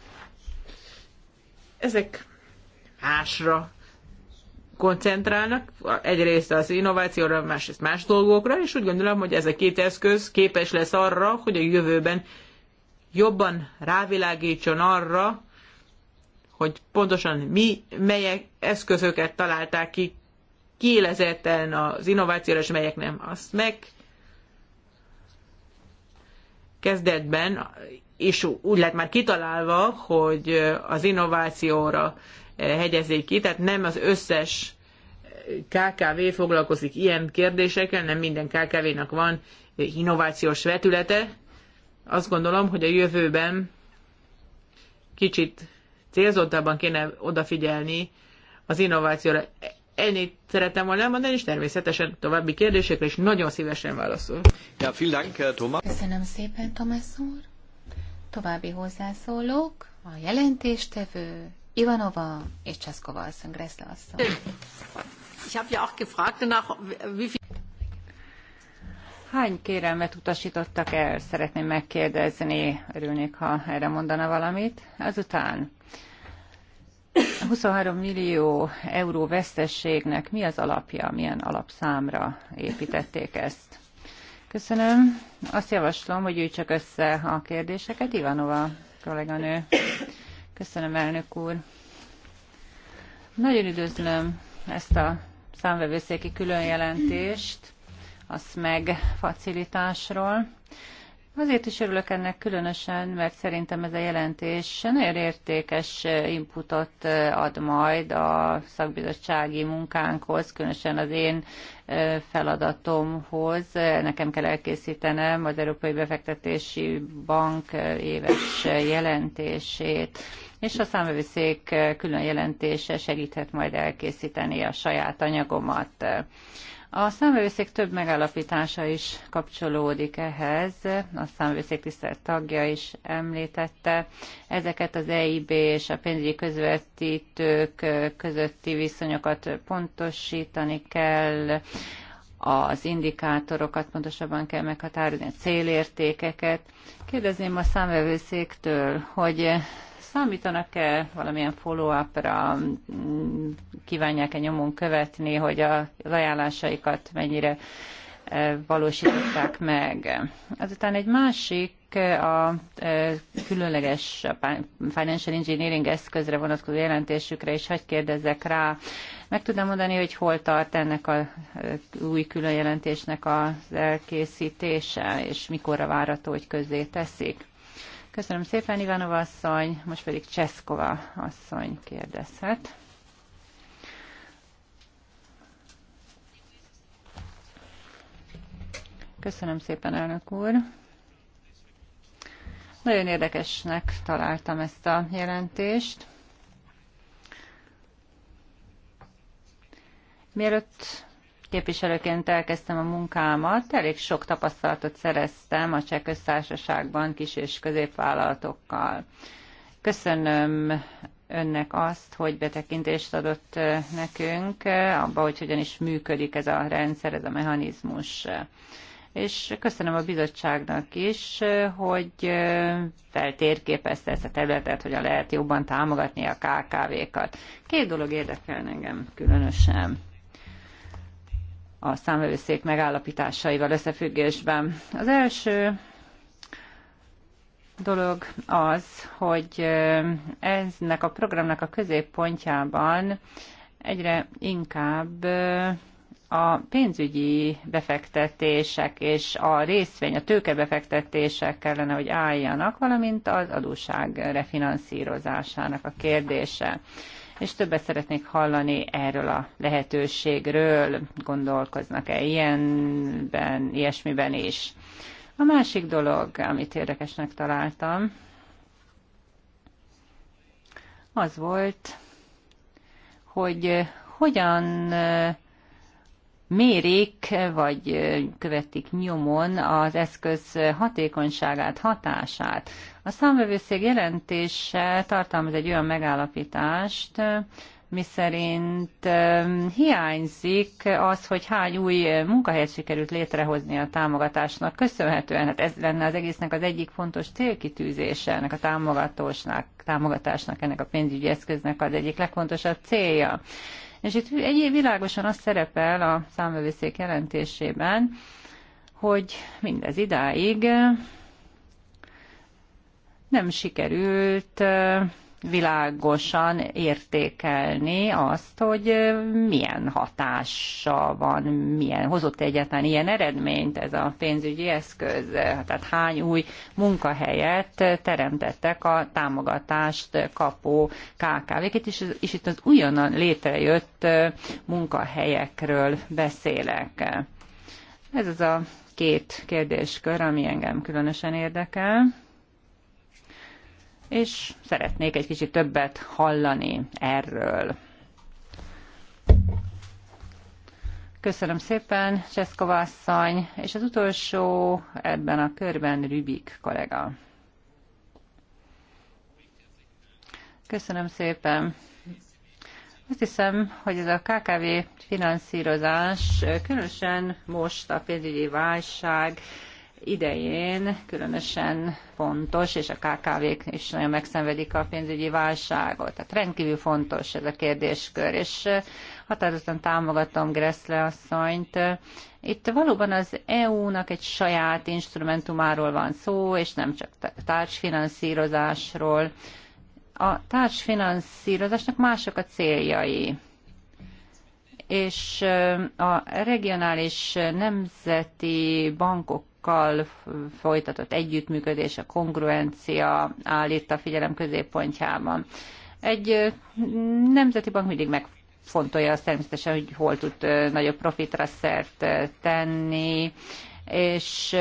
Ezek másra koncentrálnak, egyrészt az innovációra, másrészt más dolgokra, és úgy gondolom, hogy ez a két eszköz képes lesz arra, hogy a jövőben jobban rávilágítson arra, hogy pontosan mi, melyek eszközöket találták ki kiélezetten az innovációra, és melyek nem. Azt meg kezdetben és úgy lett már kitalálva, hogy az innovációra hegyezzék ki, tehát nem az összes KKV foglalkozik ilyen kérdésekkel, nem minden KKV-nak van innovációs vetülete. Azt gondolom, hogy a jövőben kicsit célzottabban kéne odafigyelni az innovációra. Ennyit szeretem volna elmondani, és természetesen további kérdésekre is nagyon szívesen válaszol. Ja, vielen Dank, Thomas. Köszönöm szépen, Thomas úr. További hozzászólók, a jelentéstevő Ivanova és Cseszkova asszony, Greszle asszony. Ich habe ja auch gefragt danach, wie viel Hány kérelmet utasítottak el? Szeretném megkérdezni, örülnék, ha erre mondana valamit. Azután 23 millió euró vesztességnek mi az alapja, milyen alapszámra építették ezt? Köszönöm. Azt javaslom, hogy gyűjtsek össze a kérdéseket. Ivanova kolléganő. Köszönöm, elnök úr. Nagyon üdvözlöm ezt a számvevőszéki különjelentést, a SMEG facilitásról. Azért is örülök ennek különösen, mert szerintem ez a jelentés nagyon értékes inputot ad majd a szakbizottsági munkánkhoz, különösen az én feladatomhoz. Nekem kell elkészítenem az Európai Befektetési Bank éves jelentését és a számövőszék külön jelentése segíthet majd elkészíteni a saját anyagomat. A számvevőszék több megállapítása is kapcsolódik ehhez, a számvevőszék tisztelt tagja is említette. Ezeket az EIB és a pénzügyi közvetítők közötti viszonyokat pontosítani kell, az indikátorokat pontosabban kell meghatározni, a célértékeket. Kérdezném a számvevőszéktől, hogy Számítanak-e valamilyen follow-upra, kívánják-e nyomon követni, hogy a ajánlásaikat mennyire e, valósították meg. Azután egy másik a e, különleges financial engineering eszközre vonatkozó jelentésükre is hagy kérdezzek rá. Meg tudnám mondani, hogy hol tart ennek a e, új külön jelentésnek az elkészítése, és mikorra várható, hogy közzé teszik? Köszönöm szépen, Ivanova asszony, most pedig Cseszkova asszony kérdezhet. Köszönöm szépen, elnök úr. Nagyon érdekesnek találtam ezt a jelentést. Mielőtt képviselőként elkezdtem a munkámat, elég sok tapasztalatot szereztem a Cseh Köztársaságban kis- és középvállalatokkal. Köszönöm önnek azt, hogy betekintést adott nekünk abba, hogy hogyan is működik ez a rendszer, ez a mechanizmus. És köszönöm a bizottságnak is, hogy feltérképezte ezt a területet, a lehet jobban támogatni a KKV-kat. Két dolog érdekel engem különösen a számvevőszék megállapításaival összefüggésben. Az első dolog az, hogy eznek a programnak a középpontjában egyre inkább a pénzügyi befektetések és a részvény, a tőkebefektetések kellene, hogy álljanak, valamint az adóság refinanszírozásának a kérdése és többet szeretnék hallani erről a lehetőségről, gondolkoznak-e ilyenben, ilyesmiben is. A másik dolog, amit érdekesnek találtam, az volt, hogy hogyan mérik, vagy követik nyomon az eszköz hatékonyságát, hatását. A számvevőszék jelentése tartalmaz egy olyan megállapítást, miszerint hiányzik az, hogy hány új munkahelyet sikerült létrehozni a támogatásnak köszönhetően. Hát ez lenne az egésznek az egyik fontos célkitűzése ennek a támogatósnak, támogatásnak, ennek a pénzügyi eszköznek az egyik legfontosabb célja. És itt egyéb világosan az szerepel a számvevőszék jelentésében, hogy mindez idáig nem sikerült eh, világosan értékelni azt, hogy milyen hatása van, milyen hozott egyáltalán ilyen eredményt ez a pénzügyi eszköz, tehát hány új munkahelyet teremtettek a támogatást kapó KKV-k, és, és itt az újonnan létrejött munkahelyekről beszélek. Ez az a két kérdéskör, ami engem különösen érdekel és szeretnék egy kicsit többet hallani erről. Köszönöm szépen, Cseszkova asszony, és az utolsó ebben a körben Rübik kollega. Köszönöm szépen. Azt hiszem, hogy ez a KKV finanszírozás, különösen most a pénzügyi válság, idején különösen fontos, és a KKV-k is nagyon megszenvedik a pénzügyi válságot. Tehát rendkívül fontos ez a kérdéskör, és határozottan támogatom Gressle asszonyt. Itt valóban az EU-nak egy saját instrumentumáról van szó, és nem csak társfinanszírozásról. A társfinanszírozásnak mások a céljai és a regionális nemzeti bankok tagállamokkal folytatott együttműködés, a kongruencia áll itt a figyelem középpontjában. Egy nemzeti bank mindig megfontolja azt természetesen, hogy hol tud nagyobb profitra szert tenni, és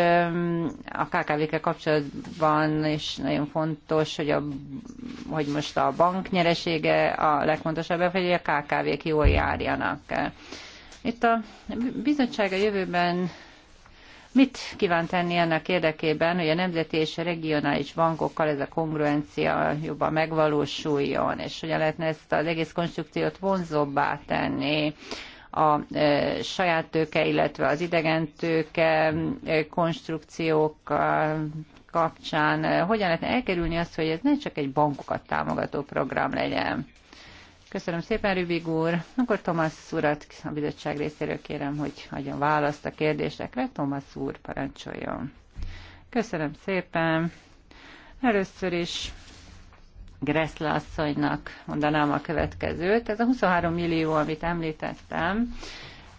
a KKV-kkel kapcsolatban is nagyon fontos, hogy, a, hogy most a bank nyeresége a legfontosabb, hogy a KKV-k jól járjanak. Itt a bizottság a jövőben Mit kíván tenni ennek érdekében, hogy a nemzeti és a regionális bankokkal ez a kongruencia jobban megvalósuljon, és hogyan lehetne ezt az egész konstrukciót vonzóbbá tenni? a e, saját tőke, illetve az idegen tőke e, konstrukciók kapcsán e, hogyan lehet elkerülni azt, hogy ez ne csak egy bankokat támogató program legyen. Köszönöm szépen, Rübig úr. Akkor Tomasz urat a bizottság részéről kérem, hogy adjon választ a kérdésekre. Tomasz úr, parancsoljon. Köszönöm szépen. Először is Gressle asszonynak mondanám a következőt. Ez a 23 millió, amit említettem,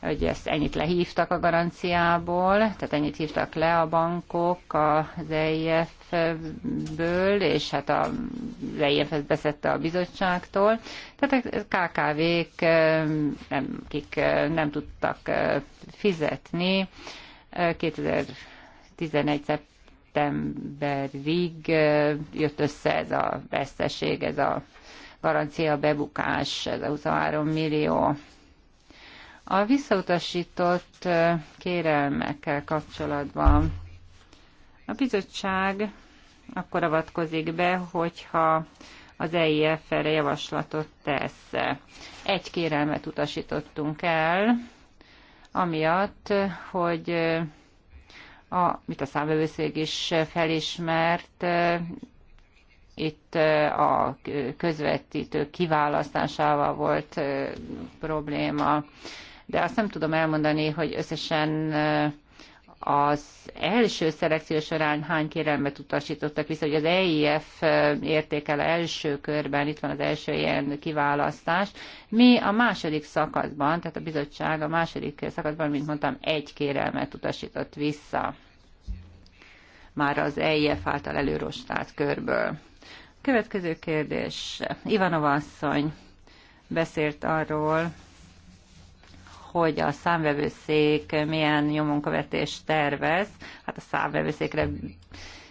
hogy ezt ennyit lehívtak a garanciából, tehát ennyit hívtak le a bankok az EIF-ből, és hát a, az EIF ezt beszette a bizottságtól. Tehát a KKV-k, nem, akik nem tudtak fizetni, 2011 szeptemberig jött össze ez a veszteség, ez a garancia bebukás, ez a 23 millió a visszautasított kérelmekkel kapcsolatban a bizottság akkor avatkozik be, hogyha az EIF erre javaslatot tesz. Egy kérelmet utasítottunk el, amiatt, hogy a, mit a számvevőszék is felismert, itt a közvetítő kiválasztásával volt probléma de azt nem tudom elmondani, hogy összesen eh, az első szelekció során hány kérelmet utasítottak vissza, hogy az EIF eh, értékel első körben, itt van az első ilyen kiválasztás. Mi a második szakaszban, tehát a bizottság a második szakaszban, mint mondtam, egy kérelmet utasított vissza már az EIF által előrostált körből. Következő kérdés. Ivanova asszony beszélt arról, hogy a számvevőszék milyen nyomonkövetést tervez. Hát a számvevőszékre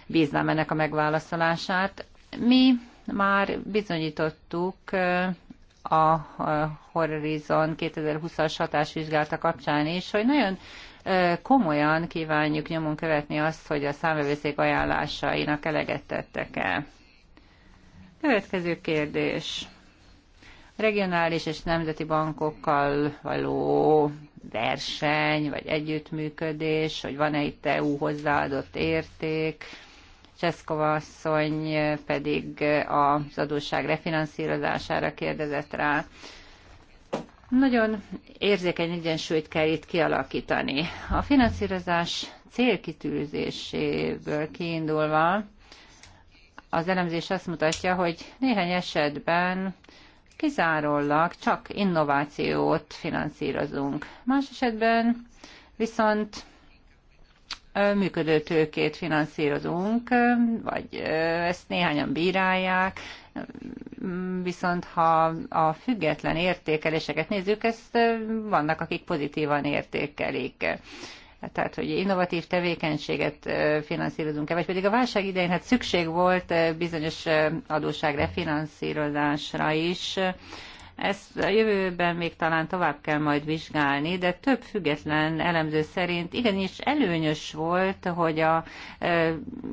bíznám ennek a megválaszolását. Mi már bizonyítottuk a Horizon 2020-as hatásvizsgálata kapcsán is, hogy nagyon komolyan kívánjuk nyomon követni azt, hogy a számvevőszék ajánlásainak eleget tettek-e. Következő kérdés regionális és nemzeti bankokkal való verseny, vagy együttműködés, hogy van-e itt EU hozzáadott érték, Cseszkova asszony pedig az adósság refinanszírozására kérdezett rá. Nagyon érzékeny egyensúlyt kell itt kialakítani. A finanszírozás célkitűzéséből kiindulva az elemzés azt mutatja, hogy néhány esetben kizárólag csak innovációt finanszírozunk. Más esetben viszont működő tőkét finanszírozunk, vagy ezt néhányan bírálják, viszont ha a független értékeléseket nézzük, ezt vannak, akik pozitívan értékelik tehát hogy innovatív tevékenységet finanszírozunk -e, vagy pedig a válság idején hát szükség volt bizonyos finanszírozásra is, ezt a jövőben még talán tovább kell majd vizsgálni, de több független elemző szerint igenis előnyös volt, hogy a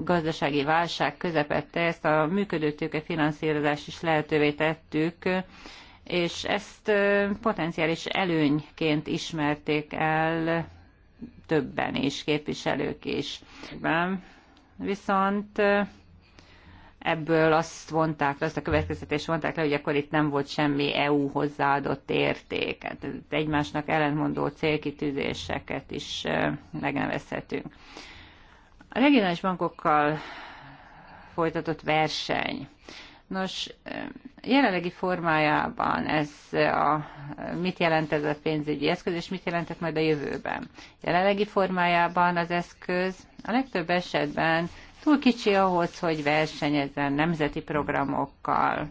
gazdasági válság közepette ezt a működőtőke finanszírozást is lehetővé tettük, és ezt potenciális előnyként ismerték el többen is, képviselők is. Viszont ebből azt vonták le, azt a következtetést vonták le, hogy akkor itt nem volt semmi EU hozzáadott érték. Hát egymásnak ellentmondó célkitűzéseket is megnevezhetünk. A regionális bankokkal folytatott verseny Nos, jelenlegi formájában ez a, mit jelent ez a pénzügyi eszköz, és mit jelentett majd a jövőben? Jelenlegi formájában az eszköz a legtöbb esetben túl kicsi ahhoz, hogy versenyezzen nemzeti programokkal.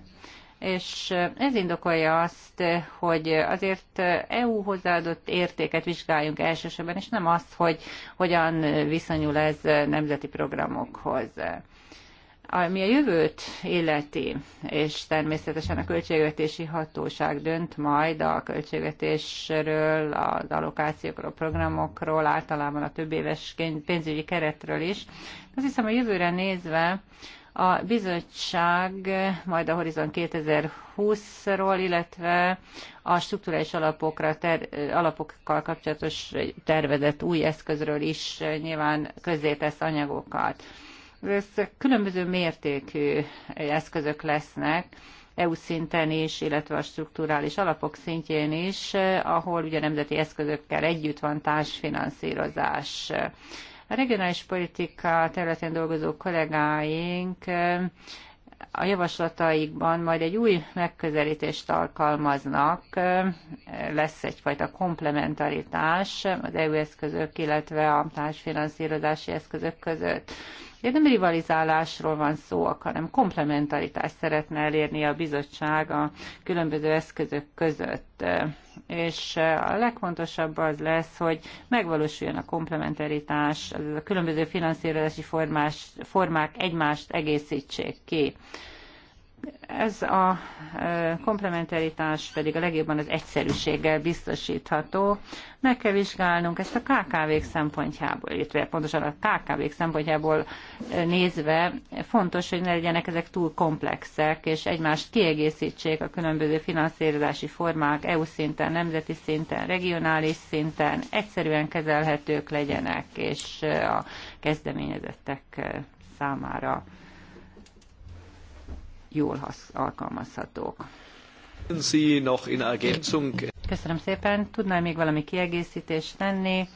És ez indokolja azt, hogy azért EU hozzáadott értéket vizsgáljunk elsősorban, és nem azt, hogy hogyan viszonyul ez nemzeti programokhoz ami a jövőt illeti, és természetesen a költségvetési hatóság dönt majd a költségvetésről, az allokációkról, a programokról, általában a több éves pénzügyi keretről is. Azt hiszem, a jövőre nézve a bizottság majd a Horizon 2020-ról, illetve a struktúrális alapokra, ter, alapokkal kapcsolatos tervezett új eszközről is nyilván közzétesz anyagokat ez különböző mértékű eszközök lesznek, EU szinten is, illetve a strukturális alapok szintjén is, ahol ugye nemzeti eszközökkel együtt van társfinanszírozás. A regionális politika területén dolgozó kollégáink a javaslataikban majd egy új megközelítést alkalmaznak, lesz egyfajta komplementaritás az EU eszközök, illetve a társfinanszírozási eszközök között. Ugye nem rivalizálásról van szó, hanem komplementaritást szeretne elérni a bizottság a különböző eszközök között. És a legfontosabb az lesz, hogy megvalósuljon a komplementaritás, a különböző finanszírozási formás, formák egymást egészítsék ki. Ez a e, komplementaritás pedig a legjobban az egyszerűséggel biztosítható. Meg kell vizsgálnunk ezt a KKV-k szempontjából, illetve pontosan a KKV-k szempontjából e, nézve fontos, hogy ne legyenek ezek túl komplexek, és egymást kiegészítsék a különböző finanszírozási formák EU szinten, nemzeti szinten, regionális szinten, egyszerűen kezelhetők legyenek, és e, a kezdeményezettek számára jól hasz, alkalmazhatók. Köszönöm szépen. Tudnál még valami kiegészítést tenni?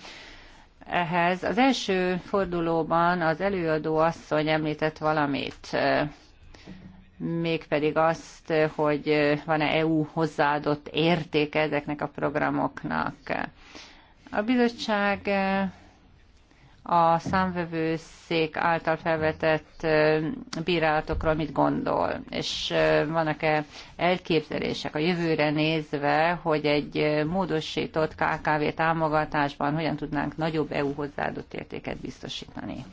Ehhez az első fordulóban az előadó asszony említett valamit, mégpedig azt, hogy van-e EU hozzáadott értéke ezeknek a programoknak. A bizottság a számvevőszék által felvetett bírálatokról mit gondol, és vannak-e elképzelések a jövőre nézve, hogy egy módosított KKV támogatásban hogyan tudnánk nagyobb EU hozzáadott értéket biztosítani?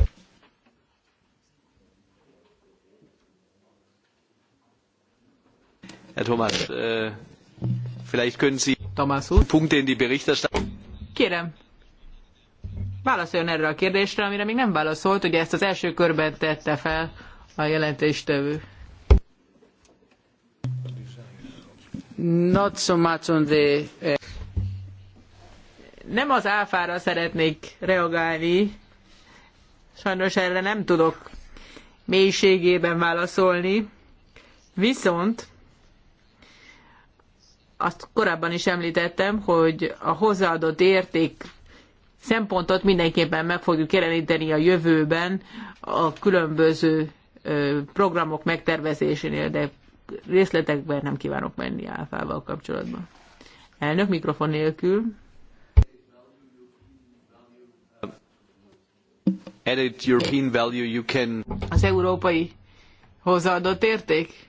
Herr Thomas, äh, vielleicht können Sie Thomas Punkte in die Berichterstattung. Kérem, válaszoljon erre a kérdésre, amire még nem válaszolt, ugye ezt az első körben tette fel a jelentéstevő. Not so much on the... Eh, nem az áfára szeretnék reagálni, sajnos erre nem tudok mélységében válaszolni, viszont azt korábban is említettem, hogy a hozzáadott érték szempontot mindenképpen meg fogjuk jeleníteni a jövőben a különböző programok megtervezésénél, de részletekben nem kívánok menni áfával kapcsolatban. Elnök mikrofon nélkül. Az európai hozzáadott érték?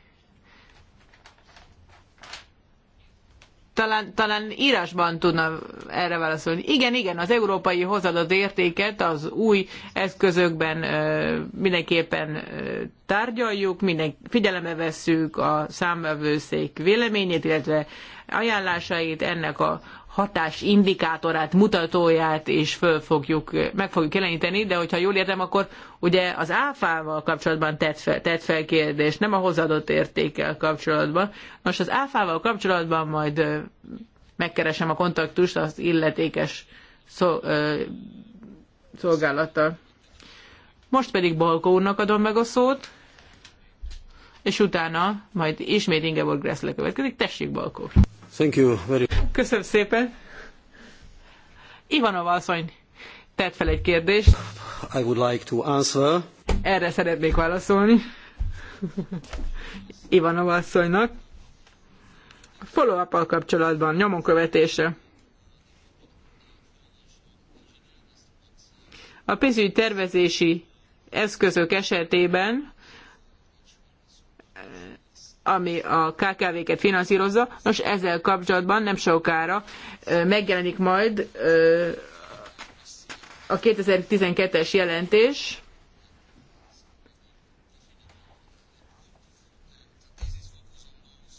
talán, talán írásban tudna erre válaszolni. Igen, igen, az európai hozadott értéket az új eszközökben ö, mindenképpen ö, tárgyaljuk, minden, figyelembe vesszük a számvevőszék véleményét, illetve ajánlásait, ennek a hatás indikátorát, mutatóját is föl fogjuk, meg fogjuk jeleníteni, de hogyha jól értem, akkor ugye az áfával kapcsolatban tett fel, tett fel kérdés, nem a hozadott értékkel kapcsolatban. Most az áfával kapcsolatban majd megkeresem a kontaktust az illetékes szol, ö, Most pedig Balkó úrnak adom meg a szót, és utána majd ismét Ingeborg Gressle következik. Tessék, Balkó! Thank you very... Köszönöm szépen. Ivanova asszony tett fel egy kérdést. I would like to answer. Erre szeretnék válaszolni. Ivanova asszonynak. follow up kapcsolatban nyomon követése. A pénzügyi tervezési eszközök esetében ami a KKV-ket finanszírozza. Nos, ezzel kapcsolatban nem sokára megjelenik majd a 2012-es jelentés.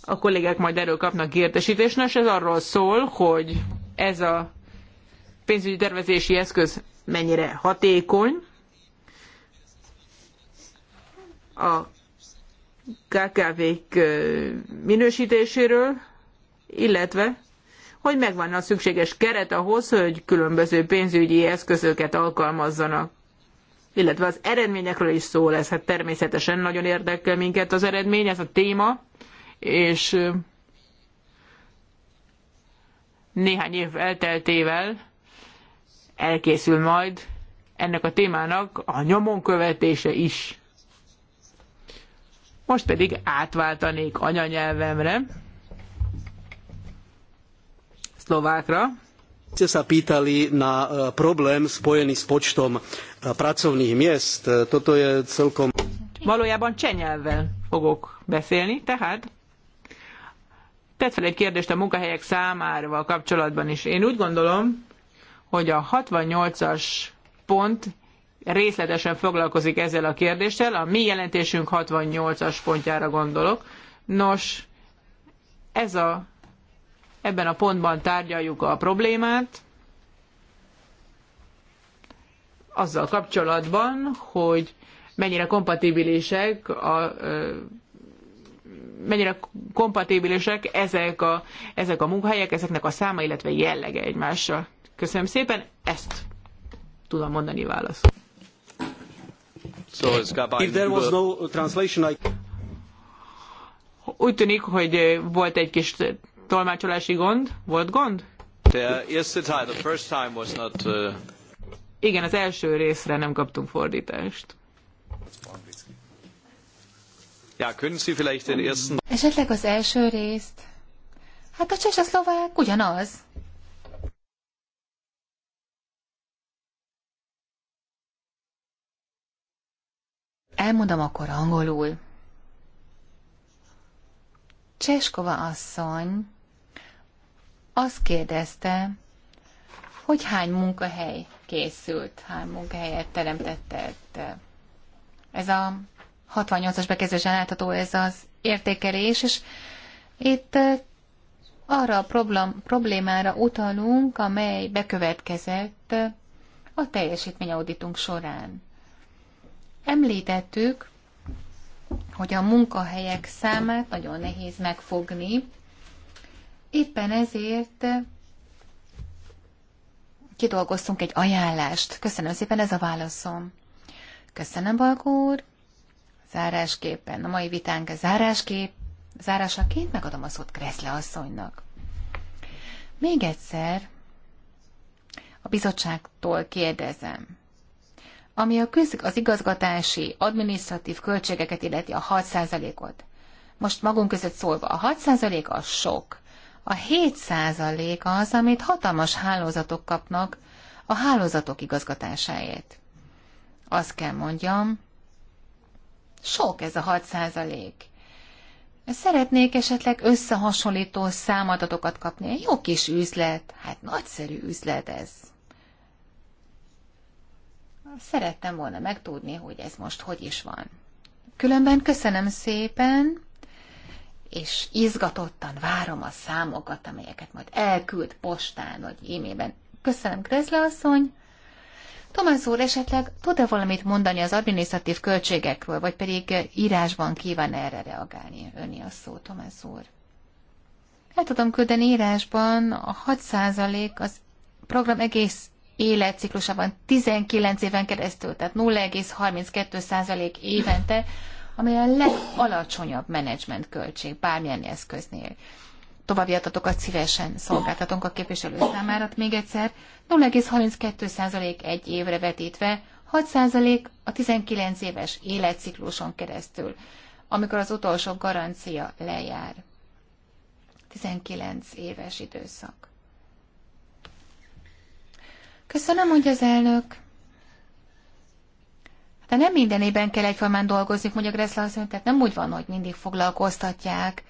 A kollégák majd erről kapnak értesítést. Nos, ez arról szól, hogy ez a pénzügyi tervezési eszköz mennyire hatékony. A KKV-k minősítéséről, illetve hogy megvan a szükséges keret ahhoz, hogy különböző pénzügyi eszközöket alkalmazzanak. Illetve az eredményekről is szó lesz, hát természetesen nagyon érdekel minket az eredmény, ez a téma, és néhány év elteltével elkészül majd ennek a témának a nyomon követése is. Most pedig átváltanék anyanyelvemre, szlovákra. Ste sa pýtali na e, problém spojený s počtom e, pracovných miest. E, toto je celkom... Valójában csenyelvvel fogok beszélni, tehát tett fel egy kérdést a munkahelyek számával kapcsolatban is. Én úgy gondolom, hogy a 68-as pont részletesen foglalkozik ezzel a kérdéssel. A mi jelentésünk 68-as pontjára gondolok. Nos, ez a, ebben a pontban tárgyaljuk a problémát, azzal kapcsolatban, hogy mennyire kompatibilisek a mennyire kompatibilisek ezek a, ezek a munkahelyek, ezeknek a száma, illetve jellege egymással. Köszönöm szépen, ezt tudom mondani válaszul. So it's got by If there was no translation, I... Úgy tűnik, hogy eh, volt egy kis tolmácsolási gond. Volt gond? The the first time was not... Uh... Igen, az első részre nem kaptunk fordítást. Ja, können Sie vielleicht den ersten... Esetleg az első részt? Hát a csehszlovák ugyanaz. Elmondom akkor angolul. Cseskova asszony azt kérdezte, hogy hány munkahely készült, hány munkahelyet teremtett. Ez a 68-as bekezdésen látható ez az értékelés, és itt eh, arra a problém, problémára utalunk, amely bekövetkezett eh, a teljesítményauditunk során. Említettük, hogy a munkahelyek számát nagyon nehéz megfogni. Éppen ezért kidolgoztunk egy ajánlást. Köszönöm szépen, ez a válaszom. Köszönöm, Balgó úr. Zárásképpen, a mai vitánk a zárásképp, zárásaként megadom a szót Kreszle asszonynak. Még egyszer a bizottságtól kérdezem. Ami a köz, az igazgatási, adminisztratív költségeket illeti a 6%-ot. Most magunk között szólva, a 6% a sok. A 7% az, amit hatalmas hálózatok kapnak a hálózatok igazgatásáért. Azt kell mondjam, sok ez a 6 százalék. Szeretnék esetleg összehasonlító számadatokat kapni. Jó kis üzlet, hát nagyszerű üzlet ez. Szerettem volna megtudni, hogy ez most hogy is van. Különben köszönöm szépen, és izgatottan várom a számokat, amelyeket majd elküld postán vagy e-mailben. Köszönöm, Kreszle asszony! Tomás úr esetleg tud-e valamit mondani az adminisztratív költségekről, vagy pedig írásban kíván erre reagálni? Önni a szó, Tomás úr. El tudom küldeni írásban, a 6% az program egész életciklusában 19 éven keresztül, tehát 0,32% évente, amely a legalacsonyabb menedzsment költség bármilyen eszköznél. További adatokat szívesen szolgáltatunk a képviselő számára. Még egyszer, 0,32% egy évre vetítve, 6% a 19 éves életcikluson keresztül, amikor az utolsó garancia lejár. 19 éves időszak. Köszönöm, mondja az elnök. De hát nem mindenében kell egyformán dolgozni, mondja Greszla mondja, tehát nem úgy van, hogy mindig foglalkoztatják.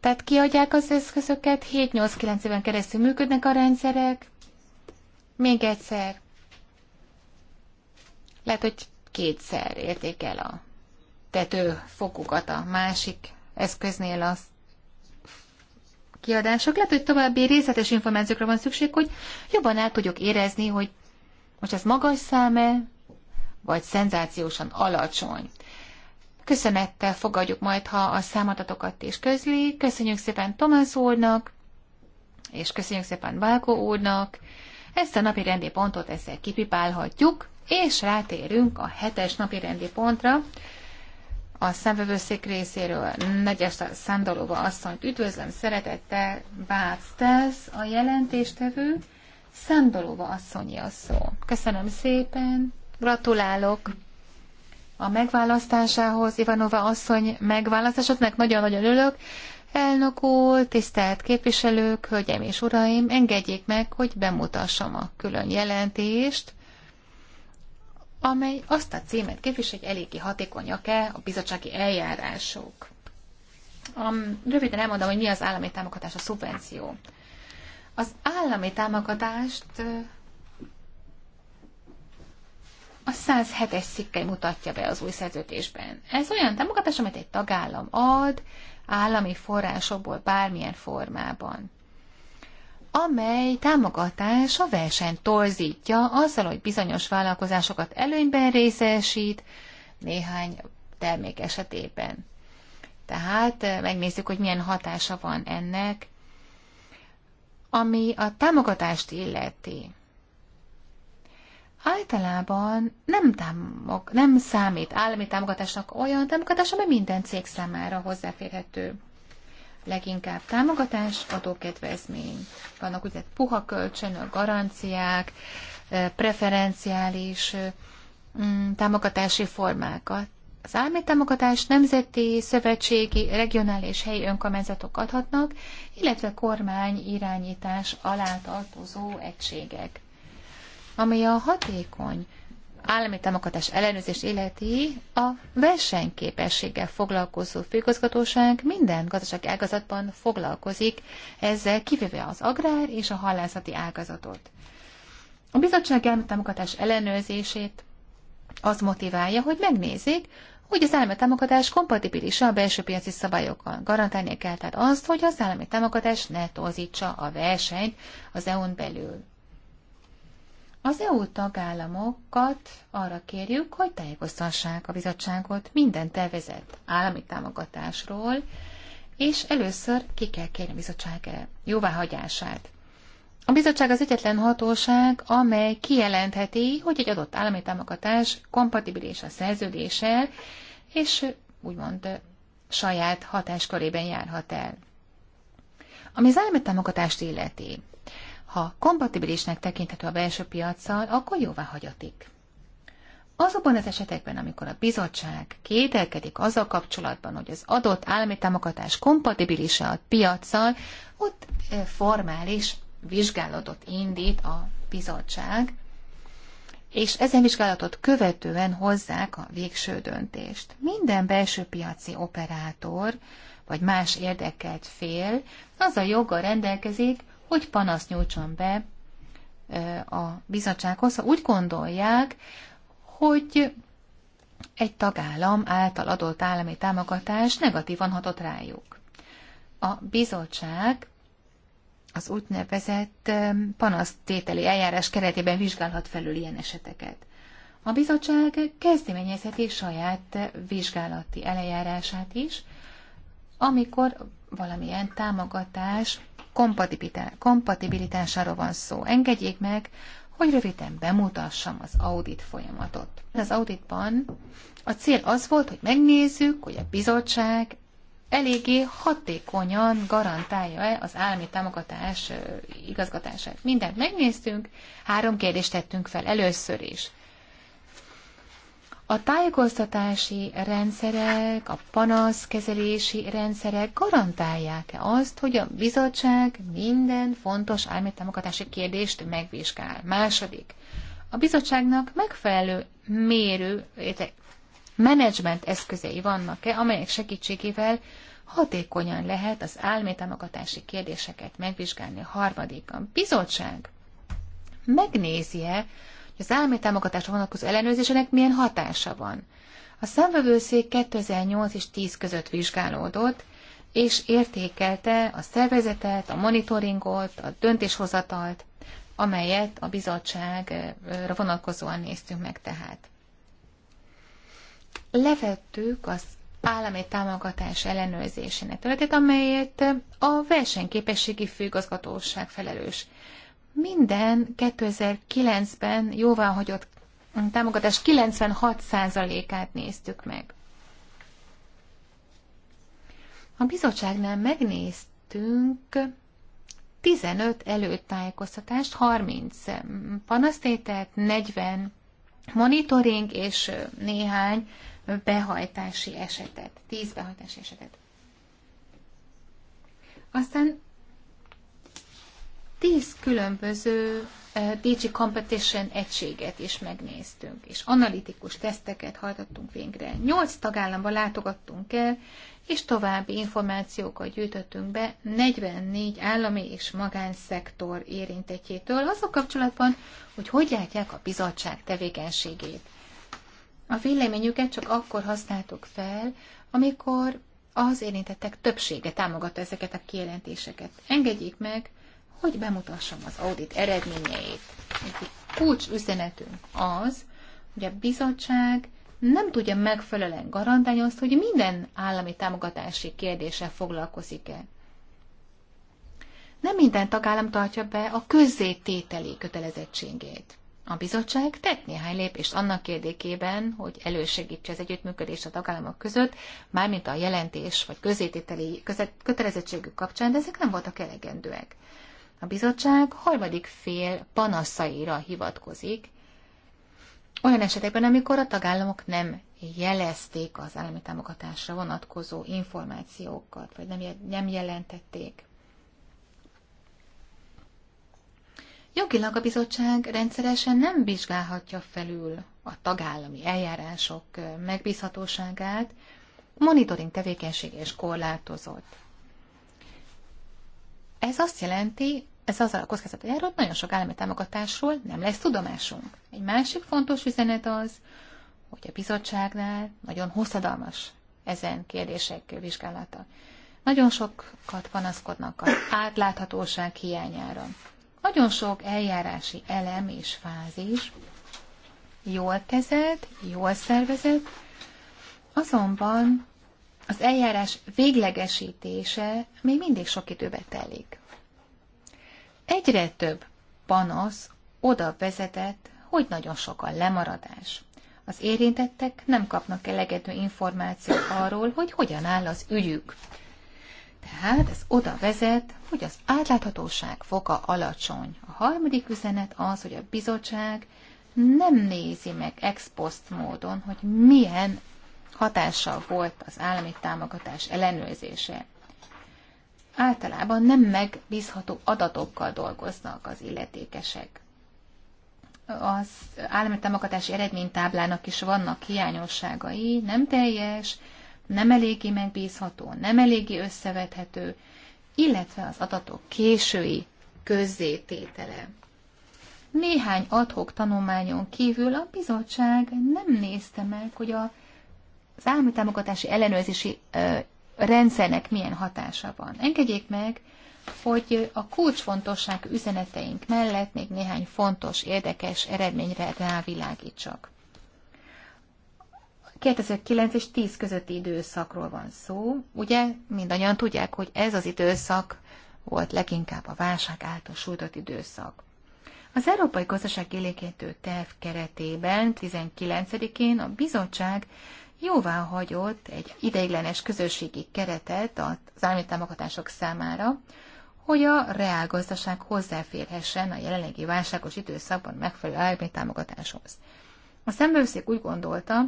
Tehát kiadják az eszközöket, 7-8-9 éven keresztül működnek a rendszerek. Még egyszer. Lehet, hogy kétszer érték el a tetőfokukat a másik eszköznél, az kiadások. Lehet, hogy további részletes információkra van szükség, hogy jobban el tudjuk érezni, hogy most ez magas száme, vagy szenzációsan alacsony. Köszönettel fogadjuk majd, ha a számadatokat is közli. Köszönjük szépen Tomás úrnak, és köszönjük szépen Válkó úrnak. Ezt a napi rendi pontot ezzel kipipálhatjuk, és rátérünk a hetes napi rendi pontra, a szemvevőszék részéről Negyes Szándalova asszonyt üdvözlöm szeretettel, Bác tesz a jelentéstevő, Szándalova asszonyi a szó. Köszönöm szépen, gratulálok a megválasztásához, Ivanova asszony megválasztásodnak nagyon-nagyon örülök. Elnök úr, tisztelt képviselők, hölgyeim és uraim, engedjék meg, hogy bemutassam a külön jelentést, amely azt a címet képvisel, hogy eléggé hatékonyak-e a bizottsági eljárások. Um, röviden elmondom, hogy mi az állami támogatás, a szubvenció. Az állami támogatást a 107-es szikkely mutatja be az új szerződésben. Ez olyan támogatás, amit egy tagállam ad állami forrásokból bármilyen formában amely támogatás a versenyt torzítja azzal, hogy bizonyos vállalkozásokat előnyben részesít néhány termék esetében. Tehát eh, megnézzük, hogy milyen hatása van ennek, ami a támogatást illeti. Általában nem, támog, nem számít állami támogatásnak olyan támogatás, ami minden cég számára hozzáférhető leginkább támogatás, adókedvezmény. Vannak ugye puha kölcsönök, garanciák, preferenciális mm, támogatási formák. Az állami támogatást nemzeti, szövetségi, regionális helyi önkormányzatok adhatnak, illetve kormány irányítás alá tartozó egységek. Ami a hatékony állami támogatás ellenőrzés életi a versenyképességgel foglalkozó főigazgatóság minden gazdasági ágazatban foglalkozik, ezzel kivéve az agrár és a halászati ágazatot. A bizottság állami támogatás ellenőrzését az motiválja, hogy megnézik, hogy az állami támogatás kompatibilis a belső piaci szabályokkal. Garantálni kell tehát azt, hogy az állami támogatás ne torzítsa a versenyt az EU-n belül. Az EU tagállamokat arra kérjük, hogy tájékoztassák a bizottságot minden tervezett állami támogatásról, és először ki kell kérni a bizottság jóváhagyását. A bizottság az egyetlen hatóság, amely kijelentheti, hogy egy adott állami támogatás kompatibilis a szerződéssel, és úgymond saját hatáskörében járhat el. Ami az állami támogatást illeti, ha kompatibilisnek tekinthető a belső piaccal, akkor jóvá hagyatik. Azokban az esetekben, amikor a bizottság kételkedik azzal kapcsolatban, hogy az adott állami támogatás kompatibilis a piaccal, ott e, formális vizsgálatot indít a bizottság, és ezen vizsgálatot követően hozzák a végső döntést. Minden belső piaci operátor vagy más érdekelt fél az a joga rendelkezik, hogy panaszt nyújtson be a bizottsághoz, ha úgy gondolják, hogy egy tagállam által adott állami támogatás negatívan hatott rájuk. A bizottság az úgynevezett panasztételi eljárás keretében vizsgálhat felül ilyen eseteket. A bizottság kezdeményezheti saját vizsgálati eljárását is, amikor valamilyen támogatás kompatibilitásáról van szó. Engedjék meg, hogy röviden bemutassam az audit folyamatot. Az auditban a cél az volt, hogy megnézzük, hogy a bizottság eléggé hatékonyan garantálja-e az állami támogatás igazgatását. Mindent megnéztünk, három kérdést tettünk fel először is. A tájékoztatási rendszerek, a panaszkezelési rendszerek garantálják-e azt, hogy a bizottság minden fontos állami támogatási kérdést megvizsgál? Második, a bizottságnak megfelelő mérő, menedzsment eszközei vannak-e, amelyek segítségével hatékonyan lehet az állami támogatási kérdéseket megvizsgálni. harmadik, a bizottság megnézi-e hogy az állami támogatásra vonatkozó ellenőrzésének milyen hatása van. A számvevőszék 2008 és 10 között vizsgálódott, és értékelte a szervezetet, a monitoringot, a döntéshozatalt, amelyet a bizottságra vonatkozóan néztünk meg tehát. Levettük az állami támogatás ellenőrzésének területét, amelyet a versenyképességi főgazgatóság felelős. Minden 2009-ben jóváhagyott támogatás 96%-át néztük meg. A bizottságnál megnéztünk 15 előtájékoztatást, 30 panasztételt, 40 monitoring és néhány behajtási esetet, 10 behajtási esetet. Aztán tíz különböző eh, DG Competition egységet is megnéztünk, és analitikus teszteket hajtottunk végre. Nyolc tagállamba látogattunk el, és további információkat gyűjtöttünk be 44 állami és magánszektor érintetjétől, azok kapcsolatban, hogy hogy látják a bizottság tevékenységét. A véleményüket csak akkor használtuk fel, amikor az érintettek többsége támogatta ezeket a kijelentéseket. Engedjék meg, hogy bemutassam az audit eredményeit. Egy kulcs üzenetünk az, hogy a bizottság nem tudja megfelelően garantálni azt, hogy minden állami támogatási kérdése foglalkozik-e. Nem minden tagállam tartja be a közzétételi kötelezettségét. A bizottság tett néhány lépést annak érdekében, hogy elősegítse az együttműködést a tagállamok között, mármint a jelentés vagy közzétételi kötelezettségük kapcsán, de ezek nem voltak elegendőek. A bizottság harmadik fél panaszaira hivatkozik, olyan esetekben, amikor a tagállamok nem jelezték az állami támogatásra vonatkozó információkat, vagy nem, nem jelentették. Jogilag a bizottság rendszeresen nem vizsgálhatja felül a tagállami eljárások megbízhatóságát, monitoring tevékenysége és korlátozott. Ez azt jelenti, ez az a kockázat hogy hogy nagyon sok állami támogatásról nem lesz tudomásunk. Egy másik fontos üzenet az, hogy a bizottságnál nagyon hosszadalmas ezen kérdések vizsgálata. Nagyon sokat panaszkodnak az átláthatóság hiányára. Nagyon sok eljárási elem és fázis jól kezelt, jól szervezett, azonban az eljárás véglegesítése még mindig sok időbe telik. Egyre több panasz oda vezetett, hogy nagyon sok a lemaradás. Az érintettek nem kapnak elegető információt arról, hogy hogyan áll az ügyük. Tehát ez oda vezet, hogy az átláthatóság foka alacsony. A harmadik üzenet az, hogy a bizottság nem nézi meg ex post módon, hogy milyen hatással volt az állami támogatás ellenőrzése. Általában nem megbízható adatokkal dolgoznak az illetékesek. Az állami támogatási eredménytáblának is vannak hiányosságai, nem teljes, nem eléggé megbízható, nem eléggé összevethető, illetve az adatok késői közzététele. Néhány adhok tanulmányon kívül a bizottság nem nézte meg, hogy a az állami támogatási ellenőrzési rendszernek milyen hatása van. Engedjék meg, hogy a kulcsfontosság üzeneteink mellett még néhány fontos, érdekes eredményre rávilágítsak. 2009 és 10 közötti időszakról van szó. Ugye mindannyian tudják, hogy ez az időszak volt leginkább a válság által sújtott időszak. Az Európai Gazdaság Élékéntő Terv keretében 19-én a bizottság jóvá hagyott egy ideiglenes közösségi keretet az állami támogatások számára, hogy a reálgazdaság hozzáférhessen a jelenlegi válságos időszakban megfelelő állami támogatáshoz. A szembevőszék úgy gondolta,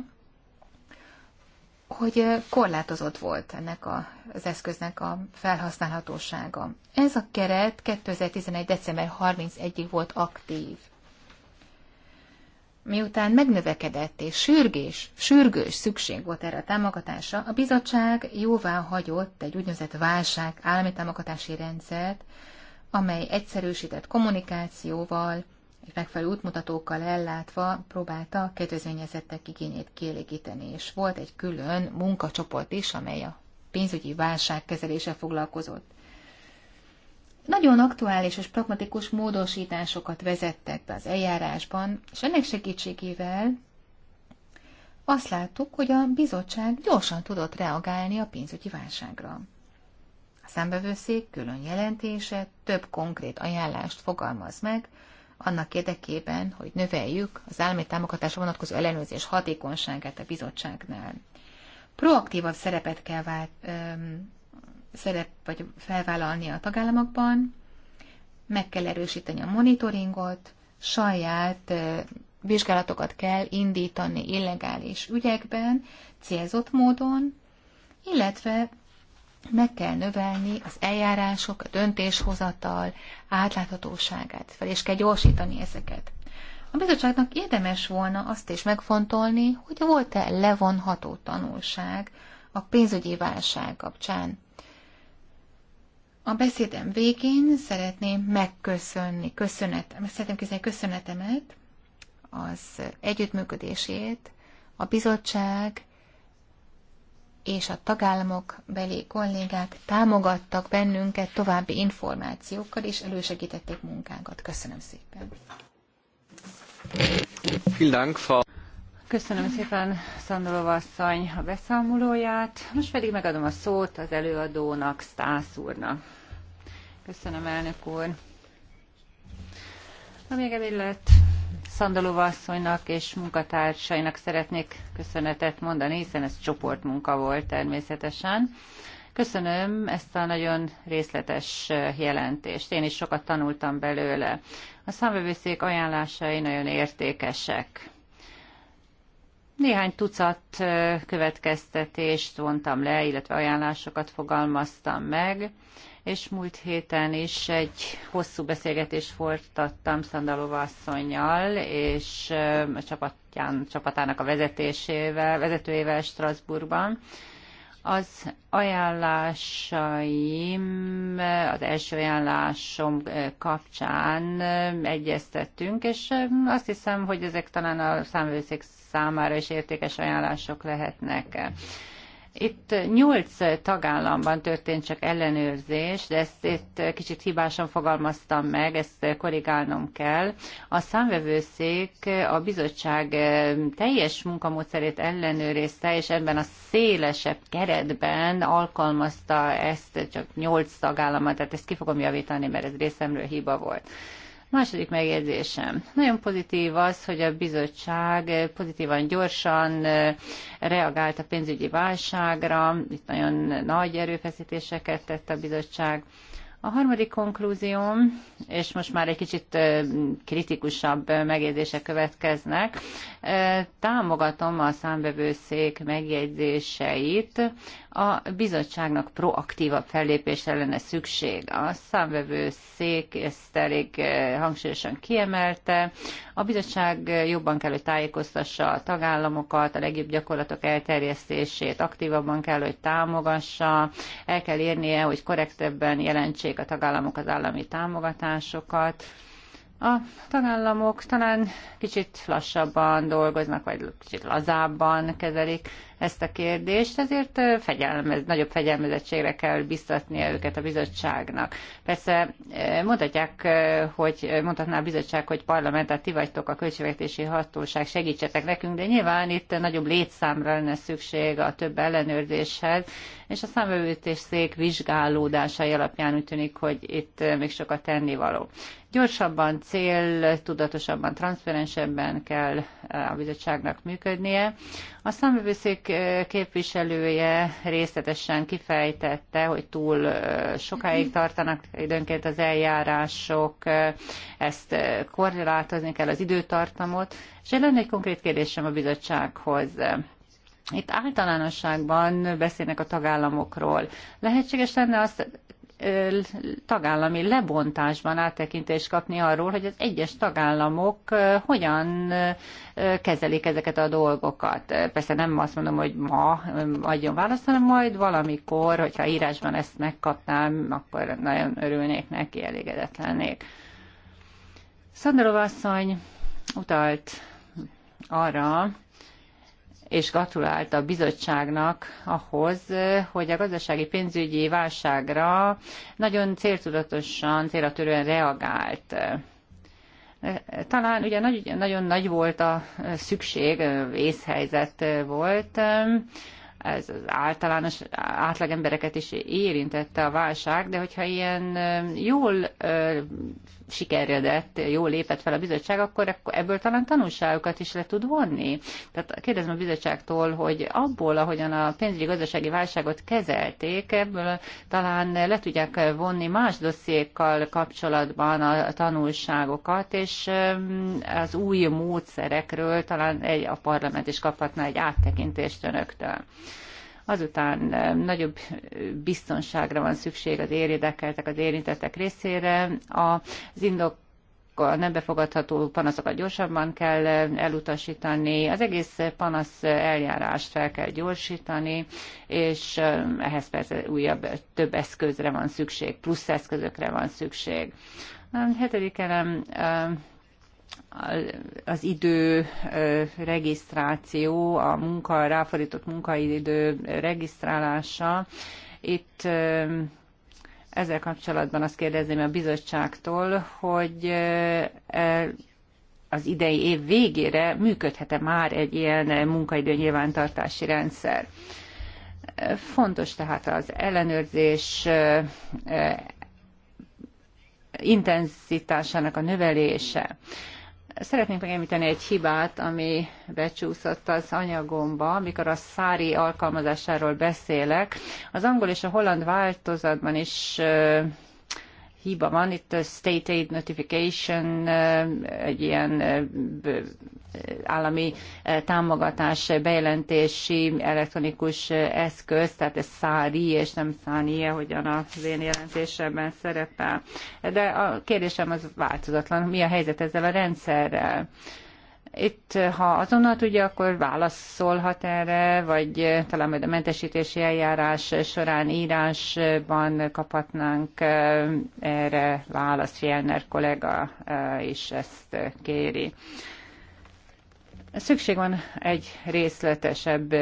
hogy korlátozott volt ennek az eszköznek a felhasználhatósága. Ez a keret 2011. december 31-ig volt aktív miután megnövekedett és sürgés, sürgős szükség volt erre a támogatásra, a bizottság jóvá hagyott egy úgynevezett válság állami támogatási rendszert, amely egyszerűsített kommunikációval, és megfelelő útmutatókkal ellátva próbálta a kedvezményezettek igényét kielégíteni, és volt egy külön munkacsoport is, amely a pénzügyi válság kezelése foglalkozott nagyon aktuális és pragmatikus módosításokat vezettek be az eljárásban, és ennek segítségével azt láttuk, hogy a bizottság gyorsan tudott reagálni a pénzügyi válságra. A számbevőszék külön jelentése több konkrét ajánlást fogalmaz meg, annak érdekében, hogy növeljük az állami támogatásra vonatkozó ellenőrzés hatékonyságát a bizottságnál. Proaktívabb szerepet kell vált, szerep vagy felvállalni a tagállamokban, meg kell erősíteni a monitoringot, saját vizsgálatokat kell indítani illegális ügyekben, célzott módon, illetve meg kell növelni az eljárások, a döntéshozatal átláthatóságát, fel és kell gyorsítani ezeket. A bizottságnak érdemes volna azt is megfontolni, hogy volt-e levonható tanulság a pénzügyi válság kapcsán. A beszédem végén szeretném megköszönni, köszönetem, szeretném köszönni köszönetemet az együttműködését, a bizottság és a tagállamok belé kollégák támogattak bennünket további információkkal, és elősegítették munkánkat. Köszönöm szépen! Köszönöm szépen Szandorov asszony a beszámolóját. Most pedig megadom a szót az előadónak, Stász úrnak. Köszönöm, elnök úr. A még emellett Szandorov asszonynak és munkatársainak szeretnék köszönetet mondani, hiszen ez csoportmunka volt természetesen. Köszönöm ezt a nagyon részletes jelentést. Én is sokat tanultam belőle. A számvevőszék ajánlásai nagyon értékesek. Néhány tucat következtetést vontam le, illetve ajánlásokat fogalmaztam meg, és múlt héten is egy hosszú beszélgetést folytattam Szandalova asszonynal, és a csapatján, csapatának a vezetésével, vezetőjével Strasbourgban. Az ajánlásaim, az első ajánlásom kapcsán egyeztettünk, és azt hiszem, hogy ezek talán a számvőszék számára is értékes ajánlások lehetnek. Itt nyolc tagállamban történt csak ellenőrzés, de ezt itt kicsit hibásan fogalmaztam meg, ezt korrigálnom kell. A számvevőszék a bizottság eh, teljes munkamódszerét ellenőrizte, és ebben a szélesebb keretben alkalmazta ezt csak nyolc tagállamban, tehát ezt ki fogom javítani, mert ez részemről hiba volt. Második megjegyzésem. Nagyon pozitív az, hogy a bizottság pozitívan gyorsan reagált a pénzügyi válságra, itt nagyon nagy erőfeszítéseket tett a bizottság. A harmadik konklúzióm, és most már egy kicsit kritikusabb megjegyzések következnek, támogatom a számbevőszék megjegyzéseit, a bizottságnak proaktívabb fellépésre lenne szükség. A szék ezt elég eh, hangsúlyosan kiemelte. A bizottság jobban kell, hogy tájékoztassa a tagállamokat, a legjobb gyakorlatok elterjesztését aktívabban kell, hogy támogassa, el kell érnie, hogy korrektebben jelentsék a tagállamok az állami támogatásokat. A tagállamok talán kicsit lassabban dolgoznak, vagy kicsit lazábban kezelik ezt a kérdést, ezért fegyelmez, nagyobb fegyelmezettségre kell biztatnia őket a bizottságnak. Persze mondhatják, hogy mondhatná a bizottság, hogy parlament, tehát ti vagytok a költségvetési hatóság, segítsetek nekünk, de nyilván itt nagyobb létszámra lenne szükség a több ellenőrzéshez, és a számövőtés szék vizsgálódásai alapján úgy tűnik, hogy itt még sokat tennivaló. Gyorsabban, cél, tudatosabban, transzparensebben kell a bizottságnak működnie. A számövőszék képviselője részletesen kifejtette, hogy túl sokáig tartanak időnként az eljárások, ezt korlátozni kell az időtartamot. És én lenne egy konkrét kérdésem a bizottsághoz. Itt általánosságban beszélnek a tagállamokról. Lehetséges lenne azt tagállami lebontásban áttekintést kapni arról, hogy az egyes tagállamok hogyan kezelik ezeket a dolgokat. Persze nem azt mondom, hogy ma adjon választ, hanem majd valamikor, hogyha írásban ezt megkapnám, akkor nagyon örülnék neki, elégedett lennék. Szandorov asszony utalt arra, és gratulált a bizottságnak ahhoz, hogy a gazdasági pénzügyi válságra nagyon céltudatosan, célatörően reagált. Talán ugye nagy, nagyon nagy volt a szükség, vészhelyzet volt, ez az általános átlagembereket is érintette a válság, de hogyha ilyen jól sikeredett, jól lépett fel a bizottság, akkor ebből talán tanulságokat is le tud vonni. Tehát kérdezem a bizottságtól, hogy abból, ahogyan a pénzügyi gazdasági válságot kezelték, ebből talán le tudják vonni más dossziékkal kapcsolatban a tanulságokat, és az új módszerekről talán egy, a parlament is kaphatná egy áttekintést önöktől. Azután nagyobb biztonságra van szükség az érdekeltek, az érintettek részére. Az indok a nem befogadható panaszokat gyorsabban kell elutasítani, az egész panasz eljárást fel kell gyorsítani, és ehhez persze újabb több eszközre van szükség, plusz eszközökre van szükség. A hetedik elem az idő regisztráció, a munka, ráfordított munkaidő regisztrálása. Itt ezzel kapcsolatban azt kérdezném a bizottságtól, hogy e, az idei év végére működhet-e már egy ilyen munkaidő nyilvántartási rendszer. Fontos tehát az ellenőrzés intenzitásának a növelése. Szeretnék megemlíteni egy hibát, ami becsúszott az anyagomba, mikor a szári alkalmazásáról beszélek. Az angol és a holland változatban is hiba van, itt a State Aid Notification egy ilyen állami eh, támogatás eh, bejelentési elektronikus eh, eszköz, tehát ez szári és nem száni, hogyan az én jelentésemben szerepel. De a kérdésem az változatlan, mi a helyzet ezzel a rendszerrel? Itt, ha azonnal tudja, akkor válaszolhat erre, vagy talán majd a mentesítési eljárás során írásban kaphatnánk erre választ. Jelner kollega is ezt kéri. Szükség van egy részletesebb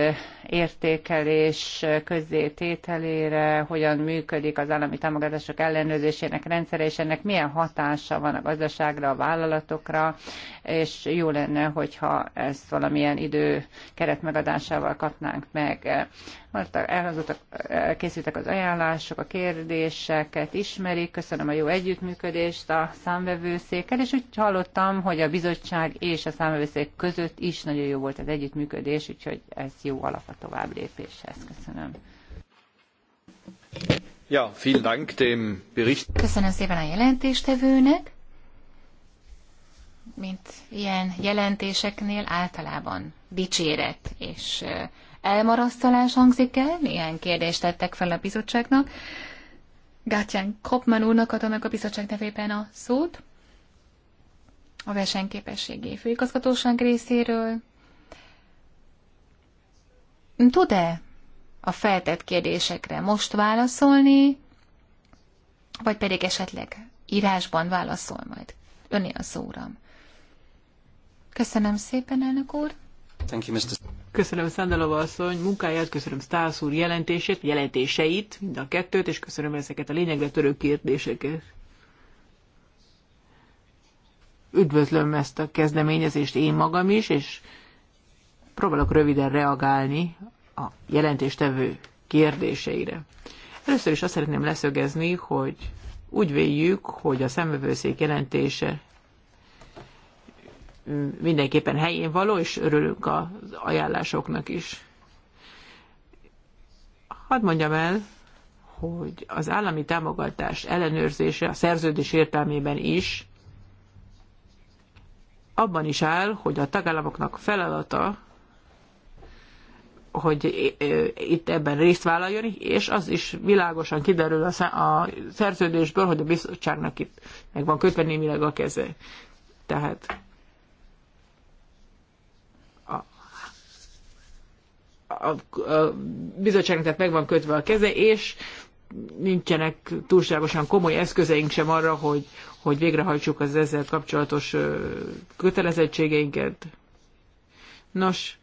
értékelés közzétételére, hogyan működik az állami támogatások ellenőrzésének rendszere, és ennek milyen hatása van a gazdaságra, a vállalatokra, és jó lenne, hogyha ezt valamilyen idő keret megadásával kapnánk meg. Mert elhangzottak, készültek az ajánlások, a kérdéseket ismerik, köszönöm a jó együttműködést a számvevőszékkel, és úgy hallottam, hogy a bizottság és a számvevőszék között is nagyon jó volt az együttműködés, úgyhogy ez jó alap a tovább lépéshez. Köszönöm. Ja, vielen Dank dem Bericht. Köszönöm szépen a jelentéstevőnek. Mint ilyen jelentéseknél általában dicséret és elmarasztalás hangzik el. Néhány kérdést tettek fel a bizottságnak. Gátyán Kopman úrnak adom meg a bizottság nevében a szót. A versenyképességi főigazgatóság részéről. Tud-e a feltett kérdésekre most válaszolni, vagy pedig esetleg írásban válaszol majd. Öné a szóram. Köszönöm szépen, elnök úr. Thank you, Mr. Köszönöm Szándalova asszony munkáját, köszönöm Stász úr jelentését, jelentéseit, mind a kettőt, és köszönöm ezeket a lényegre törő kérdéseket. Üdvözlöm ezt a kezdeményezést én magam is, és próbálok röviden reagálni a jelentéstevő kérdéseire. Először is azt szeretném leszögezni, hogy úgy véljük, hogy a szemvevőszék jelentése mindenképpen helyén való, és örülünk az ajánlásoknak is. Hadd mondjam el, hogy az állami támogatás ellenőrzése a szerződés értelmében is abban is áll, hogy a tagállamoknak feladata, hogy itt ebben részt vállaljon, és az is világosan kiderül a szerződésből, hogy a bizottságnak itt meg van kötve némileg a keze. Tehát a, a bizottságnak tehát meg van kötve a keze, és nincsenek túlságosan komoly eszközeink sem arra, hogy, hogy végrehajtsuk az ezzel kapcsolatos kötelezettségeinket. Nos,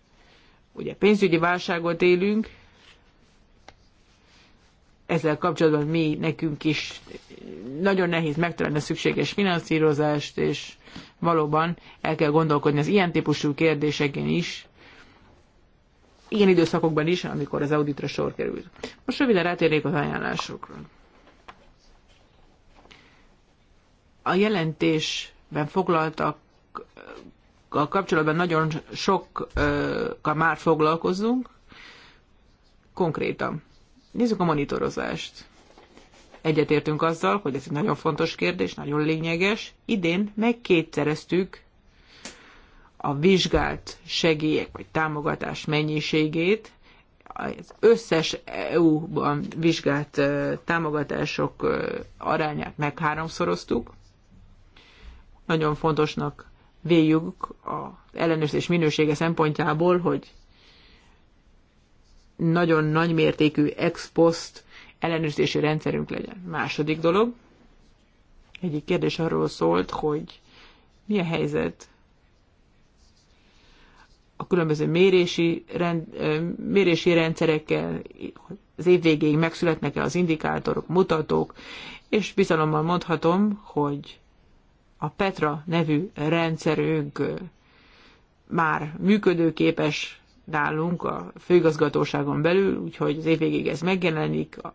ugye pénzügyi válságot élünk, ezzel kapcsolatban mi nekünk is nagyon nehéz megtalálni a szükséges finanszírozást, és valóban el kell gondolkodni az ilyen típusú kérdéseken is, ilyen időszakokban is, amikor az auditra sor kerül. Most röviden rátérnék az ajánlásokra. A jelentésben foglaltak a kapcsolatban nagyon sokkal már foglalkozunk. Konkrétan. Nézzük a monitorozást. Egyetértünk azzal, hogy ez egy nagyon fontos kérdés, nagyon lényeges. Idén megkétszereztük a vizsgált segélyek vagy támogatás mennyiségét, az összes EU-ban vizsgált támogatások arányát megháromszoroztuk. Nagyon fontosnak véljük az ellenőrzés minősége szempontjából, hogy nagyon nagymértékű ex post ellenőrzési rendszerünk legyen. Második dolog, egyik kérdés arról szólt, hogy mi a helyzet a különböző mérési, rend, mérési rendszerekkel, az év végéig megszületnek-e az indikátorok, mutatók, és bizalommal mondhatom, hogy a Petra nevű rendszerünk már működőképes nálunk a főigazgatóságon belül, úgyhogy az év végéig ez megjelenik, a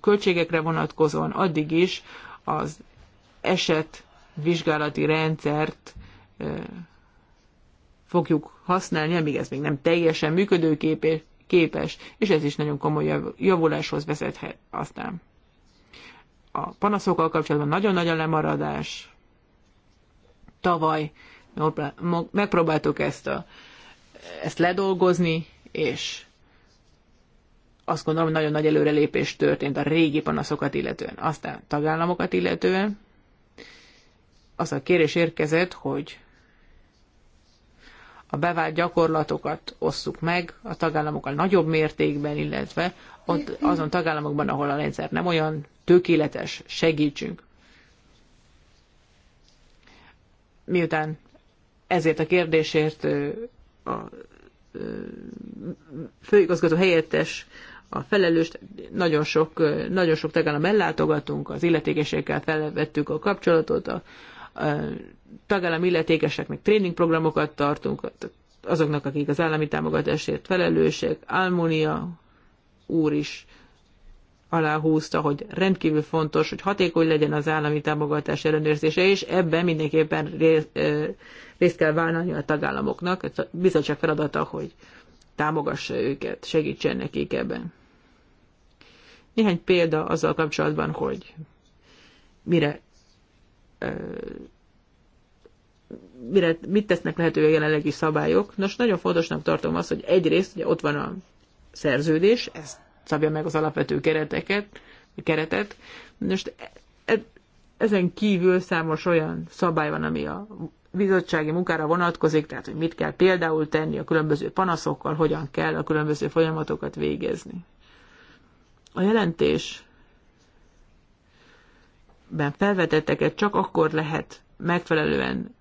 költségekre vonatkozóan addig is az eset vizsgálati rendszert fogjuk használni, amíg ez még nem teljesen működőképes, és ez is nagyon komoly javuláshoz vezethet aztán. A panaszokkal kapcsolatban nagyon nagy a lemaradás. Tavaly megpróbáltuk ezt, a, ezt ledolgozni, és azt gondolom, hogy nagyon nagy előrelépés történt a régi panaszokat illetően, aztán tagállamokat illetően. Az a kérés érkezett, hogy a bevált gyakorlatokat osszuk meg a tagállamokkal nagyobb mértékben, illetve ott azon tagállamokban, ahol a rendszer nem olyan tökéletes, segítsünk. Miután ezért a kérdésért a főigazgató helyettes a felelős, nagyon sok, nagyon sok tagállam ellátogatunk, az illetékesekkel felvettük a kapcsolatot, a, tagállami illetékeseknek tréningprogramokat tartunk, azoknak, akik az állami támogatásért felelősek. Almunia úr is aláhúzta, hogy rendkívül fontos, hogy hatékony legyen az állami támogatás ellenőrzése, és ebben mindenképpen részt kell vállalni a tagállamoknak. Ez a bizottság feladata, hogy támogassa őket, segítsen nekik ebben. Néhány példa azzal kapcsolatban, hogy mire mire, mit tesznek lehető a jelenlegi szabályok. Nos, nagyon fontosnak tartom azt, hogy egyrészt ugye ott van a szerződés, ez szabja meg az alapvető kereteket, keretet. Most e, e, ezen kívül számos olyan szabály van, ami a bizottsági munkára vonatkozik, tehát hogy mit kell például tenni a különböző panaszokkal, hogyan kell a különböző folyamatokat végezni. A jelentés ben felvetetteket csak akkor lehet megfelelően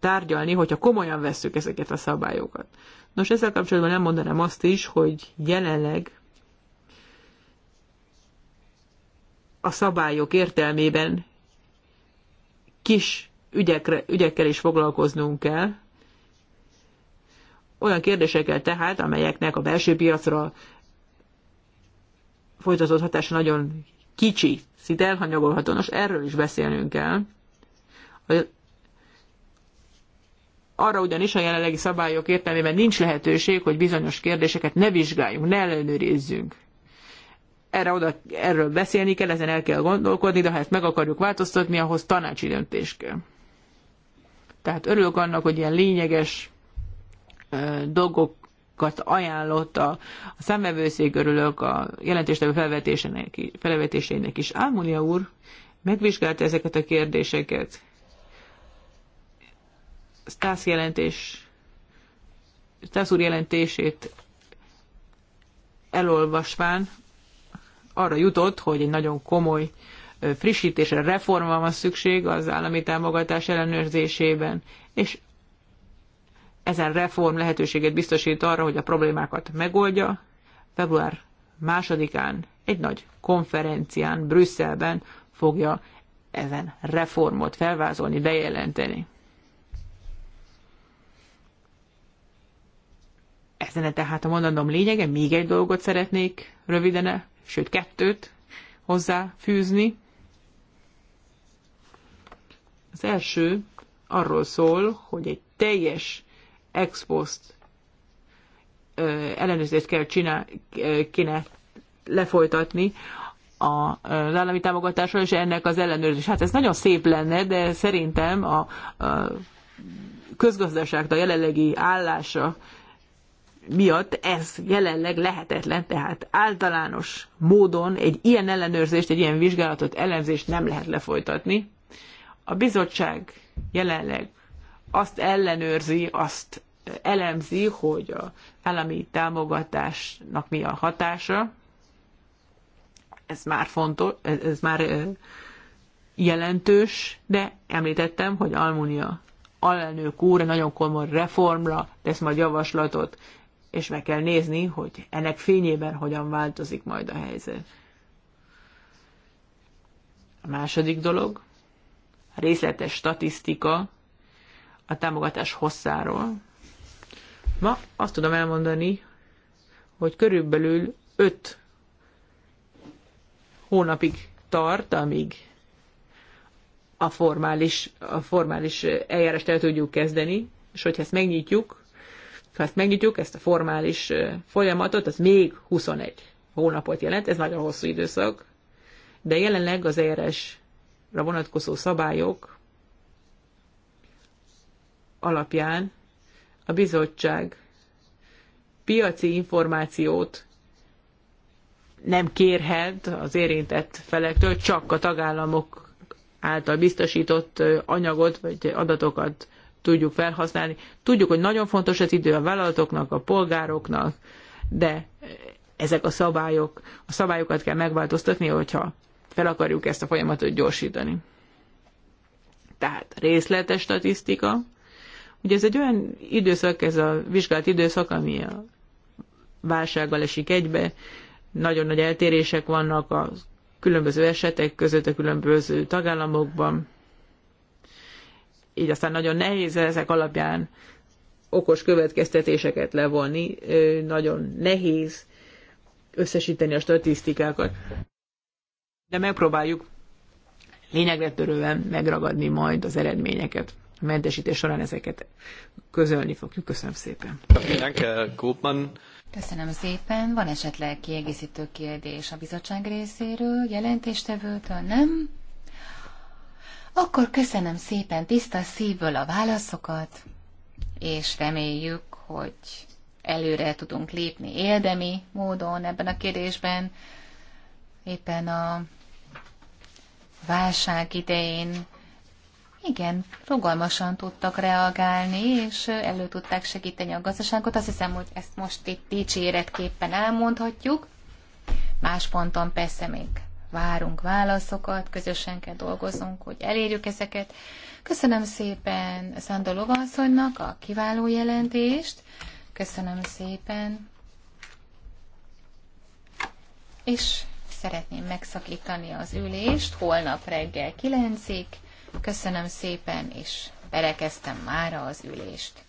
tárgyalni, hogyha komolyan vesszük ezeket a szabályokat. Nos, ezzel kapcsolatban nem mondanám azt is, hogy jelenleg a szabályok értelmében kis ügyekre, ügyekkel is foglalkoznunk kell, olyan kérdésekkel tehát, amelyeknek a belső piacra folytatott hatása nagyon kicsi szinte elhanyagolható. Nos, erről is beszélnünk kell. Arra ugyanis a jelenlegi szabályok értelmében nincs lehetőség, hogy bizonyos kérdéseket ne vizsgáljunk, ne ellenőrizzünk. Erre oda, erről beszélni kell, ezen el kell gondolkodni, de ha ezt meg akarjuk változtatni, ahhoz tanácsi döntés kell. Tehát örülök annak, hogy ilyen lényeges dolgok ajánlott a, a számvevőszék örülök a jelentéstevő felvetésének, is. Álmunia úr megvizsgálta ezeket a kérdéseket. Stász jelentés, Stász úr jelentését elolvasván arra jutott, hogy egy nagyon komoly frissítésre, reformra van szükség az állami támogatás ellenőrzésében, és ezen reform lehetőséget biztosít arra, hogy a problémákat megoldja. Február másodikán egy nagy konferencián Brüsszelben fogja ezen reformot felvázolni, bejelenteni. Ezen tehát a mondanom lényege, még egy dolgot szeretnék röviden, sőt kettőt hozzáfűzni. Az első arról szól, hogy egy teljes ex post ellenőrzést kell csinál, kéne lefolytatni a állami támogatásról, és ennek az ellenőrzés. Hát ez nagyon szép lenne, de szerintem a, a közgazdaságtan jelenlegi állása miatt ez jelenleg lehetetlen, tehát általános módon egy ilyen ellenőrzést, egy ilyen vizsgálatot, elemzést nem lehet lefolytatni. A bizottság jelenleg azt ellenőrzi, azt elemzi, hogy a állami támogatásnak mi a hatása. Ez már fontos, ez már jelentős, de említettem, hogy Almunia alelnök úr nagyon komoly reformra tesz majd javaslatot, és meg kell nézni, hogy ennek fényében hogyan változik majd a helyzet. A második dolog, a részletes statisztika a támogatás hosszáról. Ma azt tudom elmondani, hogy körülbelül 5 hónapig tart, amíg a formális, a formális eljárást el tudjuk kezdeni, és hogyha ezt megnyitjuk, ha ezt megnyitjuk, ezt a formális folyamatot, az még 21 hónapot jelent, ez nagyon hosszú időszak, de jelenleg az eljárásra vonatkozó szabályok alapján a bizottság piaci információt nem kérhet az érintett felektől, csak a tagállamok által biztosított anyagot vagy adatokat tudjuk felhasználni. Tudjuk, hogy nagyon fontos az idő a vállalatoknak, a polgároknak, de ezek a szabályok, a szabályokat kell megváltoztatni, hogyha fel akarjuk ezt a folyamatot gyorsítani. Tehát részletes statisztika, Ugye ez egy olyan időszak, ez a vizsgált időszak, ami a válsággal esik egybe, nagyon nagy eltérések vannak a különböző esetek között a különböző tagállamokban, így aztán nagyon nehéz ezek alapján okos következtetéseket levonni, nagyon nehéz összesíteni a statisztikákat. De megpróbáljuk lényegre törően megragadni majd az eredményeket mentesítés során ezeket közölni fogjuk. Köszönöm szépen. Köszönöm szépen. Van esetleg kiegészítő kérdés a bizottság részéről, jelentéstevőtől, nem? Akkor köszönöm szépen tiszta szívből a válaszokat, és reméljük, hogy előre tudunk lépni érdemi módon ebben a kérdésben. Éppen a válság idején igen, rugalmasan tudtak reagálni, és elő tudták segíteni a gazdaságot. Azt hiszem, hogy ezt most itt dicséretképpen elmondhatjuk. Más ponton persze még várunk válaszokat, közösen kell dolgozunk, hogy elérjük ezeket. Köszönöm szépen Szándó Lovasszonynak a kiváló jelentést. Köszönöm szépen. És szeretném megszakítani az ülést holnap reggel 9-ig. Köszönöm szépen, és berekeztem mára az ülést.